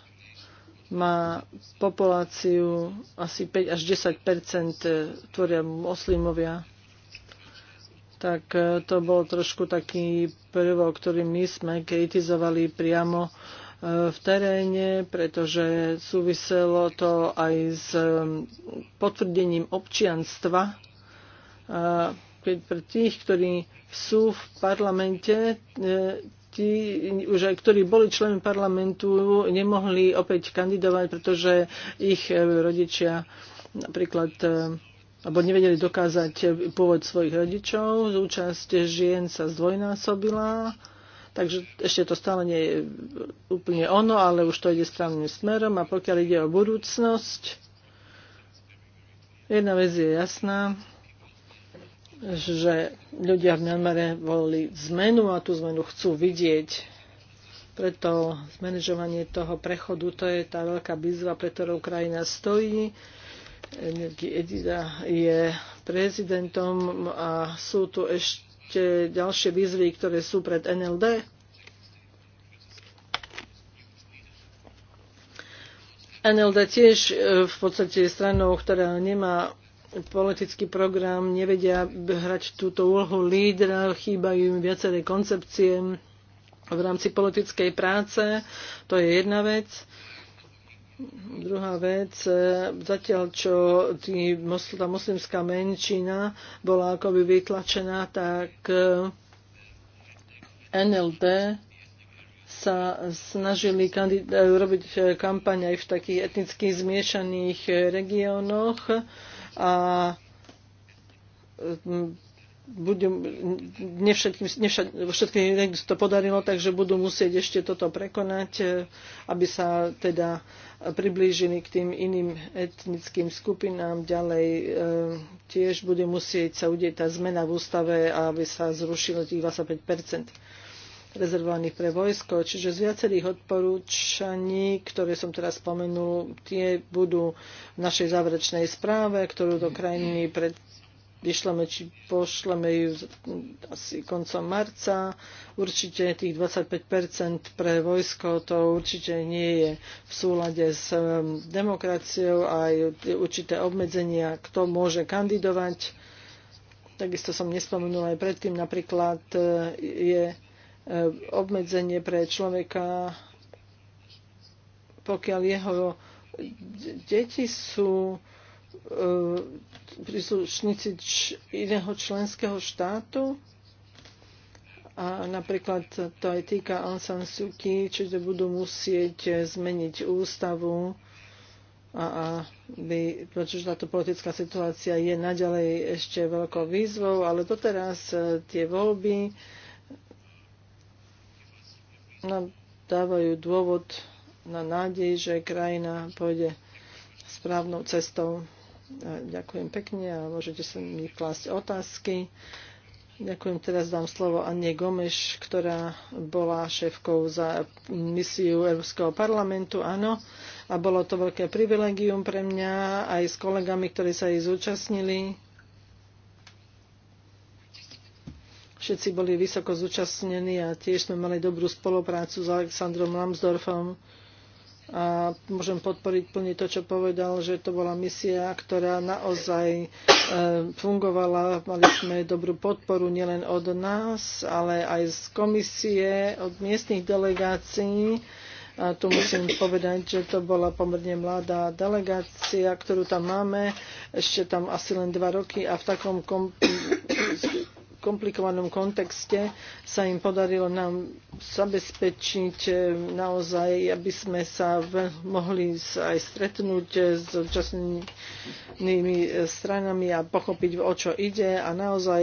má populáciu asi 5 až 10 e, tvoria moslimovia. Tak e, to bol trošku taký prvok, ktorý my sme kritizovali priamo e, v teréne, pretože súviselo to aj s potvrdením občianstva pre, pre tých, ktorí sú v parlamente, e, tí, už aj ktorí boli členmi parlamentu, nemohli opäť kandidovať, pretože ich e, rodičia napríklad e, alebo nevedeli dokázať pôvod svojich rodičov, Zúčasť žien sa zdvojnásobila, takže ešte to stále nie je úplne ono, ale už to ide správnym smerom a pokiaľ ide o budúcnosť, jedna vec je jasná, že ľudia v Mianmare volili zmenu a tú zmenu chcú vidieť. Preto zmanéžovanie toho prechodu, to je tá veľká výzva, pre ktorou krajina stojí. Energie Edida je prezidentom a sú tu ešte ďalšie výzvy, ktoré sú pred NLD. NLD tiež eh, v podstate je stranou, ktorá nemá politický program, nevedia hrať túto úlohu lídra, chýbajú im viaceré koncepcie v rámci politickej práce. To je jedna vec. Druhá vec, e, zatiaľ čo tí, tá moslimská menšina bola akoby vytlačená, tak e, NLD sa snažili e, robiť kampaň aj v takých etnicky zmiešaných regiónoch a budú, nevšetkým, nevšetkým to podarilo, takže budú musieť ešte toto prekonať, e, aby sa teda priblížili k tým iným etnickým skupinám. Ďalej e, tiež bude musieť sa udieť tá zmena v ústave, aby sa zrušilo tých 25 rezervovaných pre vojsko. Čiže z viacerých odporúčaní, ktoré som teraz spomenul, tie budú v našej záverečnej správe, ktorú do krajiny pred vyšleme, či pošleme ju asi koncom marca. Určite tých 25% pre vojsko to určite nie je v súlade s um, demokraciou a aj určité obmedzenia, kto môže kandidovať. Takisto som nespomenula aj predtým, napríklad e, je Eh, obmedzenie pre človeka, pokiaľ jeho deti sú eh, príslušníci iného členského štátu a napríklad to aj týka Aung San Suu Kyi, čiže budú musieť zmeniť ústavu a, aby, pretože táto politická situácia je naďalej ešte veľkou výzvou, ale doteraz eh, tie voľby nám dávajú dôvod na nádej, že krajina pôjde správnou cestou. Ďakujem pekne a môžete sa mi klásť otázky. Ďakujem, teraz dám slovo Anne Gomeš, ktorá bola šéfkou za misiu Európskeho parlamentu, áno. A bolo to veľké privilegium pre mňa aj s kolegami, ktorí sa jej zúčastnili. Všetci boli vysoko zúčastnení a tiež sme mali dobrú spoluprácu s Alexandrom Lambsdorfom a môžem podporiť plne to, čo povedal, že to bola misia, ktorá naozaj e, fungovala. Mali sme dobrú podporu nielen od nás, ale aj z komisie, od miestnych delegácií. A tu musím povedať, že to bola pomerne mladá delegácia, ktorú tam máme. Ešte tam asi len dva roky a v takom kom- komplikovanom kontexte sa im podarilo nám zabezpečiť e, naozaj, aby sme sa mohli aj stretnúť e, s účastnými e, stranami a pochopiť, o čo ide. A naozaj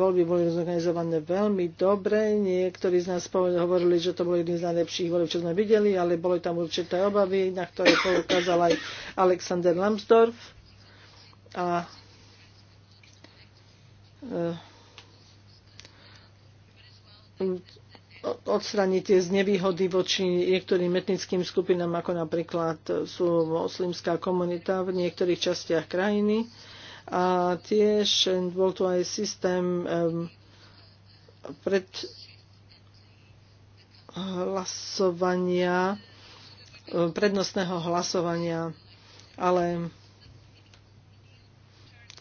voľby boli zorganizované veľmi dobre. Niektorí z nás hovorili, že to bol jeden z najlepších volieb, čo sme videli, ale boli tam určité obavy, na ktoré poukázal aj Alexander Lambsdorff. A uh, odstraniť tie znevýhody voči niektorým etnickým skupinám, ako napríklad sú moslimská komunita v niektorých častiach krajiny. A tiež bol tu aj systém pred hlasovania, prednostného hlasovania, ale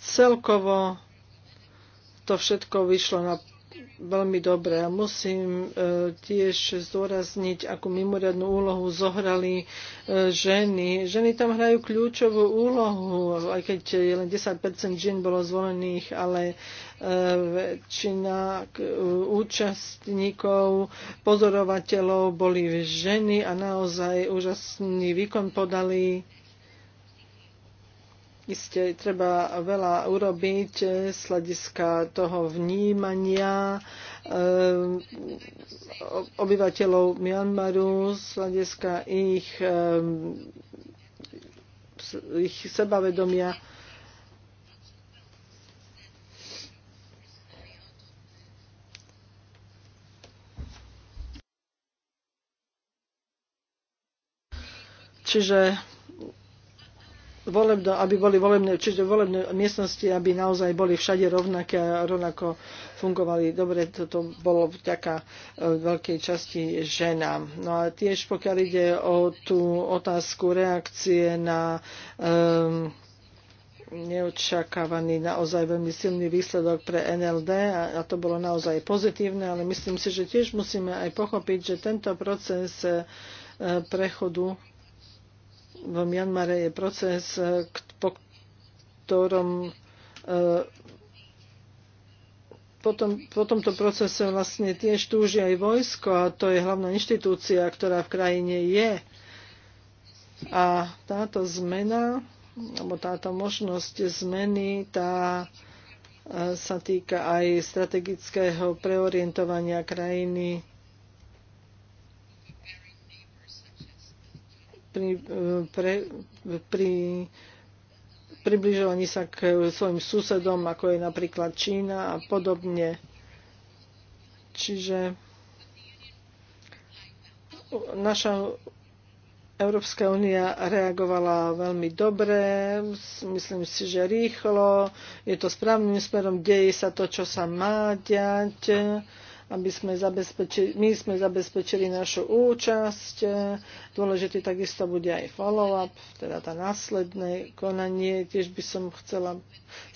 celkovo to všetko vyšlo na veľmi dobré. A musím e, tiež zdôrazniť, akú mimoriadnú úlohu zohrali e, ženy. Ženy tam hrajú kľúčovú úlohu, aj keď len 10 žien bolo zvolených, ale e, väčšina účastníkov, pozorovateľov boli ženy a naozaj úžasný výkon podali Isté, treba veľa urobiť eh, z hľadiska toho vnímania eh, obyvateľov Myanmaru, z hľadiska ich, eh, ich sebavedomia. Čiže volebno, aby boli volebné, čiže volebné miestnosti, aby naozaj boli všade rovnaké a rovnako fungovali dobre. Toto bolo vďaka e, veľkej časti ženám. No a tiež pokiaľ ide o tú otázku reakcie na um, neočakávaný naozaj veľmi silný výsledok pre NLD a, a to bolo naozaj pozitívne, ale myslím si, že tiež musíme aj pochopiť, že tento proces e, prechodu v Mianmare je proces, e, po ktorom e, potom, po tomto procese vlastne tiež túži aj vojsko a to je hlavná inštitúcia, ktorá v krajine je. A táto zmena, alebo táto možnosť zmeny, tá e, sa týka aj strategického preorientovania krajiny pri, pre, pri približovaní sa k svojim susedom, ako je napríklad Čína a podobne. Čiže naša Európska únia reagovala veľmi dobre, myslím si, že rýchlo, je to správnym smerom, deje sa to, čo sa má diať aby sme zabezpečili, my sme zabezpečili našu účasť. Dôležitý takisto bude aj follow-up, teda tá následné konanie. Tiež by som chcela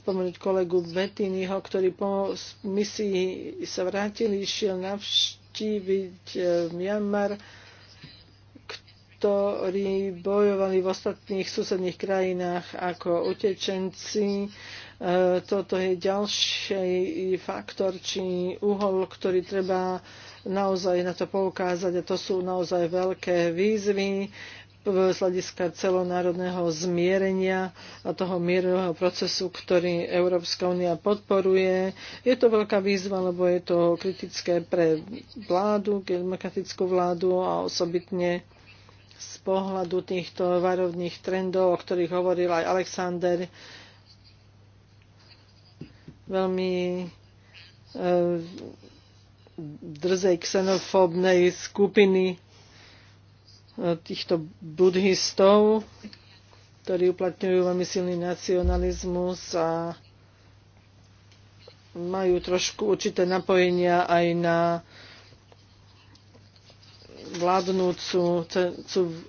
spomenúť kolegu Bettinyho, ktorý po misii sa vrátili, išiel navštíviť e, Myanmar ktorí bojovali v ostatných susedných krajinách ako utečenci. Toto je ďalší faktor či uhol, ktorý treba naozaj na to poukázať a to sú naozaj veľké výzvy z hľadiska celonárodného zmierenia a toho mierového procesu, ktorý Európska únia podporuje. Je to veľká výzva, lebo je to kritické pre vládu, demokratickú vládu a osobitne z pohľadu týchto varovných trendov, o ktorých hovoril aj Alexander, veľmi eh, drzej xenofóbnej skupiny eh, týchto buddhistov, ktorí uplatňujú veľmi silný nacionalizmus a majú trošku určité napojenia aj na vládnúcu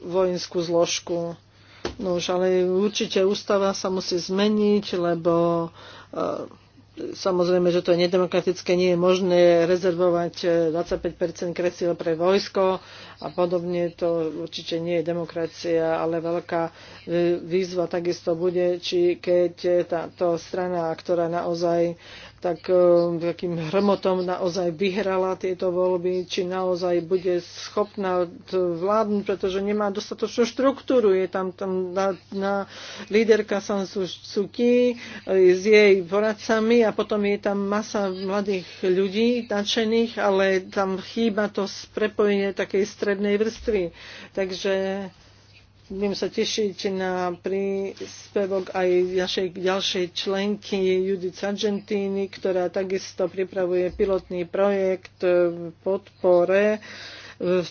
vojenskú zložku. No už ale určite ústava sa musí zmeniť, lebo uh, Samozrejme, že to je nedemokratické, nie je možné rezervovať 25 e, kresiel pre vojsko a podobne. To určite nie je demokracia, ale veľká e, výzva takisto bude, či keď táto strana, ktorá naozaj tak e, takým hrmotom naozaj vyhrala tieto voľby, či naozaj bude schopná vládnuť, pretože nemá dostatočnú štruktúru. Je tam, tam na, na líderka San Suu Kyi e, s jej poradcami a potom je tam masa mladých ľudí nadšených, ale tam chýba to prepojenie takej strednej vrstvy. Takže budem sa tešiť na príspevok aj našej ďalšej členky Judith Sargentini, ktorá takisto pripravuje pilotný projekt v podpore v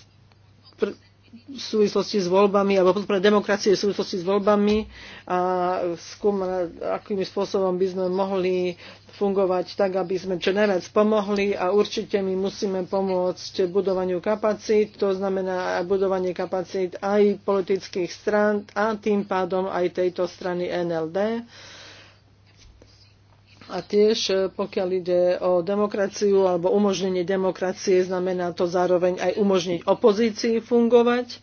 v súvislosti s voľbami alebo podpora demokracie v súvislosti s voľbami a skúma, akým spôsobom by sme mohli fungovať tak, aby sme čo najviac pomohli a určite my musíme pomôcť budovaniu kapacít, to znamená budovanie kapacít aj politických strán a tým pádom aj tejto strany NLD a tiež e, pokiaľ ide o demokraciu alebo umožnenie demokracie, znamená to zároveň aj umožniť opozícii fungovať.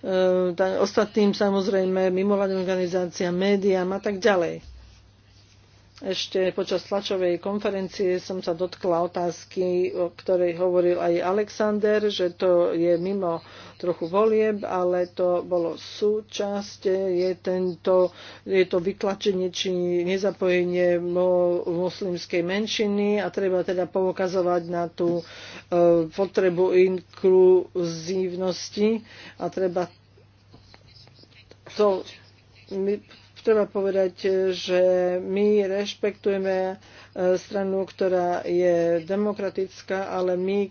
E, ostatným samozrejme mimovládnym organizáciám, médiám a tak ďalej. Ešte počas tlačovej konferencie som sa dotkla otázky, o ktorej hovoril aj Alexander, že to je mimo trochu volieb, ale to bolo súčasť, je, tento, je to vyklačenie či nezapojenie mo, moslimskej menšiny a treba teda poukazovať na tú e, potrebu inkluzívnosti a treba to my treba povedať, e, že my rešpektujeme e, stranu, ktorá je demokratická, ale my e,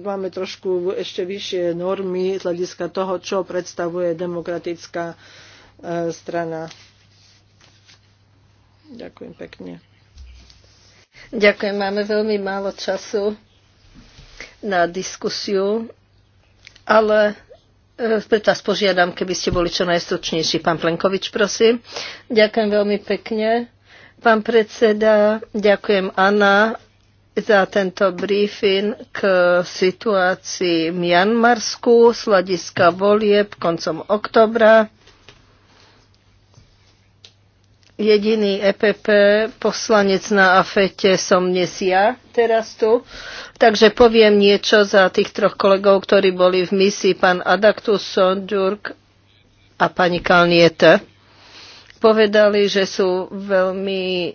máme trošku ešte vyššie normy z hľadiska toho, čo predstavuje demokratická strana. Ďakujem pekne. Ďakujem, máme veľmi málo času na diskusiu, ale preto vás požiadam, keby ste boli čo najstručnejší. Pán Plenkovič, prosím. Ďakujem veľmi pekne. Pán predseda, ďakujem Anna za tento briefing k situácii v Mianmarsku z hľadiska volieb koncom oktobra jediný EPP poslanec na AFETE som dnes ja, teraz tu. Takže poviem niečo za tých troch kolegov, ktorí boli v misii, pán Adaktus, Sondjurk a pani Kalniete. Povedali, že sú veľmi e,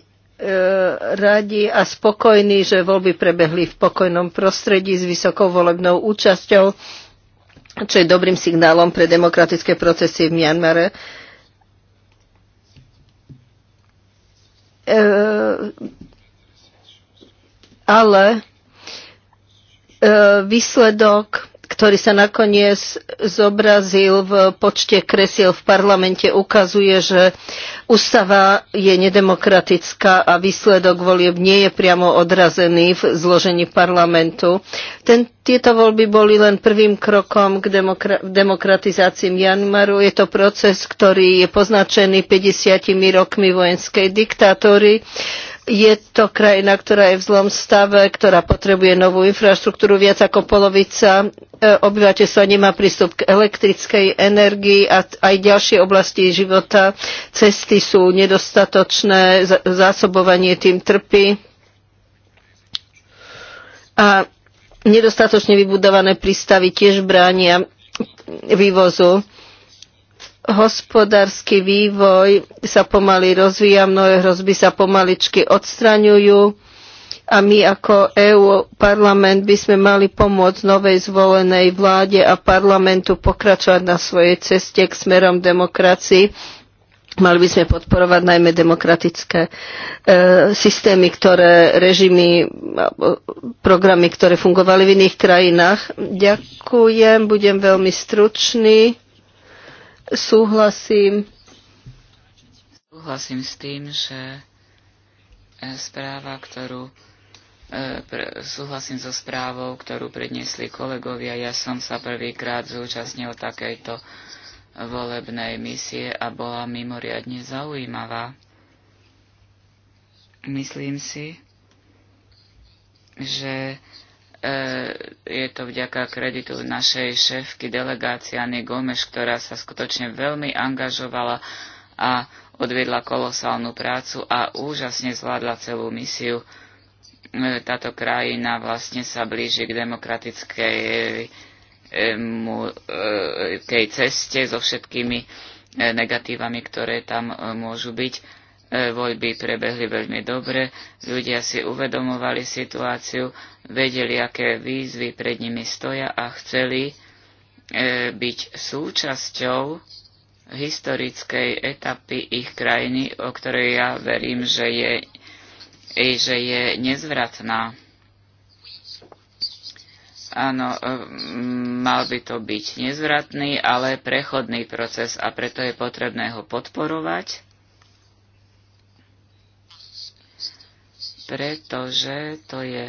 radi a spokojní, že voľby prebehli v pokojnom prostredí s vysokou volebnou účasťou, čo je dobrým signálom pre demokratické procesy v Mianmare. E, ale e, výsledok ktorý sa nakoniec zobrazil v počte kresiel v parlamente, ukazuje, že ústava je nedemokratická a výsledok volieb nie je priamo odrazený v zložení parlamentu. Ten, tieto voľby boli len prvým krokom k demokra- demokratizácii Mianmaru. Je to proces, ktorý je poznačený 50 rokmi vojenskej diktátory je to krajina, ktorá je v zlom stave, ktorá potrebuje novú infraštruktúru. Viac ako polovica e, obyvateľstva nemá prístup k elektrickej energii a aj ďalšie oblasti života. Cesty sú nedostatočné, zásobovanie tým trpí. A nedostatočne vybudované prístavy tiež bránia vývozu hospodársky vývoj sa pomaly rozvíja, mnohé hrozby sa pomaličky odstraňujú a my ako EU parlament by sme mali pomôcť novej zvolenej vláde a parlamentu pokračovať na svojej ceste k smerom demokracii. Mali by sme podporovať najmä demokratické e, systémy, ktoré režimy, programy, ktoré fungovali v iných krajinách. Ďakujem, budem veľmi stručný. Súhlasím. Súhlasím s tým, že e, správa, ktorú e, súhlasím so správou, ktorú predniesli kolegovia. Ja som sa prvýkrát zúčastnil takejto volebnej misie a bola mimoriadne zaujímavá. Myslím si, že E, je to vďaka kreditu našej šéfky delegácie Anny Gomeš, ktorá sa skutočne veľmi angažovala a odvedla kolosálnu prácu a úžasne zvládla celú misiu. E, táto krajina vlastne sa blíži k demokratickej e, ceste so všetkými negatívami, ktoré tam môžu byť E, voľby prebehli veľmi dobre, ľudia si uvedomovali situáciu, vedeli, aké výzvy pred nimi stoja a chceli e, byť súčasťou historickej etapy ich krajiny, o ktorej ja verím, že je, e, že je nezvratná. Áno, mal by to byť nezvratný, ale prechodný proces a preto je potrebné ho podporovať pretože to je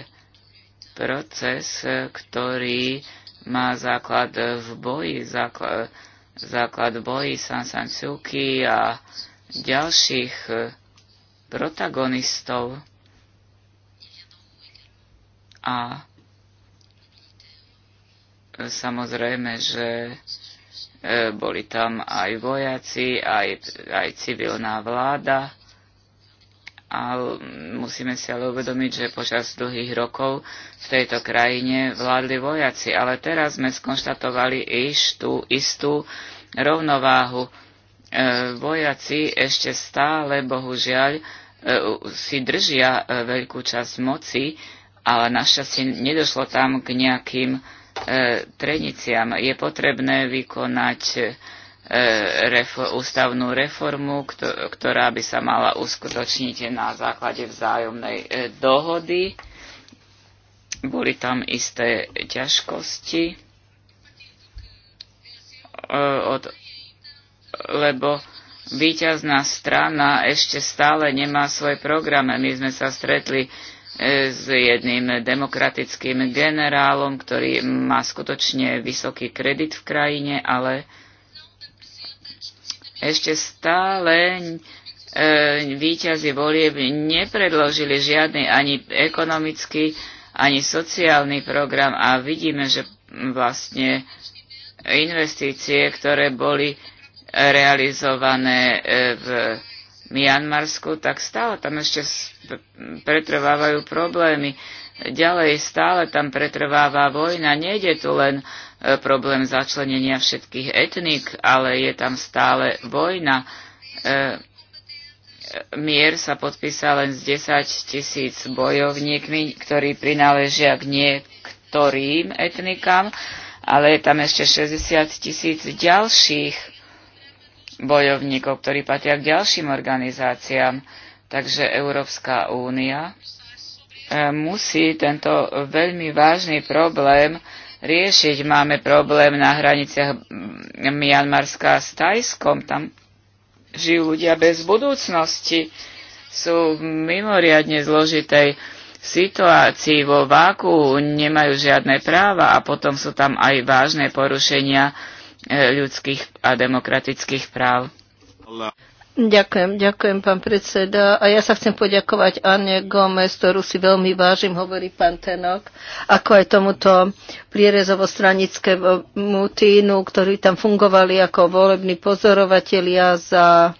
proces, ktorý má základ v boji, základ, základ boji San Sansuki a ďalších e, protagonistov. A samozrejme, že e, boli tam aj vojaci, aj, aj civilná vláda a musíme si ale uvedomiť, že počas dlhých rokov v tejto krajine vládli vojaci. Ale teraz sme skonštatovali istú, istú rovnováhu. E, vojaci ešte stále, bohužiaľ, e, si držia e, veľkú časť moci, ale našťastie nedošlo tam k nejakým e, treniciam. Je potrebné vykonať e, ústavnú reformu, ktorá by sa mala uskutočniť na základe vzájomnej e, dohody. Boli tam isté ťažkosti, e, od, lebo víťazná strana ešte stále nemá svoj program. My sme sa stretli e, s jedným demokratickým generálom, ktorý má skutočne vysoký kredit v krajine, ale ešte stále e, volieb nepredložili žiadny ani ekonomický, ani sociálny program a vidíme, že vlastne investície, ktoré boli realizované e, v Mianmarsku, tak stále tam ešte pretrvávajú problémy. Ďalej stále tam pretrváva vojna. Nejde tu len e, problém začlenenia všetkých etník, ale je tam stále vojna. E, mier sa podpísal len z 10 tisíc bojovníkmi, ktorí prináležia k niektorým etnikám, ale je tam ešte 60 tisíc ďalších bojovníkov, ktorí patria k ďalším organizáciám. Takže Európska únia musí tento veľmi vážny problém riešiť. Máme problém na hraniciach Mianmarska s Tajskom. Tam žijú ľudia bez budúcnosti. Sú v mimoriadne zložitej situácii vo váku, nemajú žiadne práva a potom sú tam aj vážne porušenia eh, ľudských a demokratických práv. Ďakujem, ďakujem, pán predseda. A ja sa chcem poďakovať Anne Gomez, ktorú si veľmi vážim, hovorí pán Tenok, ako aj tomuto prierezovo-stranickému týnu, ktorí tam fungovali ako volební pozorovatelia za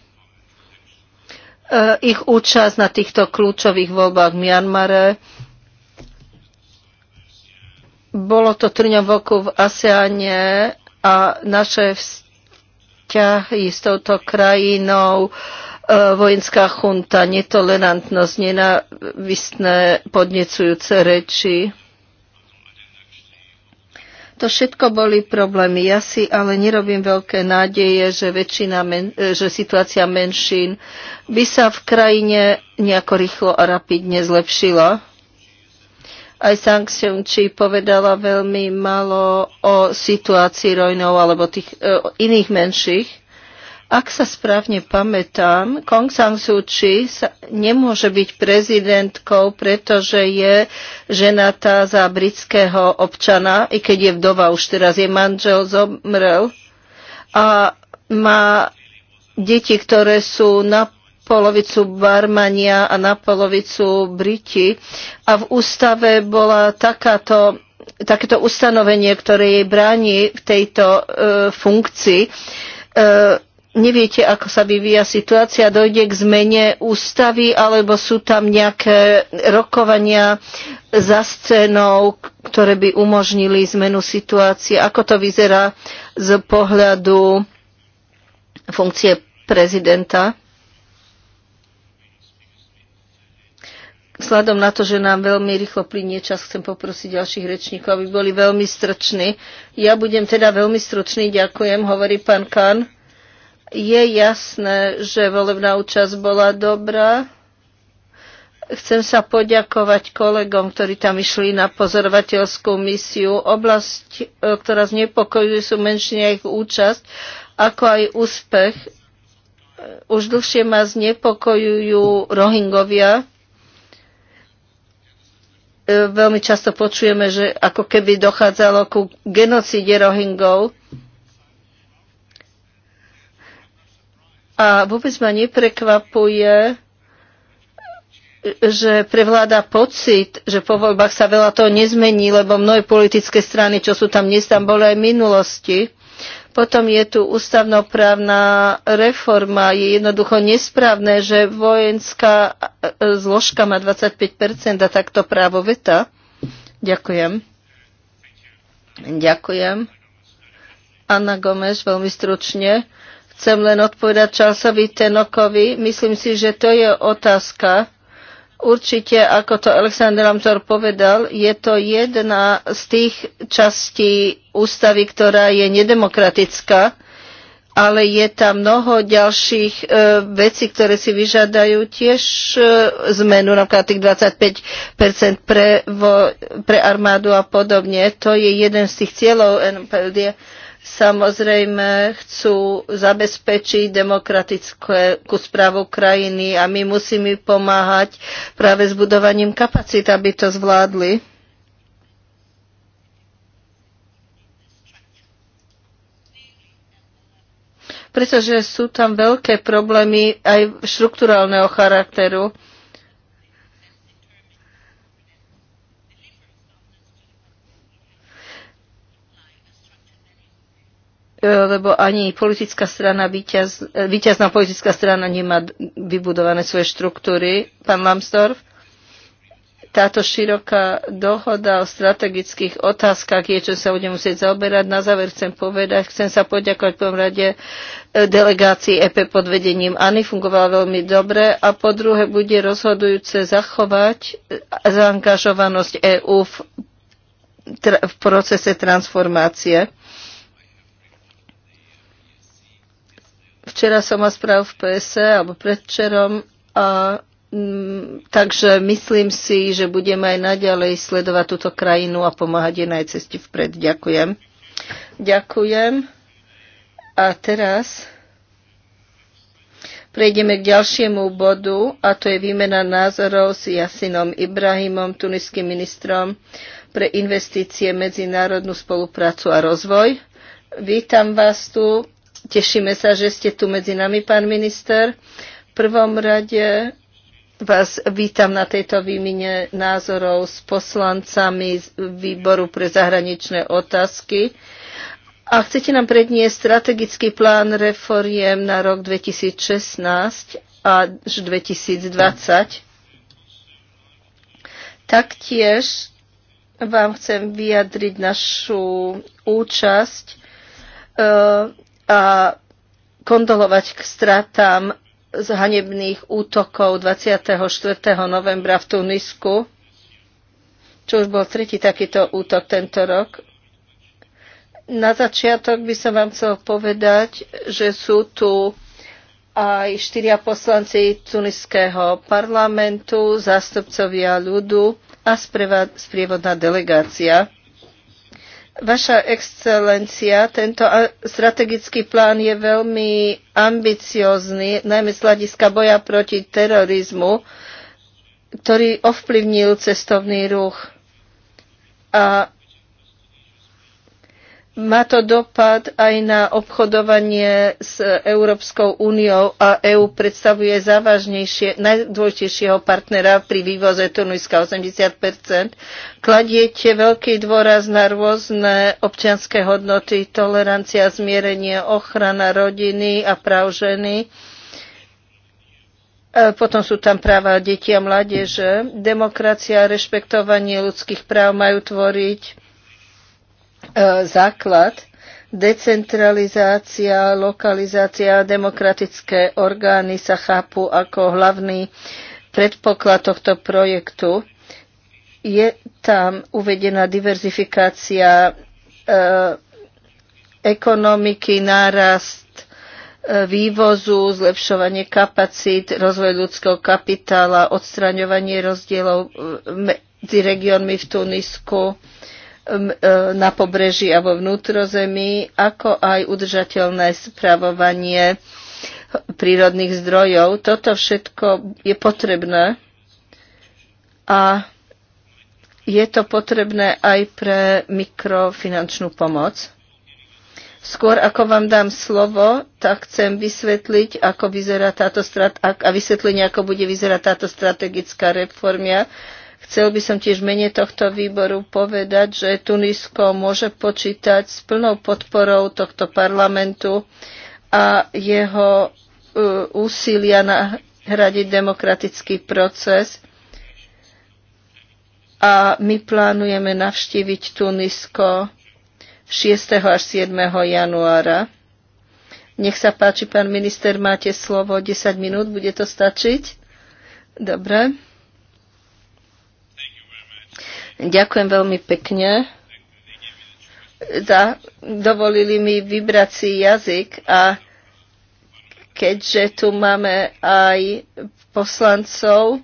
e, ich účasť na týchto kľúčových voľbách v Mianmare. Bolo to trňovoku v ASEANe a naše vzťahy ťahy s touto krajinou, e, vojenská chunta, netolerantnosť, nenávistné podnecujúce reči. To všetko boli problémy. Ja si ale nerobím veľké nádeje, že, väčšina men, e, že situácia menšín by sa v krajine nejako rýchlo a rapidne zlepšila. Aj Sang Či povedala veľmi malo o situácii rojnov alebo tých e, iných menších. Ak sa správne pamätám, Kong Sang Suu Kyi sa, nemôže byť prezidentkou, pretože je ženatá za britského občana, i keď je vdova už teraz, je manžel zomrel a má deti, ktoré sú na polovicu Barmania a na polovicu Briti. A v ústave bola takáto takéto ustanovenie, ktoré jej bráni v tejto e, funkcii. E, neviete, ako sa vyvíja situácia, dojde k zmene ústavy, alebo sú tam nejaké rokovania za scénou, ktoré by umožnili zmenu situácie. Ako to vyzerá z pohľadu funkcie prezidenta? Vzhľadom na to, že nám veľmi rýchlo plinie čas, chcem poprosiť ďalších rečníkov, aby boli veľmi strční. Ja budem teda veľmi stručný, ďakujem, hovorí pán Kan. Je jasné, že volebná účasť bola dobrá. Chcem sa poďakovať kolegom, ktorí tam išli na pozorovateľskú misiu. Oblasť, e, ktorá znepokojuje, sú menšine ich účasť, ako aj úspech. E, už dlhšie ma znepokojujú Rohingovia, E, veľmi často počujeme, že ako keby dochádzalo ku genocíde Rohingov. A vôbec ma neprekvapuje, že prevláda pocit, že po voľbách sa veľa toho nezmení, lebo mnohé politické strany, čo sú tam dnes, tam boli aj v minulosti. Potom je tu ústavnoprávna reforma. Je jednoducho nesprávne, že vojenská e, e, zložka má 25% a takto právo veta. Ďakujem. Ďakujem. Anna Gomes, veľmi stručne. Chcem len odpovedať časovi Tenokovi. Myslím si, že to je otázka, Určite, ako to Aleksandr Amtor povedal, je to jedna z tých častí ústavy, ktorá je nedemokratická, ale je tam mnoho ďalších e, vecí, ktoré si vyžadajú tiež e, zmenu, napríklad tých 25 pre, vo, pre armádu a podobne. To je jeden z tých cieľov NPD. Samozrejme chcú zabezpečiť demokratickú správu krajiny a my musíme pomáhať práve s budovaním kapacít, aby to zvládli. pretože sú tam veľké problémy aj štruktúrálneho charakteru. E, lebo ani politická strana, víťaz, e, víťazná politická strana nemá vybudované svoje štruktúry. Pán Lambsdorff, táto široká dohoda o strategických otázkach je, čo sa budeme musieť zaoberať. Na záver chcem povedať, chcem sa poďakovať po rade e, delegácii EP pod vedením Ani, fungovala veľmi dobre a po druhé bude rozhodujúce zachovať zaangažovanosť EÚ v, v procese transformácie Včera som vás práv v PS e, alebo predčerom, a mm, takže myslím si, že budeme aj naďalej sledovať túto krajinu a pomáhať jej na jej ceste vpred. Ďakujem. Ďakujem. A teraz prejdeme k ďalšiemu bodu a to je výmena názorov s Jasinom Ibrahimom, tuniským ministrom pre investície, medzinárodnú spoluprácu a rozvoj. Vítam vás tu Tešíme sa, že ste tu medzi nami, pán minister. V prvom rade vás vítam na tejto výmine názorov s poslancami z Výboru pre zahraničné otázky. A chcete nám predniesť strategický plán reforiem na rok 2016 až 2020. Taktiež vám chcem vyjadriť našu účasť e, a kondolovať k stratám z hanebných útokov 24. novembra v Tunisku, čo už bol tretí takýto útok tento rok. Na začiatok by som vám chcel povedať, že sú tu aj štyria poslanci tuniského parlamentu, zástupcovia ľudu a sprievodná delegácia. Vaša excelencia, tento strategický plán je veľmi ambiciózny, najmä z hľadiska boja proti terorizmu, ktorý ovplyvnil cestovný ruch. A má to dopad aj na obchodovanie s Európskou úniou a EÚ predstavuje závažnejšie, najdôležitejšieho partnera pri vývoze Tuniska 80 Kladiete veľký dôraz na rôzne občianské hodnoty, tolerancia, zmierenie, ochrana rodiny a práv ženy. E, potom sú tam práva detí a mládeže. Demokracia a rešpektovanie ľudských práv majú tvoriť E, základ decentralizácia, lokalizácia, a demokratické orgány sa chápu ako hlavný predpoklad tohto projektu. Je tam uvedená diverzifikácia e, ekonomiky, nárast e, vývozu, zlepšovanie kapacít, rozvoj ľudského kapitála, odstraňovanie rozdielov e, medzi regiónmi v Tunisku, e, E, na pobreží a vo vnútrozemí, ako aj udržateľné spravovanie prírodných zdrojov. Toto všetko je potrebné a je to potrebné aj pre mikrofinančnú pomoc. Skôr ako vám dám slovo, tak chcem vysvetliť, ako vyzerá táto strat- a vysvetlenie, ako bude vyzerať táto strategická reformia. Chcel by som tiež mene tohto výboru povedať, že Tunisko môže počítať s plnou podporou tohto parlamentu a jeho e, úsilia nahradiť demokratický proces. A my plánujeme navštíviť Tunisko 6. až 7. januára. Nech sa páči, pán minister, máte slovo 10 minút, bude to stačiť? Dobre. Ďakujem veľmi pekne. Za, dovolili mi vybrať si jazyk a keďže tu máme aj poslancov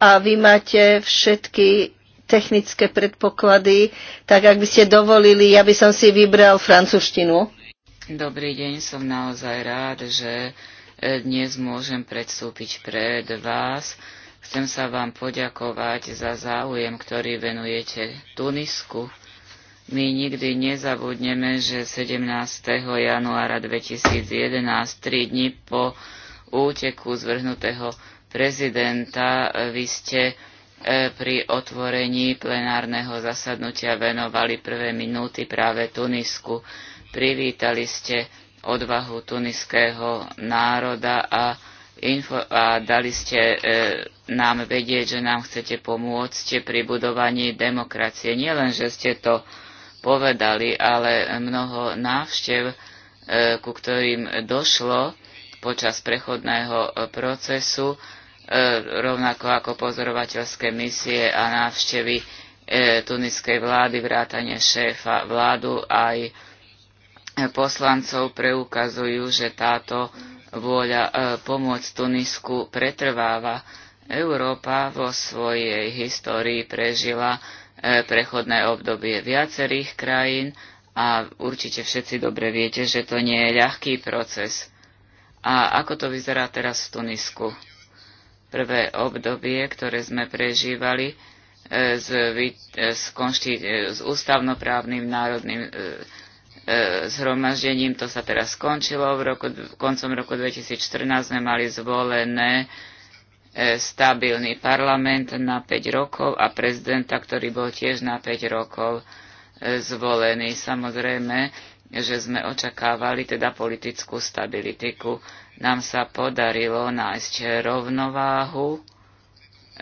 a vy máte všetky technické predpoklady, tak ak by ste dovolili, ja by som si vybral francúzštinu. Dobrý deň, som naozaj rád, že eh, dnes môžem predstúpiť pred vás Chcem sa vám poďakovať za záujem, ktorý venujete Tunisku. My nikdy nezabudneme, že 17. januára 2011, tri dni po úteku zvrhnutého prezidenta, vy ste e, pri otvorení plenárneho zasadnutia venovali prvé minúty práve Tunisku. Privítali ste odvahu tuniského národa a info a dali ste e, nám vedieť, že nám chcete pomôcť pri budovaní demokracie. Nie len, že ste to povedali, ale mnoho návštev, e, ku ktorým došlo počas prechodného e, procesu, e, rovnako ako pozorovateľské misie a návštevy e, tuniskej vlády, vrátane šéfa vládu aj poslancov preukazujú, že táto vôľa e, pomôcť Tunisku pretrváva. Európa vo svojej histórii prežila e, prechodné obdobie viacerých krajín a určite všetci dobre viete, že to nie je ľahký proces. A ako to vyzerá teraz v Tunisku? Prvé obdobie, ktoré sme prežívali e, s, s, konšti, s ústavnoprávnym národným E, zhromaždením. To sa teraz skončilo. V roku, koncom roku 2014 sme mali zvolené e, stabilný parlament na 5 rokov a prezidenta, ktorý bol tiež na 5 rokov e, zvolený. Samozrejme, že sme očakávali teda politickú stabilitiku. Nám sa podarilo nájsť rovnováhu,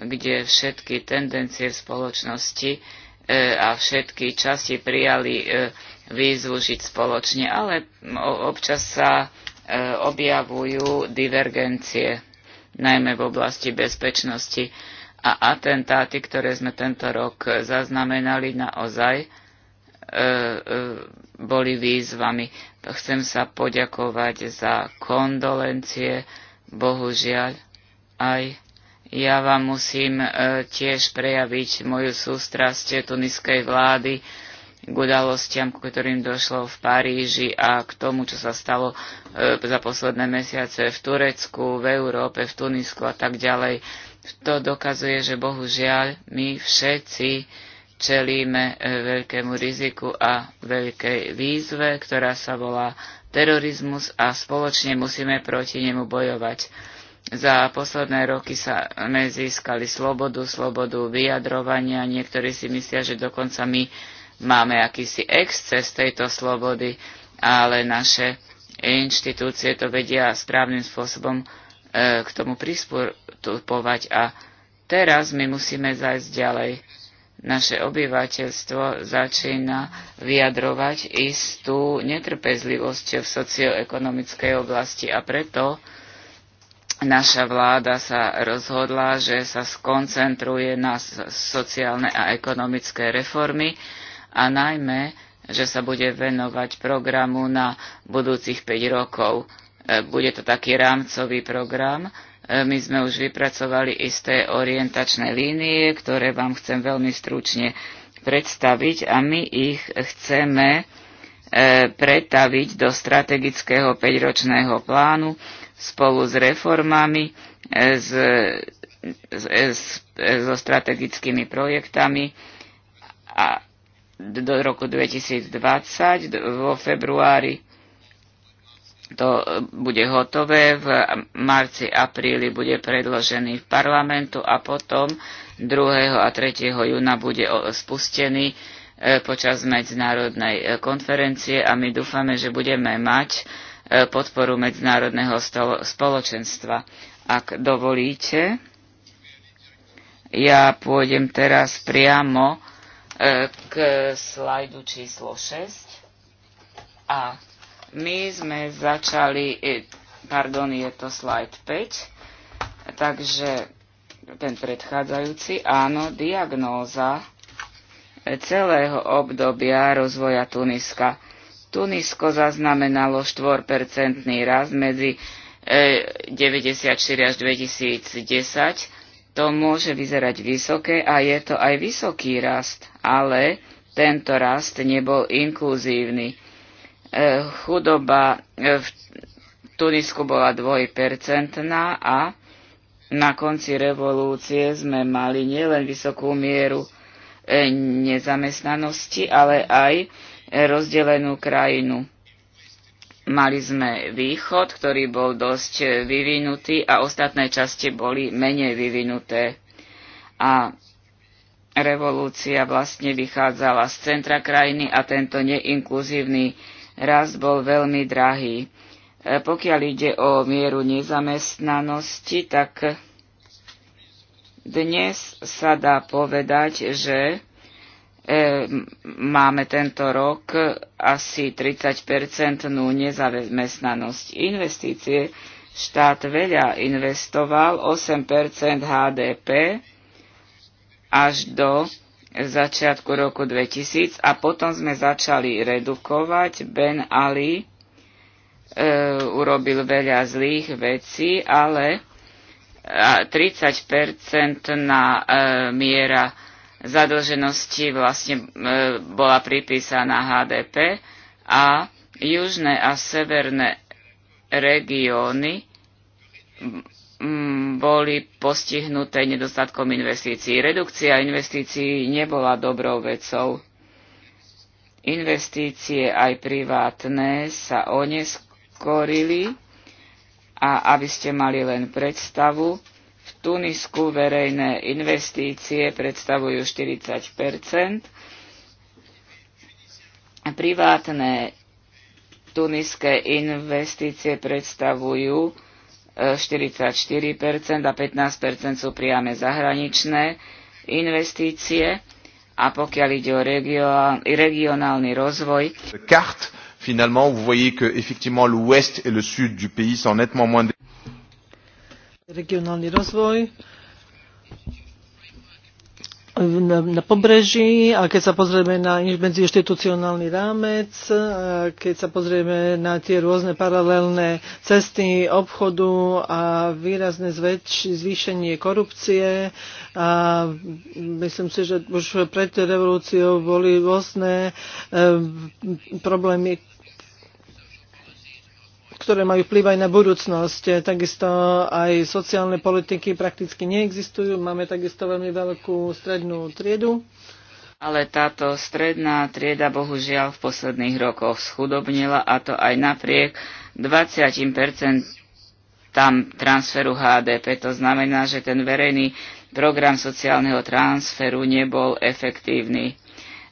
kde všetky tendencie v spoločnosti a všetky časti prijali výzvu žiť spoločne, ale občas sa e, objavujú divergencie, najmä v oblasti bezpečnosti. A atentáty, ktoré sme tento rok zaznamenali, naozaj e, e, boli výzvami. Chcem sa poďakovať za kondolencie. Bohužiaľ, aj ja vám musím tiež prejaviť moju sústrasť tuniskej vlády k udalostiam, k ktorým došlo v Paríži a k tomu, čo sa stalo e, za posledné mesiace v Turecku, v Európe, v Tunisku a tak ďalej. To dokazuje, že bohužiaľ my všetci čelíme e, veľkému riziku a veľkej výzve, ktorá sa volá terorizmus a spoločne musíme proti nemu bojovať. Za posledné roky sa získali slobodu, slobodu vyjadrovania. Niektorí si myslia, že dokonca my máme akýsi exces tejto slobody, ale naše inštitúcie to vedia správnym spôsobom e, k tomu pristupovať. A teraz my musíme zajsť ďalej. Naše obyvateľstvo začína vyjadrovať istú netrpezlivosť v socioekonomickej oblasti a preto naša vláda sa rozhodla, že sa skoncentruje na sociálne a ekonomické reformy, a najmä, že sa bude venovať programu na budúcich 5 rokov. E, bude to taký rámcový program. E, my sme už vypracovali isté orientačné línie, ktoré vám chcem veľmi stručne predstaviť a my ich chceme e, pretaviť do strategického 5-ročného plánu spolu s reformami, s, s, so strategickými projektami a do roku 2020. Vo februári to bude hotové, v marci, apríli bude predložený v parlamentu a potom 2. a 3. júna bude spustený e, počas medzinárodnej e, konferencie a my dúfame, že budeme mať e, podporu medzinárodného spoločenstva. Ak dovolíte, ja pôjdem teraz priamo E, k slajdu číslo 6. A my sme začali, e, pardon, je to slajd 5, takže ten predchádzajúci, áno, diagnóza e, celého obdobia rozvoja Tuniska. Tunisko zaznamenalo 4-percentný rast medzi 94 až 2010. To môže vyzerať vysoké a je to aj vysoký rast ale tento rast nebol inkluzívny. E, chudoba e, v Tunisku bola dvojpercentná a na konci revolúcie sme mali nielen vysokú mieru e, nezamestnanosti, ale aj rozdelenú krajinu. Mali sme východ, ktorý bol dosť vyvinutý a ostatné časti boli menej vyvinuté. A Revolúcia vlastne vychádzala z centra krajiny a tento neinkluzívny rast bol veľmi drahý. E, pokiaľ ide o mieru nezamestnanosti, tak dnes sa dá povedať, že e, máme tento rok asi 30-percentnú nezamestnanosť. Investície štát veľa investoval, 8% HDP až do začiatku roku 2000 a potom sme začali redukovať. Ben Ali e, urobil veľa zlých vecí, ale 30 na e, miera zadlženosti vlastne e, bola pripísaná HDP a južné a severné regióny m, m, boli postihnuté nedostatkom investícií. Redukcia investícií nebola dobrou vecou. Investície aj privátne sa oneskorili a aby ste mali len predstavu, v Tunisku verejné investície predstavujú 40 privátne tuniské investície predstavujú 44% a 15% sú priame zahraničné investície. A pokiaľ ide o regionálny rozvoj, carte, finalement, vous voyez que effectivement l'ouest et le sud du pays sont nettement moins Regionálny rozvoj na, na pobreží a keď sa pozrieme na medziinstitucionálny rámec, a keď sa pozrieme na tie rôzne paralelné cesty obchodu a výrazné zväč- zvýšenie korupcie a myslím si, že už pred revolúciou boli rôzne e, problémy ktoré majú vplyv aj na budúcnosť. E, takisto aj sociálne politiky prakticky neexistujú. Máme takisto veľmi veľkú strednú triedu. Ale táto stredná trieda bohužiaľ v posledných rokoch schudobnila a to aj napriek 20% tam transferu HDP. To znamená, že ten verejný program sociálneho transferu nebol efektívny.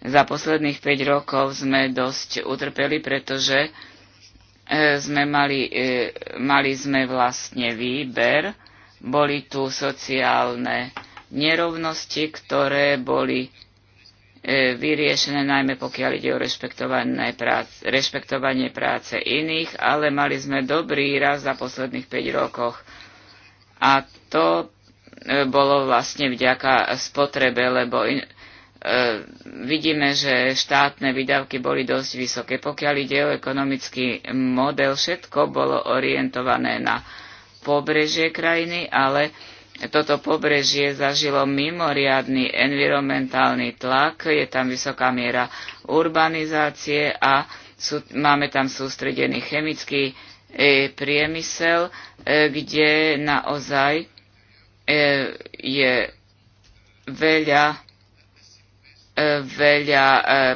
Za posledných 5 rokov sme dosť utrpeli, pretože E, sme mali, e, mali sme vlastne výber, boli tu sociálne nerovnosti, ktoré boli e, vyriešené najmä pokiaľ ide o práce, rešpektovanie práce iných, ale mali sme dobrý raz za posledných 5 rokoch. A to bolo vlastne vďaka spotrebe, lebo in, E, vidíme, že štátne výdavky boli dosť vysoké. Pokiaľ ide o ekonomický model, všetko bolo orientované na pobrežie krajiny, ale toto pobrežie zažilo mimoriadný environmentálny tlak, je tam vysoká miera urbanizácie a sú, máme tam sústredený chemický e, priemysel, e, kde naozaj e, je veľa veľa,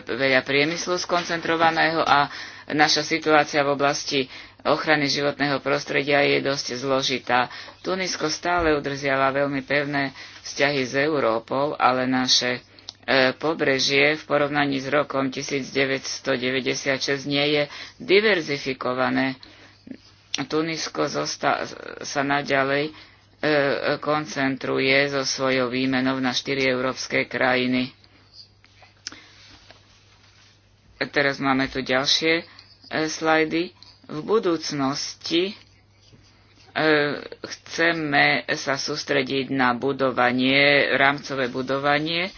e, veľa priemyslu skoncentrovaného a naša situácia v oblasti ochrany životného prostredia je dosť zložitá. Tunisko stále udržiava veľmi pevné vzťahy s Európou, ale naše e, pobrežie v porovnaní s rokom 1996 nie je diverzifikované. Tunisko zosta- sa naďalej e, koncentruje so svojou výmenou na štyri európske krajiny teraz máme tu ďalšie e, slajdy. V budúcnosti e, chceme sa sústrediť na budovanie, rámcové budovanie.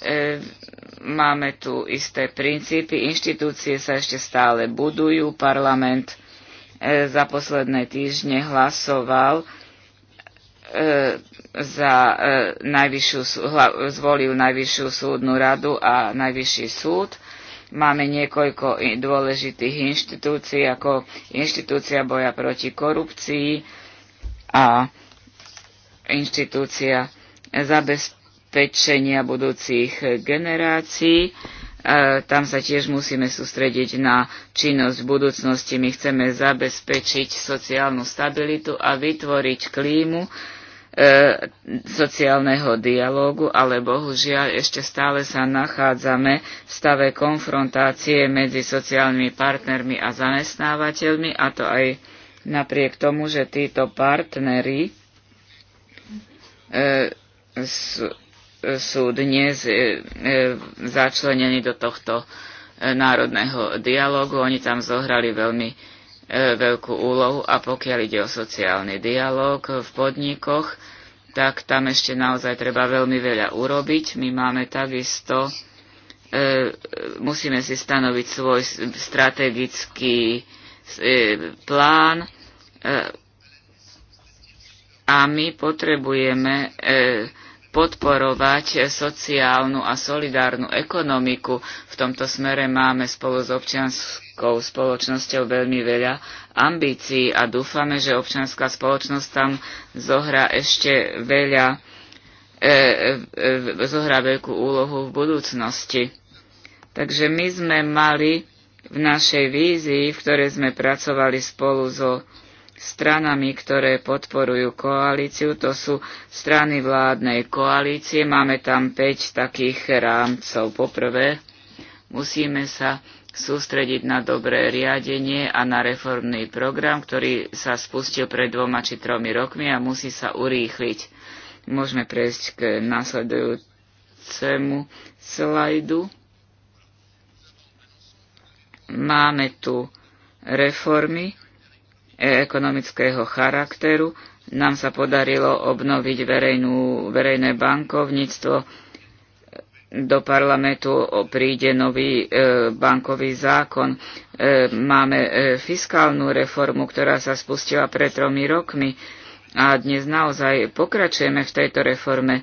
E, máme tu isté princípy, inštitúcie sa ešte stále budujú, parlament za posledné týždne hlasoval za najvyššiu, zvolil najvyššiu súdnu radu a najvyšší súd Máme niekoľko dôležitých inštitúcií, ako inštitúcia boja proti korupcii a inštitúcia zabezpečenia budúcich generácií. E, tam sa tiež musíme sústrediť na činnosť v budúcnosti. My chceme zabezpečiť sociálnu stabilitu a vytvoriť klímu, E, sociálneho dialógu, ale bohužiaľ ešte stále sa nachádzame v stave konfrontácie medzi sociálnymi partnermi a zamestnávateľmi, a to aj napriek tomu, že títo partnery e, sú, sú dnes e, e, začlenení do tohto e, národného dialógu. Oni tam zohrali veľmi E, veľkú úlohu a pokiaľ ide o sociálny dialog v podnikoch, tak tam ešte naozaj treba veľmi veľa urobiť. My máme takisto, e, musíme si stanoviť svoj strategický e, plán a my potrebujeme podporovať sociálnu a solidárnu ekonomiku. V tomto smere máme spolu s občianskou spoločnosťou veľmi veľa ambícií a dúfame, že občianská spoločnosť tam zohrá ešte veľa, e, e, e, zohrá veľkú úlohu v budúcnosti. Takže my sme mali v našej vízii, v ktorej sme pracovali spolu so stranami, ktoré podporujú koalíciu. To sú strany vládnej koalície. Máme tam 5 takých rámcov. Poprvé, musíme sa sústrediť na dobré riadenie a na reformný program, ktorý sa spustil pred dvoma či tromi rokmi a musí sa urýchliť. Môžeme prejsť k nasledujúcemu slajdu. Máme tu reformy, ekonomického charakteru. Nám sa podarilo obnoviť verejnú, verejné bankovníctvo. Do parlamentu príde nový e, bankový zákon. E, máme e, fiskálnu reformu, ktorá sa spustila pred tromi rokmi a dnes naozaj pokračujeme v tejto reforme.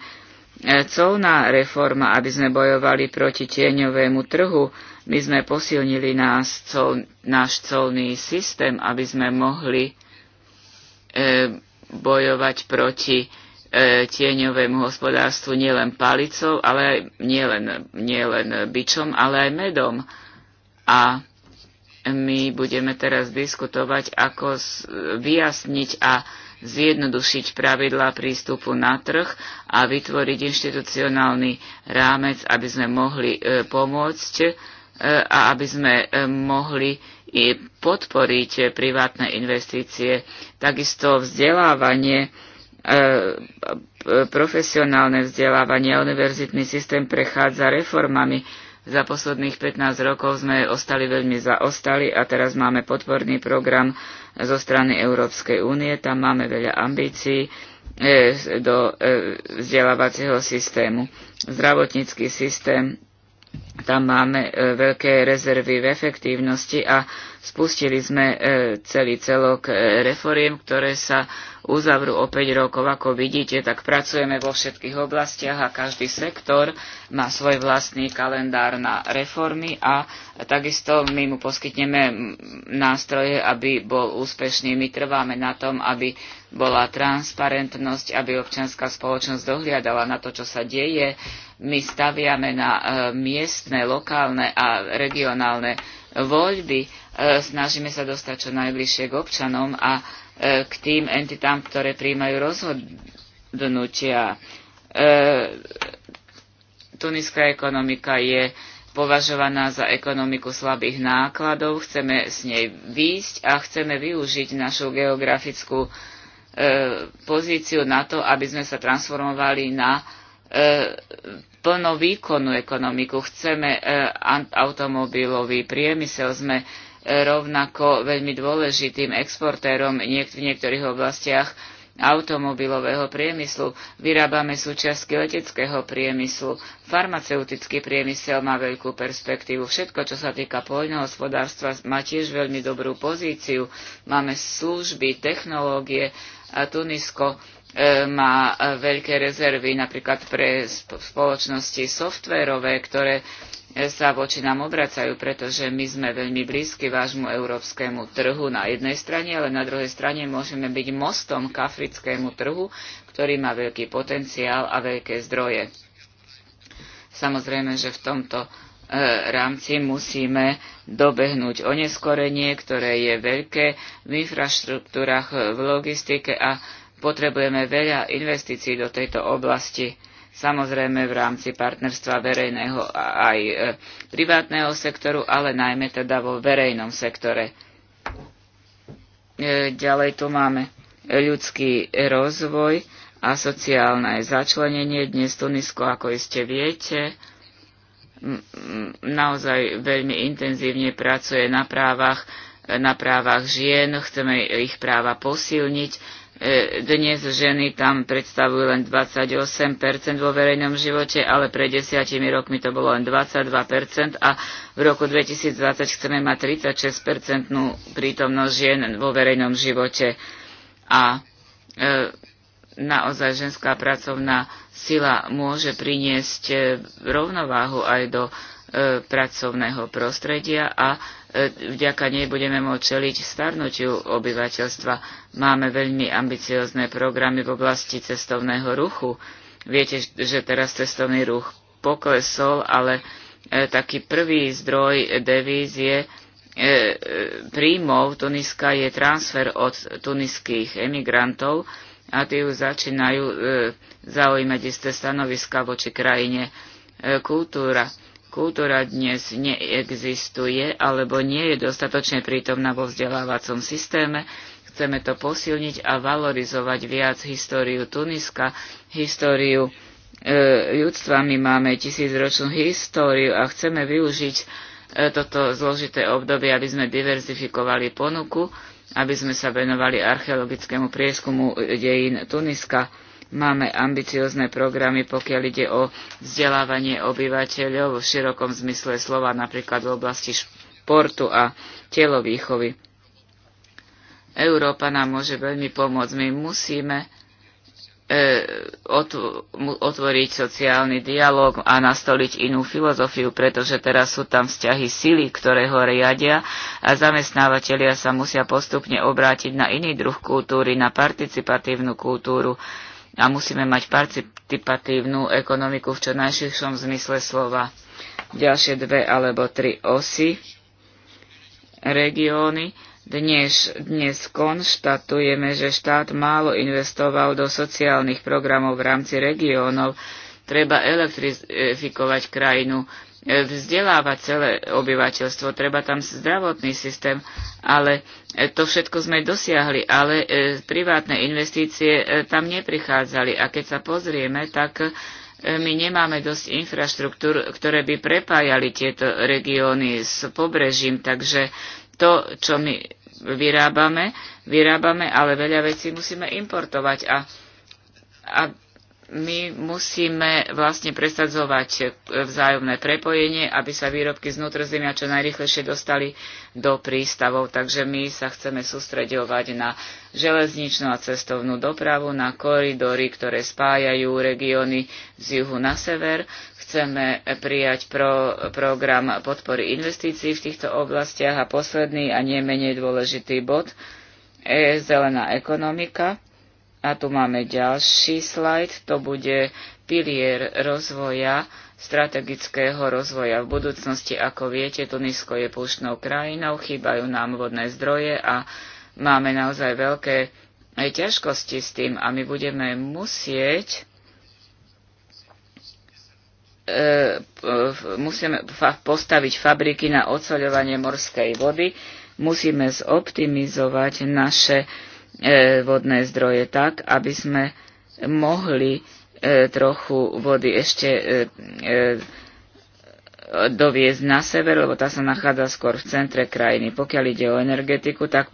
E, colná reforma, aby sme bojovali proti tieňovému trhu, my sme posilnili náš, col, náš colný systém, aby sme mohli e, bojovať proti e, tieňovému hospodárstvu nielen palicou, ale aj nielen, nielen bičom, ale aj medom. A my budeme teraz diskutovať, ako vyjasniť a zjednodušiť pravidlá prístupu na trh a vytvoriť inštitucionálny rámec, aby sme mohli e, pomôcť E, a aby sme e, mohli i podporiť privátne investície, takisto vzdelávanie, e, profesionálne vzdelávanie, univerzitný systém prechádza reformami. Za posledných 15 rokov sme ostali veľmi zaostali a teraz máme podporný program zo strany Európskej únie. Tam máme veľa ambícií do vzdelávacieho systému. Zdravotnícky systém tam máme e, veľké rezervy v efektívnosti a Spustili sme e, celý celok e, reforiem, ktoré sa uzavrú o 5 rokov. Ako vidíte, tak pracujeme vo všetkých oblastiach a každý sektor má svoj vlastný kalendár na reformy a takisto my mu poskytneme nástroje, aby bol úspešný. My trváme na tom, aby bola transparentnosť, aby občianská spoločnosť dohliadala na to, čo sa deje. My staviame na e, miestne, lokálne a regionálne voľby E, snažíme sa dostať čo najbližšie k občanom a e, k tým entitám, ktoré príjmajú rozhodnutia. E, tuniská ekonomika je považovaná za ekonomiku slabých nákladov, chceme s nej výjsť a chceme využiť našu geografickú pozíciu na to, aby sme sa transformovali na plnovýkonnú ekonomiku. Chceme automobilový priemysel, sme rovnako veľmi dôležitým exportérom v niektorých oblastiach automobilového priemyslu, vyrábame súčiastky leteckého priemyslu, farmaceutický priemysel má veľkú perspektívu, všetko, čo sa týka poľnohospodárstva, má tiež veľmi dobrú pozíciu, máme služby, technológie a Tunisko E, má e, veľké rezervy napríklad pre spoločnosti softverové, ktoré e, sa voči nám obracajú, pretože my sme veľmi blízky vášmu európskemu trhu na jednej strane, ale na druhej strane môžeme byť mostom k africkému trhu, ktorý má veľký potenciál a veľké zdroje. Samozrejme, že v tomto rámci musíme dobehnúť oneskorenie, ktoré je veľké v infraštruktúrach, v logistike a Potrebujeme veľa investícií do tejto oblasti, samozrejme v rámci partnerstva verejného aj e, privátneho sektoru, ale najmä teda vo verejnom sektore. E, ďalej tu máme ľudský rozvoj a sociálne začlenenie. Dnes Tunisko, ako iste viete, naozaj veľmi intenzívne pracuje na právach, na právach žien, chceme ich práva posilniť E, dnes ženy tam predstavujú len 28% vo verejnom živote, ale pred desiatimi rokmi to bolo len 22% a v roku 2020 chceme mať 36% prítomnosť žien vo verejnom živote. A e, naozaj ženská pracovná sila môže priniesť e, rovnováhu aj do pracovného prostredia a vďaka nej budeme môcť čeliť starnutiu obyvateľstva. Máme veľmi ambiciozne programy v oblasti cestovného ruchu. Viete, že teraz cestovný ruch poklesol, ale e, taký prvý zdroj devízie e, e, príjmov Tuniska je transfer od tuniských emigrantov a tí už začínajú zaujímať isté stanoviska voči krajine kultúra kultúra dnes neexistuje alebo nie je dostatočne prítomná vo vzdelávacom systéme, chceme to posilniť a valorizovať viac históriu Tuniska, históriu e, ľudstva. My máme tisícročnú históriu a chceme využiť e, toto zložité obdobie, aby sme diverzifikovali ponuku, aby sme sa venovali archeologickému prieskumu e, dejín Tuniska Máme ambiciozne programy, pokiaľ ide o vzdelávanie obyvateľov v širokom zmysle slova, napríklad v oblasti športu a telovýchovy. Európa nám môže veľmi pomôcť. My musíme e, otvoriť sociálny dialog a nastoliť inú filozofiu, pretože teraz sú tam vzťahy sily, ktoré ho riadia a zamestnávateľia sa musia postupne obrátiť na iný druh kultúry, na participatívnu kultúru a musíme mať participatívnu ekonomiku v čo najširšom zmysle slova. Ďalšie dve alebo tri osy regióny. Dnes, dnes konštatujeme, že štát málo investoval do sociálnych programov v rámci regiónov. Treba elektrifikovať krajinu E, vzdelávať celé obyvateľstvo, treba tam zdravotný systém, ale e, to všetko sme dosiahli, ale e, privátne investície tam neprichádzali. A keď sa pozrieme, tak my nemáme dosť infraštruktúr, ktoré by prepájali tieto regióny s pobrežím, takže to, čo my vyrábame, vyrábame, ale veľa vecí musíme importovať a a my musíme vlastne presadzovať e, vzájomné prepojenie, aby sa výrobky z zemia čo najrychlejšie dostali do prístavov. Takže my sa chceme sústredovať na železničnú a cestovnú dopravu, na koridory, ktoré spájajú regióny z juhu na sever. Chceme prijať pro, program podpory investícií v týchto oblastiach a posledný a nie menej dôležitý bod je zelená ekonomika a tu máme ďalší slajd, to bude pilier rozvoja, strategického rozvoja. V budúcnosti, ako viete, Tunisko je púštnou krajinou, chýbajú nám vodné zdroje a máme naozaj veľké ťažkosti s tým a my budeme musieť e, musíme postaviť fabriky na oceľovanie morskej vody, musíme zoptimizovať naše E, vodné zdroje tak, aby sme mohli e, trochu vody ešte e, doviezť na sever, lebo tá sa nachádza skôr v centre krajiny. Pokiaľ ide o energetiku, tak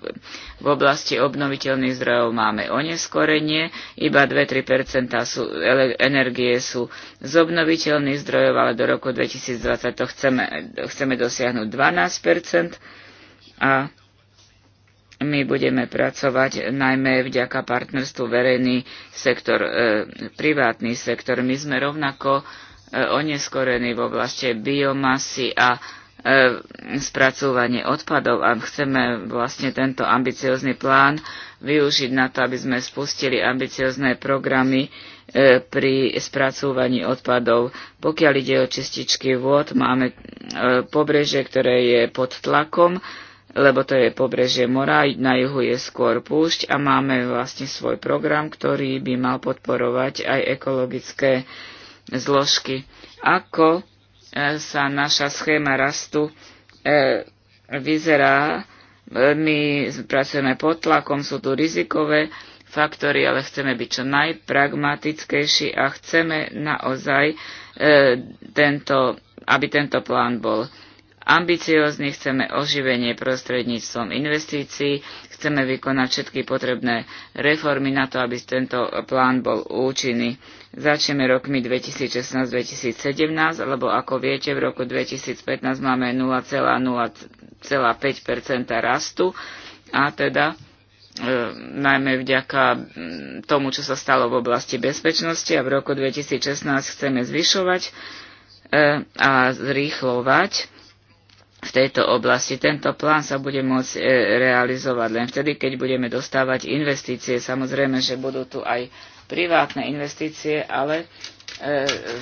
v oblasti obnoviteľných zdrojov máme oneskorenie, iba 2-3 sú, energie sú z obnoviteľných zdrojov, ale do roku 2020 to chceme, chceme dosiahnuť 12 a my budeme pracovať najmä vďaka partnerstvu verejný sektor, e, privátny sektor. My sme rovnako e, oneskorení v oblasti biomasy a e, spracúvanie odpadov a chceme vlastne tento ambiciózny plán využiť na to, aby sme spustili ambiciozne programy e, pri spracúvaní odpadov. Pokiaľ ide o čističky vôd, máme e, pobreže, ktoré je pod tlakom, lebo to je pobrežie mora, na juhu je skôr púšť a máme vlastne svoj program, ktorý by mal podporovať aj ekologické zložky. Ako e, sa naša schéma rastu e, vyzerá, e, my pracujeme pod tlakom, sú tu rizikové faktory, ale chceme byť čo najpragmatickejší a chceme naozaj tento, aby tento plán bol ambiciózni, chceme oživenie prostredníctvom investícií, chceme vykonať všetky potrebné reformy na to, aby tento plán bol účinný. Začneme rokmi 2016-2017, lebo ako viete, v roku 2015 máme 0,05 rastu a teda e, najmä vďaka tomu, čo sa stalo v oblasti bezpečnosti a v roku 2016 chceme zvyšovať e, a zrýchlovať v tejto oblasti. Tento plán sa bude môcť e, realizovať len vtedy, keď budeme dostávať investície. Samozrejme, že budú tu aj privátne investície, ale e,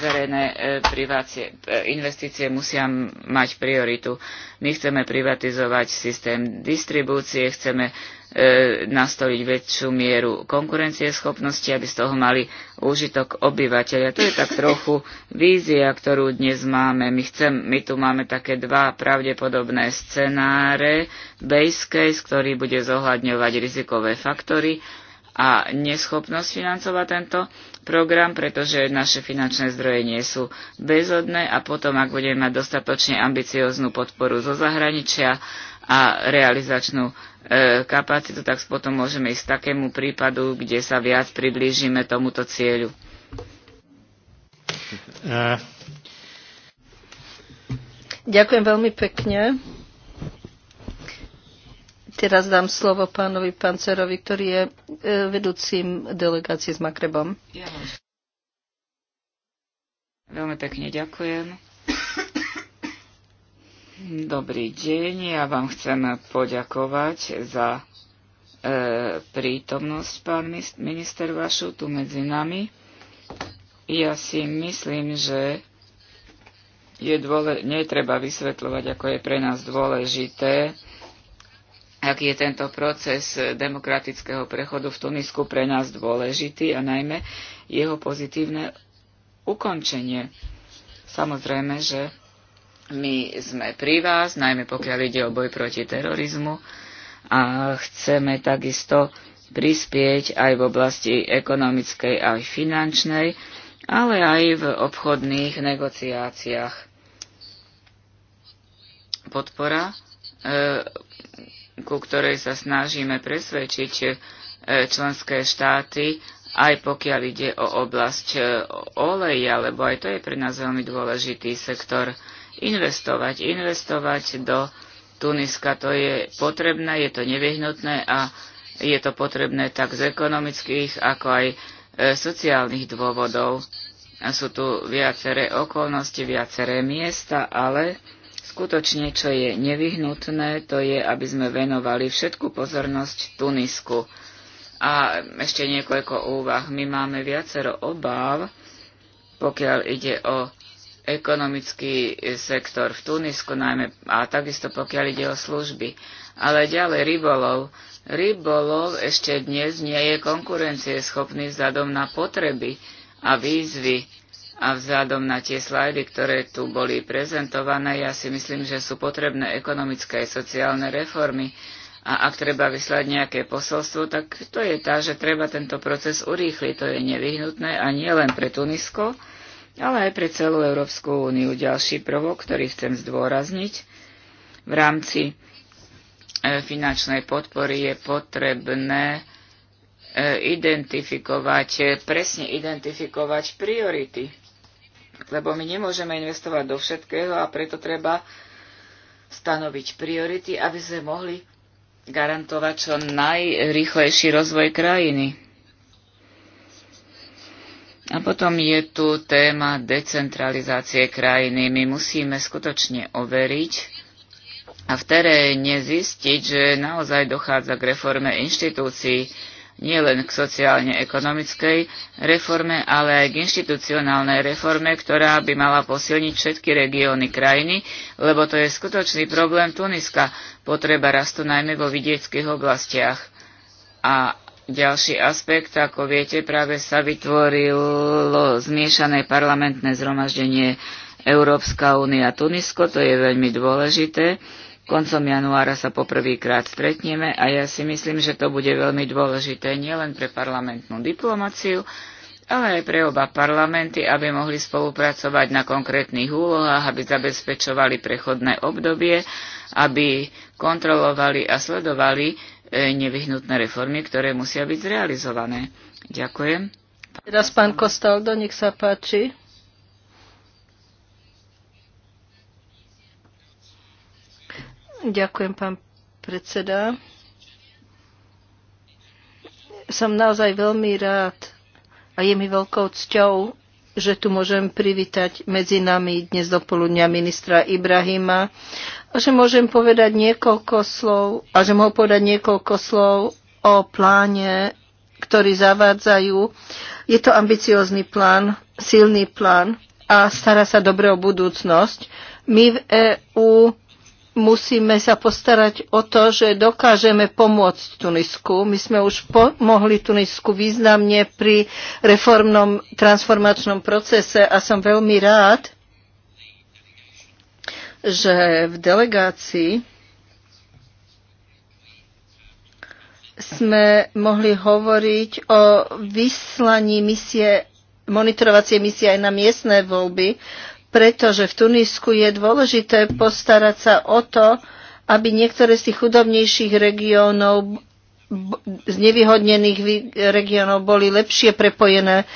verejné e, e, investície musia mať prioritu. My chceme privatizovať systém distribúcie, chceme nastoliť väčšiu mieru konkurencieschopnosti, aby z toho mali úžitok obyvateľia. To je tak trochu vízia, ktorú dnes máme. My, chcem, my tu máme také dva pravdepodobné scenáre. Base case, ktorý bude zohľadňovať rizikové faktory a neschopnosť financovať tento program, pretože naše finančné zdroje nie sú bezodné a potom, ak budeme mať dostatočne ambicióznu podporu zo zahraničia a realizačnú e, kapacitu, tak potom môžeme ísť k takému prípadu, kde sa viac priblížime tomuto cieľu. E. Ďakujem veľmi pekne. Teraz dám slovo pánovi Pancerovi, ktorý je e, vedúcim delegácie s Makrebom. Ja Veľmi pekne ďakujem. Dobrý deň, ja vám chcem poďakovať za e, prítomnosť, pán minister vašu, tu medzi nami. Ja si myslím, že je dôle, netreba vysvetľovať, ako je pre nás dôležité aký je tento proces eh, demokratického prechodu v Tunisku pre nás dôležitý a najmä jeho pozitívne ukončenie. Samozrejme, že my sme pri vás, najmä pokiaľ ide o boj proti terorizmu a chceme takisto prispieť aj v oblasti ekonomickej aj finančnej, ale aj v obchodných negociáciách. Podpora e, ku ktorej sa snažíme presvedčiť e, členské štáty, aj pokiaľ ide o oblasť e, oleja, lebo aj to je pre nás veľmi dôležitý sektor. Investovať, investovať do Tuniska, to je potrebné, je to nevyhnutné a je to potrebné tak z ekonomických, ako aj e, sociálnych dôvodov. Sú tu viaceré okolnosti, viaceré miesta, ale Skutočne, čo je nevyhnutné, to je, aby sme venovali všetku pozornosť Tunisku. A ešte niekoľko úvah. My máme viacero obáv, pokiaľ ide o ekonomický sektor v Tunisku najmä a takisto pokiaľ ide o služby. Ale ďalej rybolov. Rybolov ešte dnes nie je konkurencieschopný vzhľadom na potreby a výzvy a vzhľadom na tie slajdy, ktoré tu boli prezentované, ja si myslím, že sú potrebné ekonomické a sociálne reformy. A ak treba vyslať nejaké posolstvo, tak to je tá, že treba tento proces urýchliť. To je nevyhnutné a nie len pre Tunisko, ale aj pre celú Európsku úniu. Ďalší prvok, ktorý chcem zdôrazniť, v rámci e, finančnej podpory je potrebné e, identifikovať, e, presne identifikovať priority lebo my nemôžeme investovať do všetkého a preto treba stanoviť priority, aby sme mohli garantovať čo najrychlejší rozvoj krajiny. A potom je tu téma decentralizácie krajiny. My musíme skutočne overiť a v teréne zistiť, že naozaj dochádza k reforme inštitúcií, nielen k sociálne-ekonomickej reforme, ale aj k inštitucionálnej reforme, ktorá by mala posilniť všetky regióny krajiny, lebo to je skutočný problém Tuniska, potreba rastu najmä vo vidieckých oblastiach. A ďalší aspekt, ako viete, práve sa vytvorilo zmiešané parlamentné zhromaždenie Európska únia Tunisko, to je veľmi dôležité Koncom januára sa poprvýkrát stretneme a ja si myslím, že to bude veľmi dôležité nielen pre parlamentnú diplomáciu, ale aj pre oba parlamenty, aby mohli spolupracovať na konkrétnych úlohách, aby zabezpečovali prechodné obdobie, aby kontrolovali a sledovali e, nevyhnutné reformy, ktoré musia byť zrealizované. Ďakujem. Teraz pán Kostaldo, nech sa páči. Ďakujem, pán predseda. Som naozaj veľmi rád a je mi veľkou cťou, že tu môžem privítať medzi nami dnes do poludnia ministra Ibrahima a že môžem povedať niekoľko slov a že mohol povedať niekoľko slov o pláne, ktorý zavádzajú. Je to ambiciózny plán, silný plán a stará sa dobre o budúcnosť. My v EÚ musíme sa postarať o to, že dokážeme pomôcť Tunisku. My sme už pomohli Tunisku významne pri reformnom transformačnom procese a som veľmi rád, že v delegácii sme mohli hovoriť o vyslaní misie, monitorovacie misie aj na miestne voľby, pretože v Tunisku je dôležité postarať sa o to, aby niektoré z tých chudobnejších regiónov, z nevyhodnených regiónov boli lepšie prepojené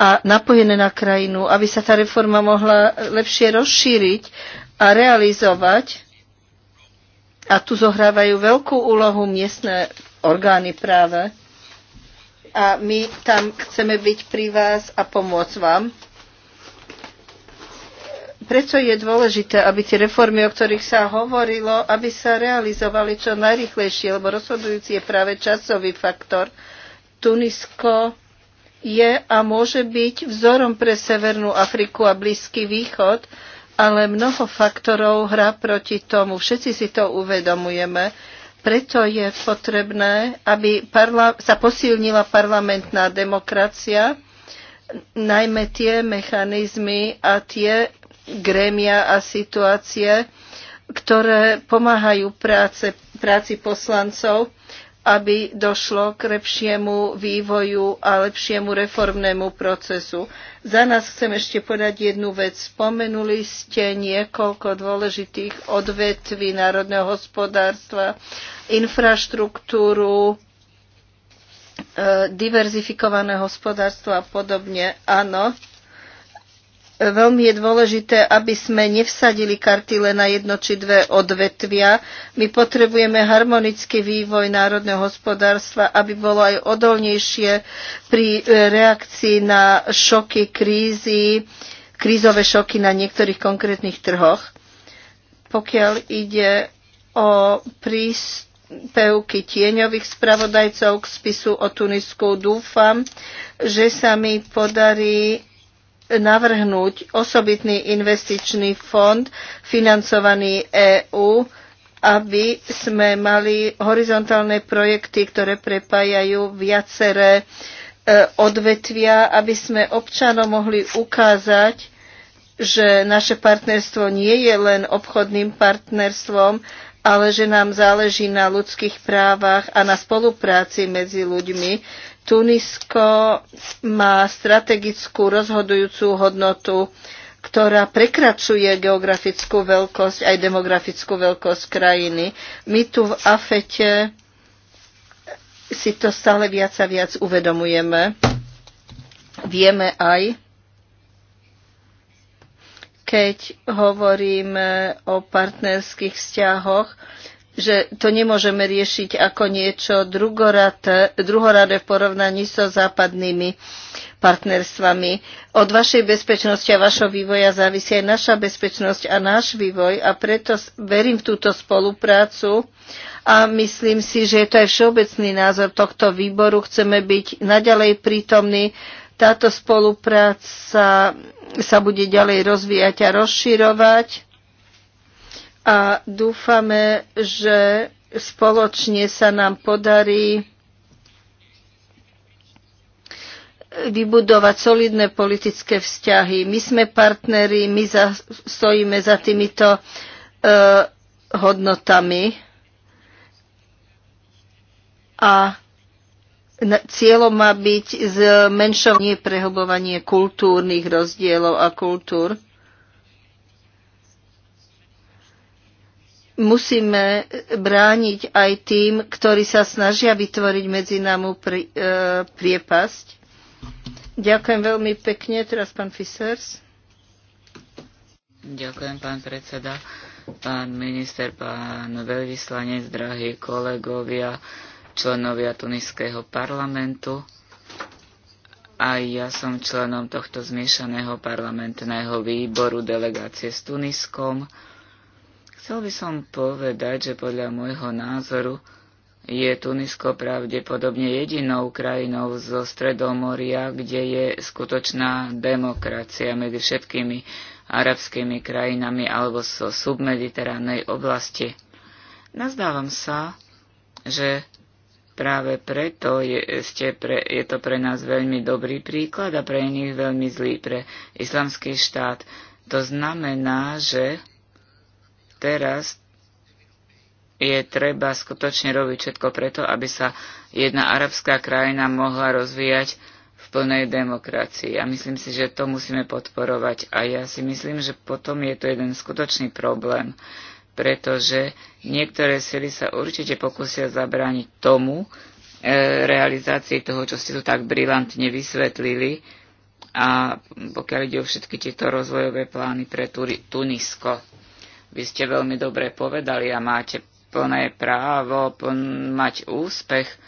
a napojené na krajinu, aby sa tá reforma mohla lepšie rozšíriť a realizovať. A tu zohrávajú veľkú úlohu miestne orgány práve. A my tam chceme byť pri vás a pomôcť vám. Prečo je dôležité, aby tie reformy, o ktorých sa hovorilo, aby sa realizovali čo najrychlejšie, lebo rozhodujúci je práve časový faktor. Tunisko je a môže byť vzorom pre Severnú Afriku a Blízky východ, ale mnoho faktorov hrá proti tomu. Všetci si to uvedomujeme. Preto je potrebné, aby sa posilnila parlamentná demokracia, najmä tie mechanizmy a tie grémia a situácie, ktoré pomáhajú práce, práci poslancov, aby došlo k lepšiemu vývoju a lepšiemu reformnému procesu. Za nás chcem ešte podať jednu vec. Spomenuli ste niekoľko dôležitých odvetví národného hospodárstva, infraštruktúru, e, diverzifikované hospodárstvo a podobne. Áno, Veľmi je dôležité, aby sme nevsadili karty len na jedno či dve odvetvia. My potrebujeme harmonický vývoj národného hospodárstva, aby bolo aj odolnejšie pri e, reakcii na šoky, krízy, krízové šoky na niektorých konkrétnych trhoch. Pokiaľ ide o príspevky tieňových spravodajcov k spisu o Tunisku, dúfam, že sa mi podarí navrhnúť osobitný investičný fond financovaný EÚ, aby sme mali horizontálne projekty, ktoré prepájajú viaceré e, odvetvia, aby sme občanom mohli ukázať, že naše partnerstvo nie je len obchodným partnerstvom, ale že nám záleží na ľudských právach a na spolupráci medzi ľuďmi, Tunisko má strategickú rozhodujúcu hodnotu, ktorá prekračuje geografickú veľkosť aj demografickú veľkosť krajiny. My tu v Afete si to stále viac a viac uvedomujeme. Vieme aj, keď hovoríme o partnerských vzťahoch, že to nemôžeme riešiť ako niečo druhoradé v porovnaní so západnými partnerstvami. Od vašej bezpečnosti a vašho vývoja závisí aj naša bezpečnosť a náš vývoj a preto verím v túto spoluprácu a myslím si, že je to aj všeobecný názor tohto výboru. Chceme byť naďalej prítomní. Táto spolupráca sa bude ďalej rozvíjať a rozširovať a dúfame, že spoločne sa nám podarí vybudovať solidné politické vzťahy. My sme partneri, my za, stojíme za týmito uh, hodnotami a cieľom má byť zmenšovanie, prehobovanie kultúrnych rozdielov a kultúr. musíme brániť aj tým, ktorí sa snažia vytvoriť medzi námi pri, e, priepasť. Ďakujem veľmi pekne. Teraz pán Fisers. Ďakujem, pán predseda, pán minister, pán veľvyslanec, drahí kolegovia, členovia Tuniského parlamentu. Aj ja som členom tohto zmiešaného parlamentného výboru delegácie s Tuniskom. Chcel by som povedať, že podľa môjho názoru je Tunisko pravdepodobne jedinou krajinou zo Stredomoria, kde je skutočná demokracia medzi všetkými arabskými krajinami alebo zo so submediteránnej oblasti. Nazdávam sa, že práve preto je, ste pre, je to pre nás veľmi dobrý príklad a pre iných veľmi zlý, pre islamský štát. To znamená, že teraz je treba skutočne robiť všetko preto, aby sa jedna arabská krajina mohla rozvíjať v plnej demokracii. A myslím si, že to musíme podporovať. A ja si myslím, že potom je to jeden skutočný problém, pretože niektoré sily sa určite pokusia zabrániť tomu, e, realizácii toho, čo ste tu tak brilantne vysvetlili, a pokiaľ ide o všetky tieto rozvojové plány pre Tunisko. Vy ste veľmi dobre povedali a máte plné právo pln- mať úspech. E,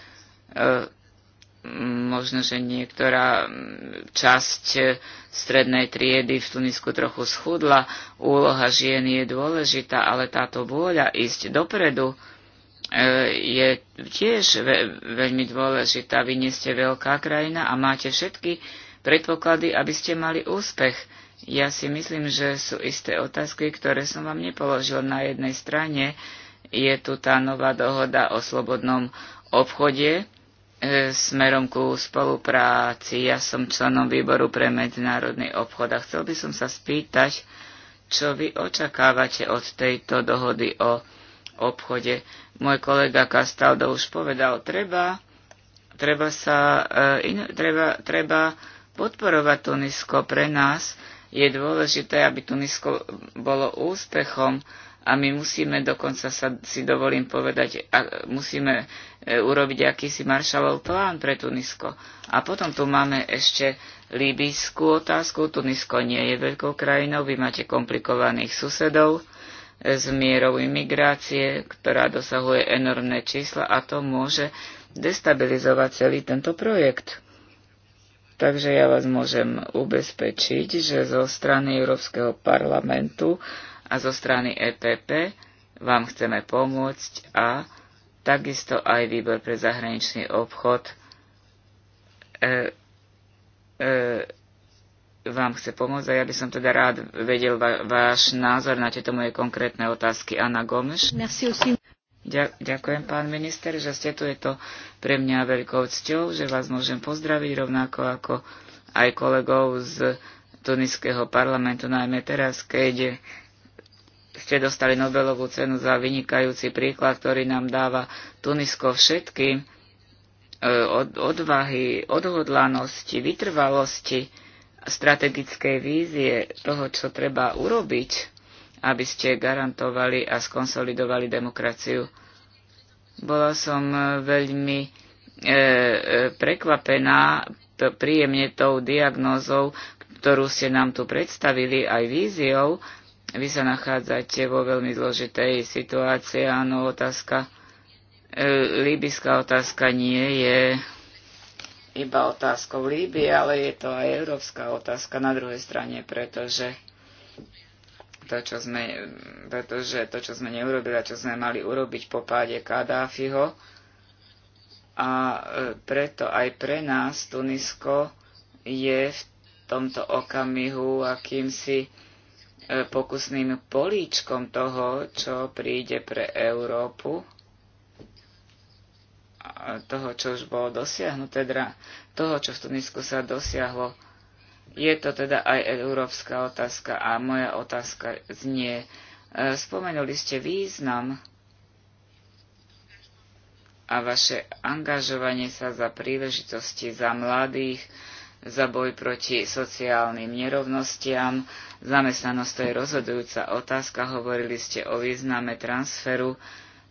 možno, že niektorá časť e, strednej triedy v Tunisku trochu schudla. Úloha žien je dôležitá, ale táto vôľa ísť dopredu e, je tiež veľmi dôležitá. Vy nie ste veľká krajina a máte všetky predpoklady, aby ste mali úspech. Ja si myslím, že sú isté otázky, ktoré som vám nepoložil. Na jednej strane je tu tá nová dohoda o slobodnom obchode e, smerom ku spolupráci. Ja som členom výboru pre medzinárodný obchod a chcel by som sa spýtať, čo vy očakávate od tejto dohody o obchode. Môj kolega Kastaldo už povedal, treba, treba sa, e, in, treba, treba podporovať Tunisko. Pre nás je dôležité, aby Tunisko bolo úspechom a my musíme, dokonca sa si dovolím povedať, a musíme e, urobiť akýsi maršalov plán pre Tunisko. A potom tu máme ešte líbyskú otázku. Tunisko nie je veľkou krajinou, vy máte komplikovaných susedov e, s mierou imigrácie, ktorá dosahuje enormné čísla a to môže destabilizovať celý tento projekt. Takže ja vás môžem ubezpečiť, že zo strany Európskeho parlamentu a zo strany EPP vám chceme pomôcť a takisto aj výbor pre zahraničný obchod e, e, vám chce pomôcť a ja by som teda rád vedel váš názor na tieto moje konkrétne otázky. Anna Gomes. Merci aussi. Ďakujem, pán minister, že ste tu. Je to pre mňa veľkou cťou, že vás môžem pozdraviť rovnako ako aj kolegov z tuniského parlamentu, najmä teraz, keď ste dostali Nobelovú cenu za vynikajúci príklad, ktorý nám dáva Tunisko všetkým e, od, odvahy, odhodlanosti, vytrvalosti, strategickej vízie toho, čo treba urobiť aby ste garantovali a skonsolidovali demokraciu. Bola som e, veľmi e, e, prekvapená príjemne tou diagnózou, ktorú ste nám tu predstavili aj víziou. Vy sa nachádzate vo veľmi zložitej situácii, áno, otázka, e, líbyská otázka nie je iba otázkou Líby, ale je to aj európska otázka na druhej strane, pretože to, čo sme, pretože to, čo sme neurobili a čo sme mali urobiť po páde Kadáfiho. A e, preto aj pre nás Tunisko je v tomto okamihu akýmsi e, pokusným políčkom toho, čo príde pre Európu, toho, čo už bolo dosiahnuté, teda toho, čo v Tunisku sa dosiahlo je to teda aj európska otázka a moja otázka znie. E, spomenuli ste význam a vaše angažovanie sa za príležitosti za mladých, za boj proti sociálnym nerovnostiam. Zamestnanosť to je rozhodujúca otázka. Hovorili ste o význame transferu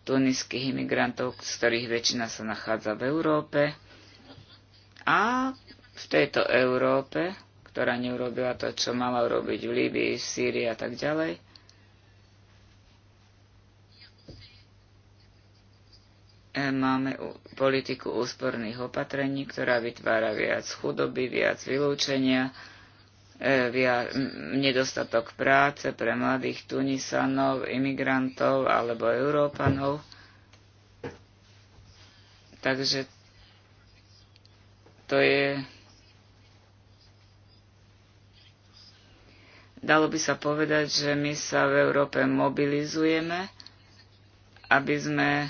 tuniských imigrantov, z ktorých väčšina sa nachádza v Európe. A v tejto Európe ktorá neurobila to, čo mala urobiť v Líbii, v Sýrii a tak ďalej. E, máme politiku úsporných opatrení, ktorá vytvára viac chudoby, viac vylúčenia, e, viac, nedostatok práce pre mladých Tunisanov, imigrantov alebo Európanov. Takže to je Dalo by sa povedať, že my sa v Európe mobilizujeme, aby sme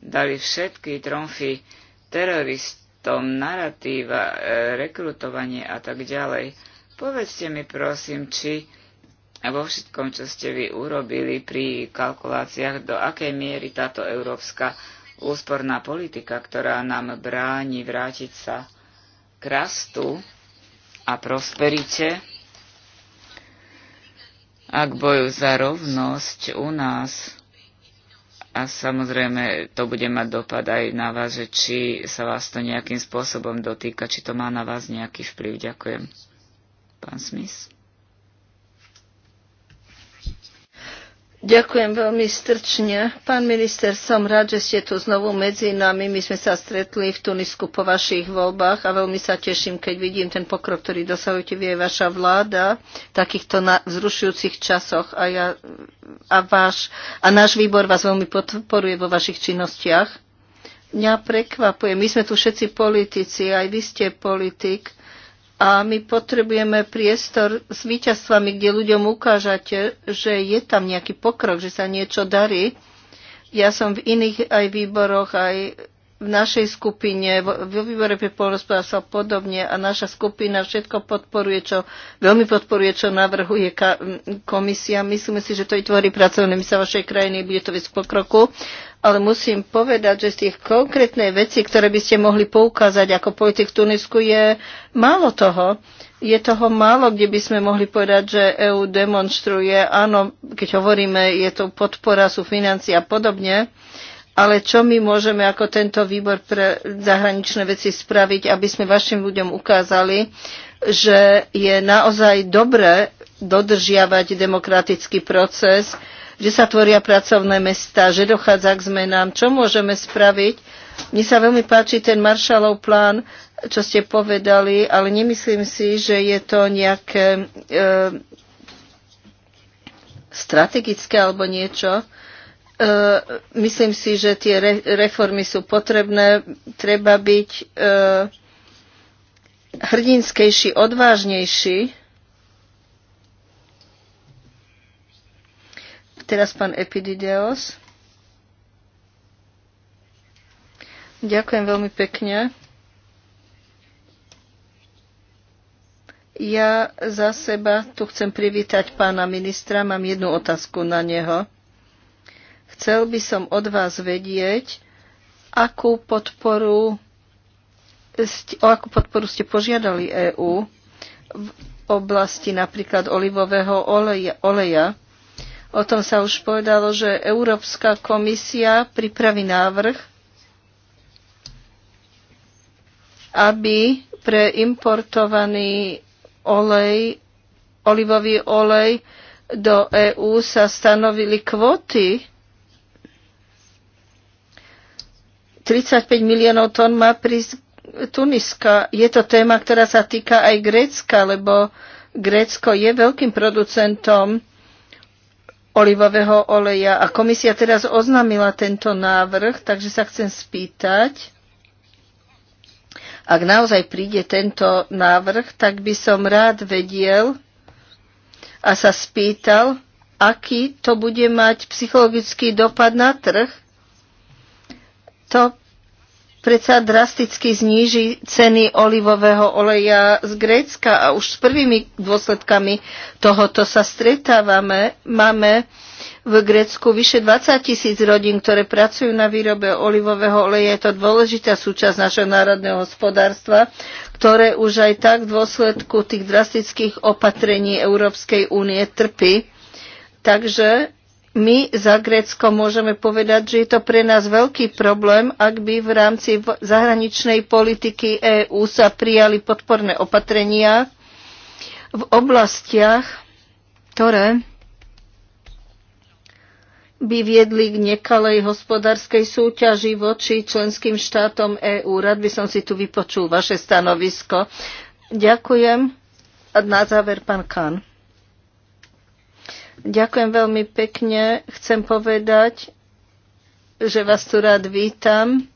dali všetky tromfy teroristom, naratíva, e, rekrutovanie a tak ďalej. Povedzte mi prosím, či vo všetkom, čo ste vy urobili pri kalkuláciách, do akej miery táto európska úsporná politika, ktorá nám bráni vrátiť sa k rastu a prosperite, a k boju za rovnosť u nás. A samozrejme, to bude mať dopad aj na vás, že či sa vás to nejakým spôsobom dotýka, či to má na vás nejaký vplyv. Ďakujem. Pán Smith. Ďakujem veľmi strčne. Pán minister, som rád, že ste tu znovu medzi nami. My sme sa stretli v Tunisku po vašich voľbách a veľmi sa teším, keď vidím ten pokrok, ktorý dosahujete vy aj vaša vláda v takýchto vzrušujúcich časoch a, ja, a, váš, a náš výbor vás veľmi podporuje vo vašich činnostiach. Mňa prekvapuje, my sme tu všetci politici, aj vy ste politik a my potrebujeme priestor s víťazstvami, kde ľuďom ukážate, že je tam nejaký pokrok, že sa niečo darí. Ja som v iných aj výboroch, aj v našej skupine, vo výbore pre polnospodárstvo podobne a naša skupina všetko podporuje, čo veľmi podporuje, čo navrhuje komisia. Myslíme si, že to vytvorí pracovné miesta vašej krajiny, bude to viesť k pokroku ale musím povedať, že z tých konkrétnej veci, ktoré by ste mohli poukázať ako politik v Tunisku, je málo toho. Je toho málo, kde by sme mohli povedať, že EÚ demonstruje, áno, keď hovoríme, je to podpora, sú financie a podobne, ale čo my môžeme ako tento výbor pre zahraničné veci spraviť, aby sme vašim ľuďom ukázali, že je naozaj dobré dodržiavať demokratický proces, že sa tvoria pracovné mesta, že dochádza k zmenám. Čo môžeme spraviť? Mne sa veľmi páči ten Marshallov plán, čo ste povedali, ale nemyslím si, že je to nejaké e, strategické alebo niečo. E, myslím si, že tie re, reformy sú potrebné. Treba byť e, hrdinskejší, odvážnejší Teraz pán Epidideos. Ďakujem veľmi pekne. Ja za seba tu chcem privítať pána ministra. Mám jednu otázku na neho. Chcel by som od vás vedieť, akú podporu, o akú podporu ste požiadali EÚ v oblasti napríklad olivového oleja, oleja O tom sa už povedalo, že Európska komisia pripraví návrh, aby pre importovaný olej, olivový olej do EÚ sa stanovili kvóty. 35 miliónov tón má prísť Tuniska. Je to téma, ktorá sa týka aj Grécka, lebo Grécko je veľkým producentom olivového oleja. A komisia teraz oznámila tento návrh, takže sa chcem spýtať, ak naozaj príde tento návrh, tak by som rád vedel a sa spýtal, aký to bude mať psychologický dopad na trh. To predsa drasticky zníži ceny olivového oleja z Grécka a už s prvými dôsledkami tohoto sa stretávame. Máme v Grécku vyše 20 tisíc rodín, ktoré pracujú na výrobe olivového oleja. Je to dôležitá súčasť našeho národného hospodárstva, ktoré už aj tak v dôsledku tých drastických opatrení Európskej únie trpí. Takže my za Grécko môžeme povedať, že je to pre nás veľký problém, ak by v rámci zahraničnej politiky EÚ sa prijali podporné opatrenia v oblastiach, ktoré by viedli k nekalej hospodárskej súťaži voči členským štátom EÚ. Rád by som si tu vypočul vaše stanovisko. Ďakujem. A na záver pán Kahn. Ďakujem veľmi pekne. Chcem povedať, že vás tu rád vítam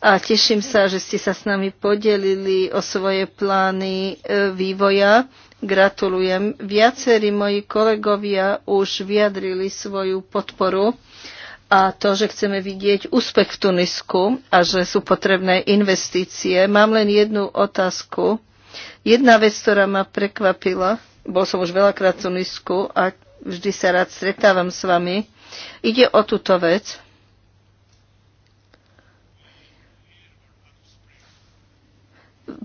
a teším sa, že ste sa s nami podelili o svoje plány e, vývoja. Gratulujem. Viacerí moji kolegovia už vyjadrili svoju podporu a to, že chceme vidieť úspech v Tunisku a že sú potrebné investície. Mám len jednu otázku. Jedna vec, ktorá ma prekvapila, bol som už veľakrát v Tunisku a vždy sa rád stretávam s vami. Ide o túto vec.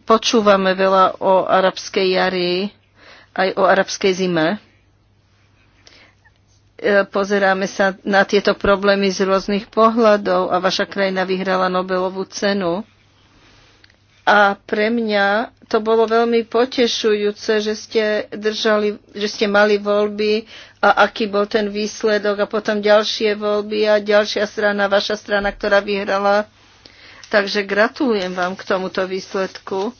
Počúvame veľa o arabskej jari, aj o arabskej zime e, pozeráme sa na tieto problémy z rôznych pohľadov a vaša krajina vyhrala Nobelovú cenu. A pre mňa to bolo veľmi potešujúce, že ste, držali, že ste mali voľby a aký bol ten výsledok a potom ďalšie voľby a ďalšia strana, vaša strana, ktorá vyhrala. Takže gratulujem vám k tomuto výsledku.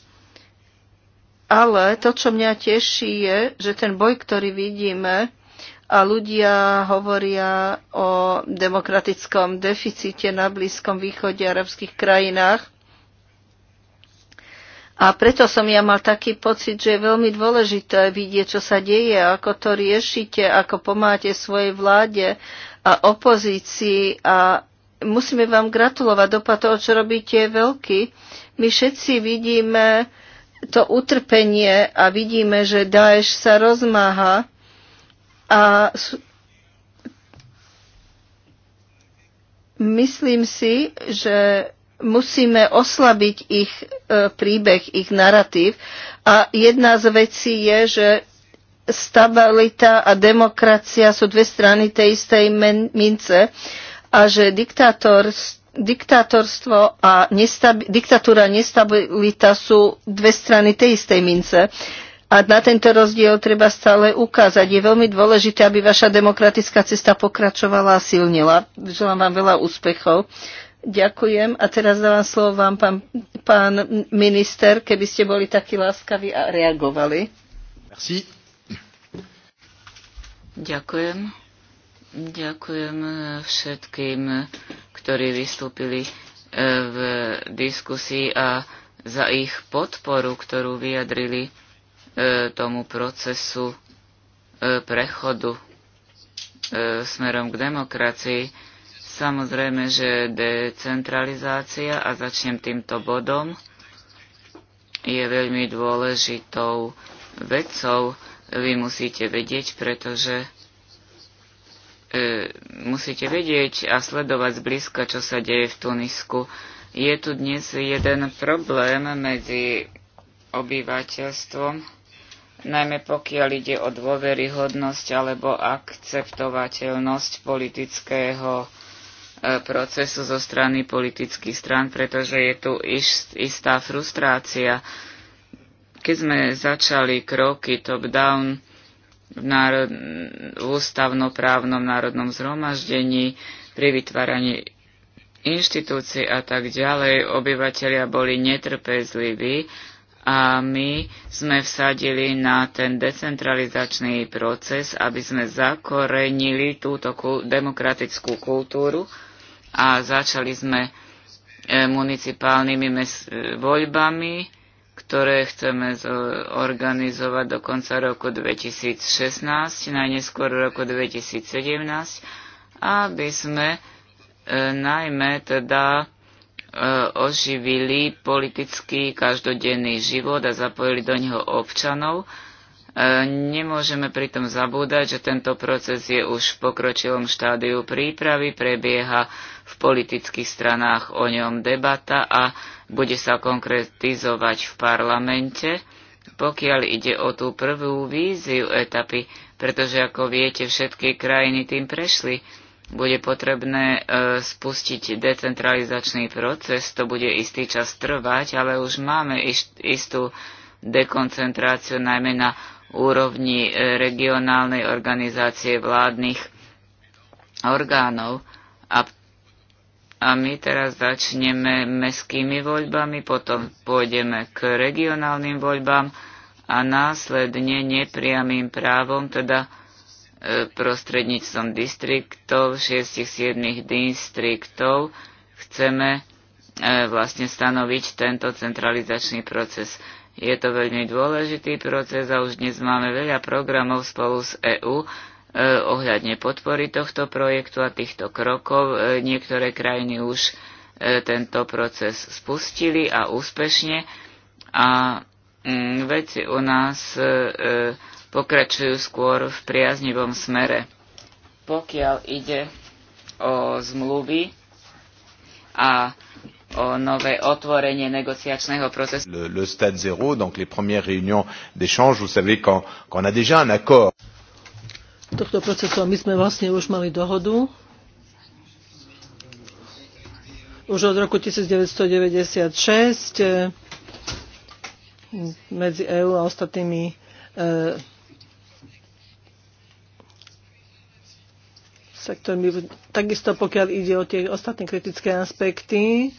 Ale to, čo mňa teší, je, že ten boj, ktorý vidíme, a ľudia hovoria o demokratickom deficite na Blízkom východe a arabských krajinách, a preto som ja mal taký pocit, že je veľmi dôležité vidieť, čo sa deje, ako to riešite, ako pomáte svojej vláde a opozícii. A musíme vám gratulovať. Dopad toho, čo robíte, je veľký. My všetci vidíme to utrpenie a vidíme, že Daesh sa rozmáha a myslím si, že musíme oslabiť ich e, príbeh, ich narratív. A jedna z vecí je, že stabilita a demokracia sú dve strany tej istej mince a že diktátor, diktátorstvo a nestabi- diktatúra a nestabilita sú dve strany tej istej mince. A na tento rozdiel treba stále ukázať. Je veľmi dôležité, aby vaša demokratická cesta pokračovala a silnila. Želám vám veľa úspechov. Ďakujem a teraz dávam slovo vám, pán, pán minister, keby ste boli takí láskaví a reagovali. Merci. Ďakujem. Ďakujem všetkým, ktorí vystúpili eh, v diskusii a za ich podporu, ktorú vyjadrili eh, tomu procesu eh, prechodu smerom k demokracii Samozrejme, že decentralizácia, a začnem týmto bodom, je veľmi dôležitou vecou. Vy musíte vedieť, pretože e, musíte vedieť a sledovať zblízka, čo sa deje v Tunisku. Je tu dnes jeden problém medzi obyvateľstvom, najmä pokiaľ ide o dôveryhodnosť alebo akceptovateľnosť politického E, procesu zo strany politických strán, pretože je tu istá frustrácia. Keď sme začali kroky top-down v, národ, v ústavnoprávnom národnom zhromaždení pri vytváraní inštitúcií a tak ďalej, obyvateľia boli netrpezliví a my sme vsadili na ten decentralizačný proces, aby sme zakorenili túto demokratickú kultúru a začali sme e, municipálnymi e, voľbami, ktoré chceme organizovať do konca roku 2016, najneskôr roku 2017, aby sme e, najmä teda E, oživili politický každodenný život a zapojili do neho občanov. E, nemôžeme pritom zabúdať, že tento proces je už v pokročilom štádiu prípravy, prebieha v politických stranách o ňom debata a bude sa konkretizovať v parlamente, pokiaľ ide o tú prvú víziu etapy, pretože ako viete, všetky krajiny tým prešli bude potrebné e, spustiť decentralizačný proces, to bude istý čas trvať, ale už máme istú dekoncentráciu najmä na úrovni e, regionálnej organizácie vládnych orgánov. A, a my teraz začneme mestskými voľbami, potom pôjdeme k regionálnym voľbám a následne nepriamým právom, teda prostredníctvom distriktov, 6-7 distriktov chceme e, vlastne stanoviť tento centralizačný proces. Je to veľmi dôležitý proces a už dnes máme veľa programov spolu s EÚ e, ohľadne podpory tohto projektu a týchto krokov. E, niektoré krajiny už tento proces spustili a úspešne a mm, veci u nás e, pokračujú skôr v priaznivom smere. Pokiaľ ide o zmluvy a o nové otvorenie negociačného procesu. Le, le stade zéro, donc les premières réunions d'échange, vous savez qu'on qu a déjà un accord. Tohto procesu my sme vlastne už mali dohodu. Už od roku 1996 eh, medzi EU a ostatnými e, ktorými, Takisto pokiaľ ide o tie ostatné kritické aspekty,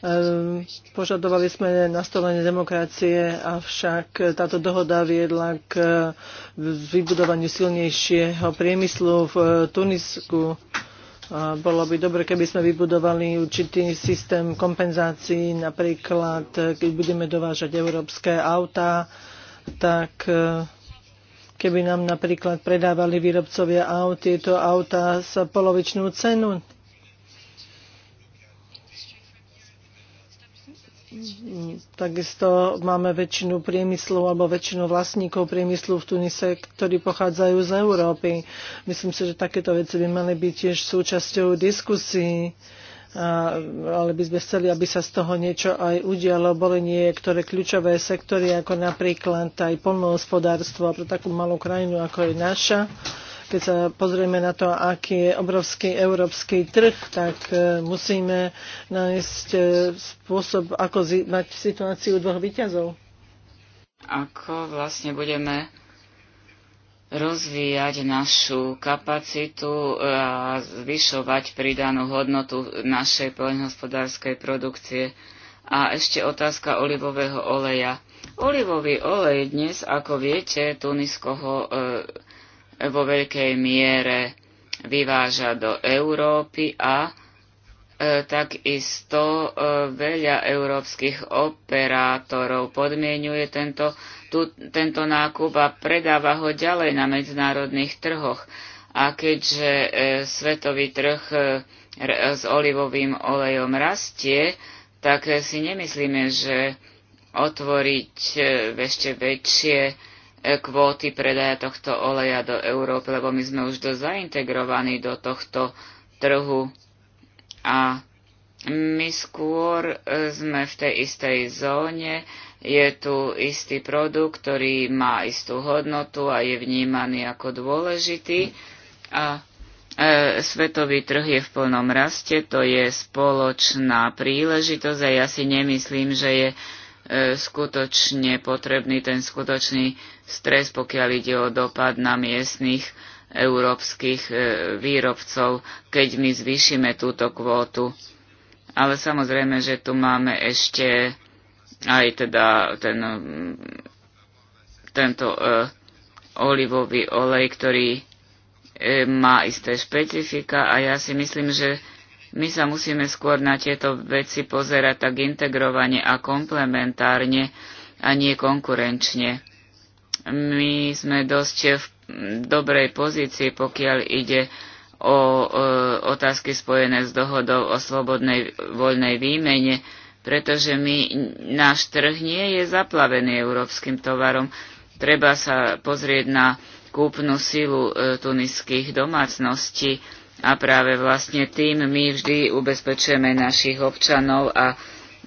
ehm, Požadovali sme nastolenie demokracie, avšak táto dohoda viedla k vybudovaniu silnejšieho priemyslu v Tunisku. Bolo by dobre, keby sme vybudovali určitý systém kompenzácií, napríklad keď budeme dovážať európske autá, tak Keby nám napríklad predávali výrobcovia aut tieto autá za polovičnú cenu, Takisto máme väčšinu priemyslu alebo väčšinu vlastníkov priemyslu v Tunise, ktorí pochádzajú z Európy. Myslím si, že takéto veci by mali byť tiež súčasťou diskusí ale by sme chceli, aby sa z toho niečo aj udialo. Boli niektoré kľúčové sektory, ako napríklad aj polnohospodárstvo pre takú malú krajinu, ako je naša. Keď sa pozrieme na to, aký je obrovský európsky trh, tak e, musíme nájsť e, spôsob, ako mať situáciu dvoch výťazov. Ako vlastne budeme rozvíjať našu kapacitu e, a zvyšovať pridanú hodnotu našej poľnohospodárskej produkcie. A ešte otázka olivového oleja. Olivový olej dnes, ako viete, Tunisko ho e, vo veľkej miere vyváža do Európy a e, takisto e, veľa európskych operátorov podmienuje tento tu, tento nákup a predáva ho ďalej na medzinárodných trhoch. A keďže e, svetový trh e, e, s olivovým olejom rastie, tak e, si nemyslíme, že otvoriť e, ešte väčšie e, kvóty predaja tohto oleja do Európy, lebo my sme už dosť zaintegrovaní do tohto trhu. A my skôr e, sme v tej istej zóne, e, je tu istý produkt, ktorý má istú hodnotu a je vnímaný ako dôležitý a e, svetový trh je v plnom raste, to je spoločná príležitosť a ja si nemyslím, že je e, skutočne potrebný ten skutočný stres, pokiaľ ide o dopad na miestných európskych e, výrobcov, keď my zvýšime túto kvótu. Ale samozrejme, že tu máme ešte aj teda ten, tento uh, olivový olej, ktorý uh, má isté špecifika a ja si myslím, že my sa musíme skôr na tieto veci pozerať tak integrovane a komplementárne a nie konkurenčne. My sme dosť v dobrej pozícii, pokiaľ ide o e, otázky spojené s dohodou o slobodnej voľnej výmene, pretože my, náš trh nie je zaplavený európskym tovarom. Treba sa pozrieť na kúpnu silu e, tuniských domácností a práve vlastne tým my vždy ubezpečujeme našich občanov a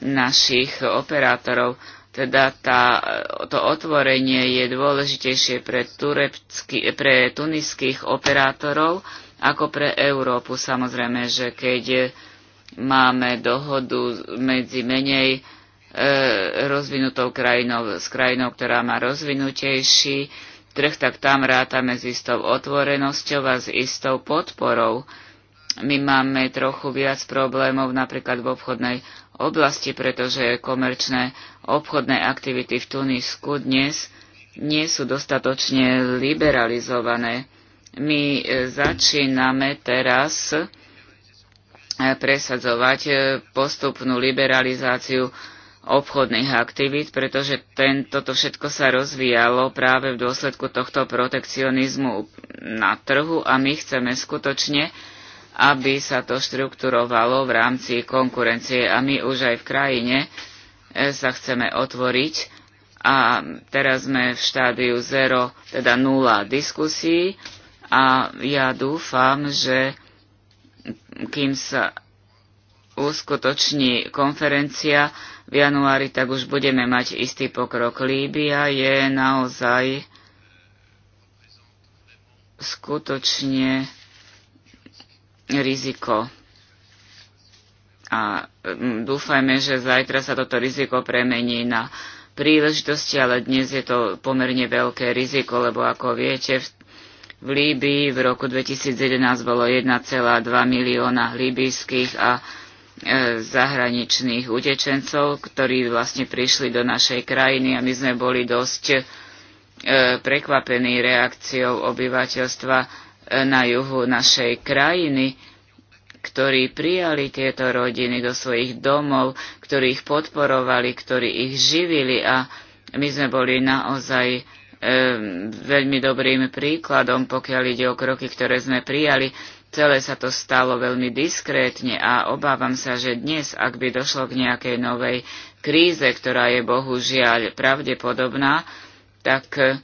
našich operátorov. Teda tá, e, to otvorenie je dôležitejšie pre, turecky, pre tuniských operátorov ako pre Európu. Samozrejme, že keď Máme dohodu medzi menej e, rozvinutou krajinou, s krajinou, ktorá má rozvinutejší trh, tak tam rátame s istou otvorenosťou a s istou podporou. My máme trochu viac problémov napríklad v obchodnej oblasti, pretože komerčné obchodné aktivity v Tunisku dnes nie sú dostatočne liberalizované. My e, začíname teraz presadzovať e, postupnú liberalizáciu obchodných aktivít, pretože ten, toto všetko sa rozvíjalo práve v dôsledku tohto protekcionizmu na trhu a my chceme skutočne, aby sa to štrukturovalo v rámci konkurencie a my už aj v krajine e, sa chceme otvoriť a teraz sme v štádiu 0, teda nula diskusí a ja dúfam, že kým sa uskutoční konferencia v januári, tak už budeme mať istý pokrok. Líbia je naozaj skutočne riziko. A mm, dúfajme, že zajtra sa toto riziko premení na príležitosti, ale dnes je to pomerne veľké riziko, lebo ako viete, v v Líbii v roku 2011 bolo 1,2 milióna líbyjských a e, zahraničných utečencov, ktorí vlastne prišli do našej krajiny a my sme boli dosť e, prekvapení reakciou obyvateľstva e, na juhu našej krajiny, ktorí prijali tieto rodiny do svojich domov, ktorí ich podporovali, ktorí ich živili a my sme boli naozaj veľmi dobrým príkladom, pokiaľ ide o kroky, ktoré sme prijali. Celé sa to stalo veľmi diskrétne a obávam sa, že dnes, ak by došlo k nejakej novej kríze, ktorá je bohužiaľ pravdepodobná, tak eh,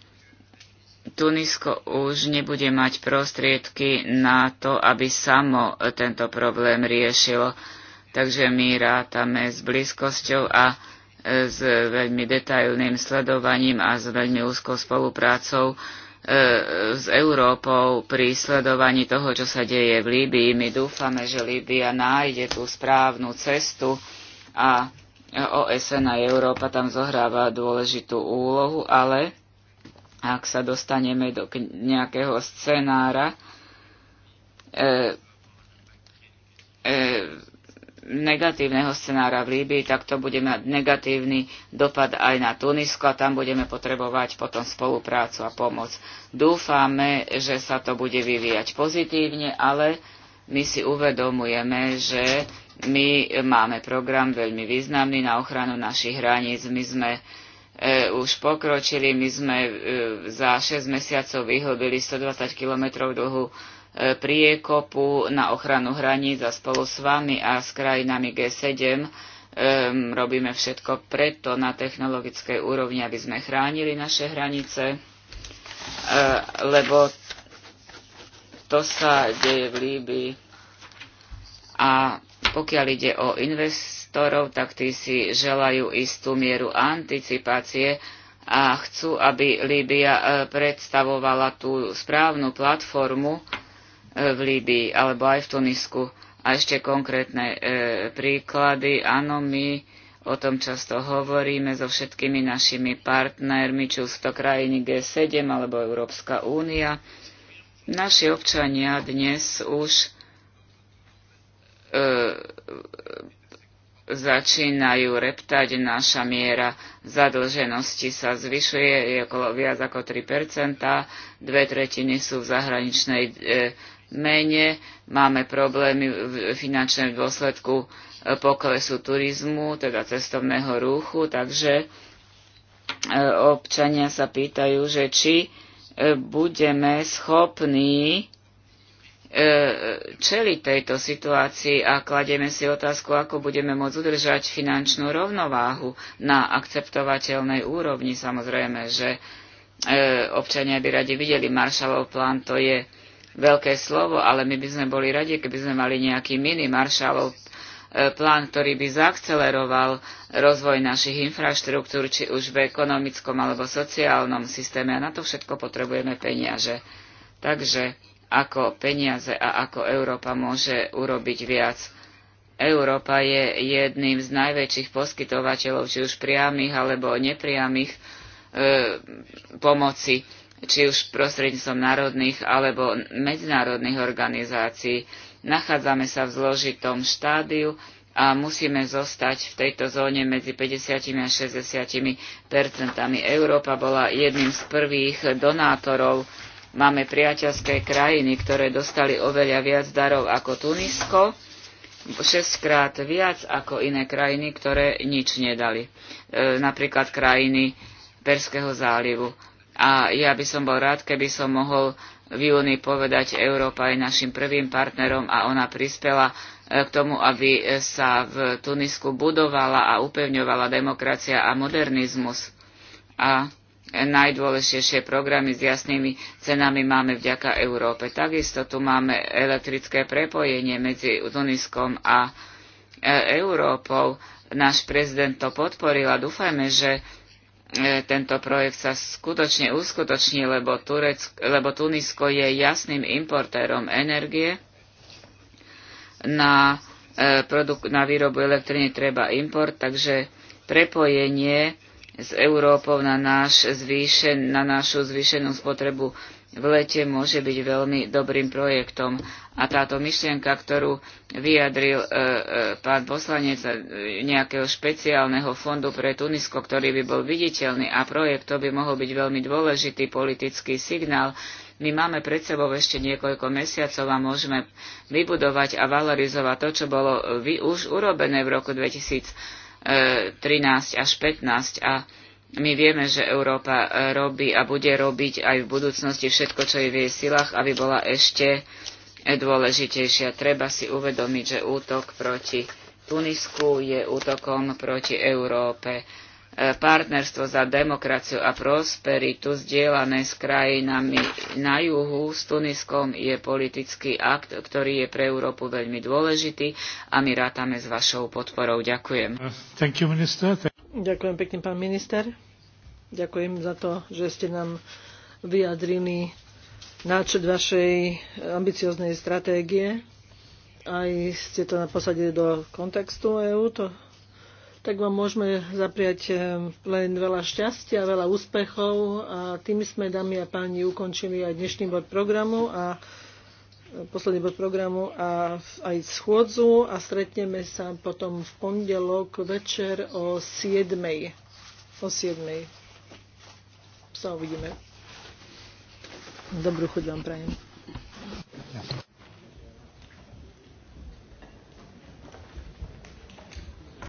Tunisko už nebude mať prostriedky na to, aby samo eh, tento problém riešilo. Takže my rátame s blízkosťou a s veľmi detailným sledovaním a s veľmi úzkou spoluprácou e, s Európou pri sledovaní toho, čo sa deje v Líbii. My dúfame, že Líbia nájde tú správnu cestu a OSN a Európa tam zohráva dôležitú úlohu, ale ak sa dostaneme do nejakého scenára, e, e, negatívneho scenára v Líbii, tak to bude mať negatívny dopad aj na Tunisko a tam budeme potrebovať potom spoluprácu a pomoc. Dúfame, že sa to bude vyvíjať pozitívne, ale my si uvedomujeme, že my máme program veľmi významný na ochranu našich hraníc. My sme e, už pokročili, my sme e, za 6 mesiacov vyhlbili 120 kilometrov dlhú priekopu na ochranu hraníc a spolu s vami a s krajinami G7 robíme všetko preto na technologickej úrovni, aby sme chránili naše hranice, e, lebo to sa deje v Líbii. A pokiaľ ide o investorov, tak tí si želajú istú mieru anticipácie a chcú, aby Líbia e, predstavovala tú správnu platformu, v Líbii alebo aj v Tunisku. A ešte konkrétne e, príklady. Áno, my o tom často hovoríme so všetkými našimi partnermi, či už to krajiny G7 alebo Európska únia. Naši občania dnes už e, začínajú reptať, naša miera zadlženosti sa zvyšuje, je okolo viac ako 3 dve tretiny sú v zahraničnej e, mene, máme problémy finančné v dôsledku e, poklesu turizmu, teda cestovného ruchu, takže e, občania sa pýtajú, že či e, budeme schopní čeliť tejto situácii a kladieme si otázku, ako budeme môcť udržať finančnú rovnováhu na akceptovateľnej úrovni. Samozrejme, že občania by radi videli Marshallov plán, to je veľké slovo, ale my by sme boli radi, keby sme mali nejaký mini maršalov e, plán, ktorý by zaakceleroval rozvoj našich infraštruktúr, či už v ekonomickom alebo sociálnom systéme. A na to všetko potrebujeme peniaze. Takže ako peniaze a ako Európa môže urobiť viac. Európa je jedným z najväčších poskytovateľov, či už priamých alebo nepriamých e, pomoci či už prostredníctvom národných alebo medzinárodných organizácií. Nachádzame sa v zložitom štádiu a musíme zostať v tejto zóne medzi 50 a 60 percentami. Európa bola jedným z prvých donátorov. Máme priateľské krajiny, ktoré dostali oveľa viac darov ako Tunisko, šestkrát krát viac ako iné krajiny, ktoré nič nedali. E, napríklad krajiny Perského zálivu a ja by som bol rád, keby som mohol v júni povedať, Európa je našim prvým partnerom a ona prispela e, k tomu, aby e, sa v Tunisku budovala a upevňovala demokracia a modernizmus. A najdôležitejšie programy s jasnými cenami máme vďaka Európe. Takisto tu máme elektrické prepojenie medzi Tuniskom a e, Európou. Náš prezident to podporil a dúfajme, že E, tento projekt sa skutočne uskutoční, lebo, Turecko, lebo Tunisko je jasným importérom energie. Na, e, produk- na výrobu elektriny treba import, takže prepojenie s Európou na, náš zvýšen, na našu zvýšenú spotrebu v lete môže byť veľmi dobrým projektom. A táto myšlienka, ktorú vyjadril e, e, pán poslanec e, nejakého špeciálneho fondu pre Tunisko, ktorý by bol viditeľný a projekt, to by mohol byť veľmi dôležitý politický signál. My máme pred sebou ešte niekoľko mesiacov a môžeme vybudovať a valorizovať to, čo bolo e, vy, už urobené v roku 2013 e, až 2015 a my vieme, že Európa e, robí a bude robiť aj v budúcnosti všetko, čo je v jej silách, aby bola ešte dôležitejšia. Treba si uvedomiť, že útok proti Tunisku je útokom proti Európe. E, partnerstvo za demokraciu a prosperitu zdieľané s krajinami na juhu s Tuniskom je politický akt, ktorý je pre Európu veľmi dôležitý a my rátame s vašou podporou. Ďakujem. Thank you, minister. Ďakujem pekne, pán minister. Ďakujem za to, že ste nám vyjadrili náčet vašej ambicioznej stratégie. Aj ste to posadili do kontextu EÚ, to, tak vám môžeme zapriať eh, len veľa šťastia, veľa úspechov. A tým sme, dámy a páni, ukončili aj dnešný bod programu a eh, posledný bod programu a aj schôdzu a stretneme sa potom v pondelok večer o 7. O 7 sa uvidíme. Dobrú chuť vám prajem.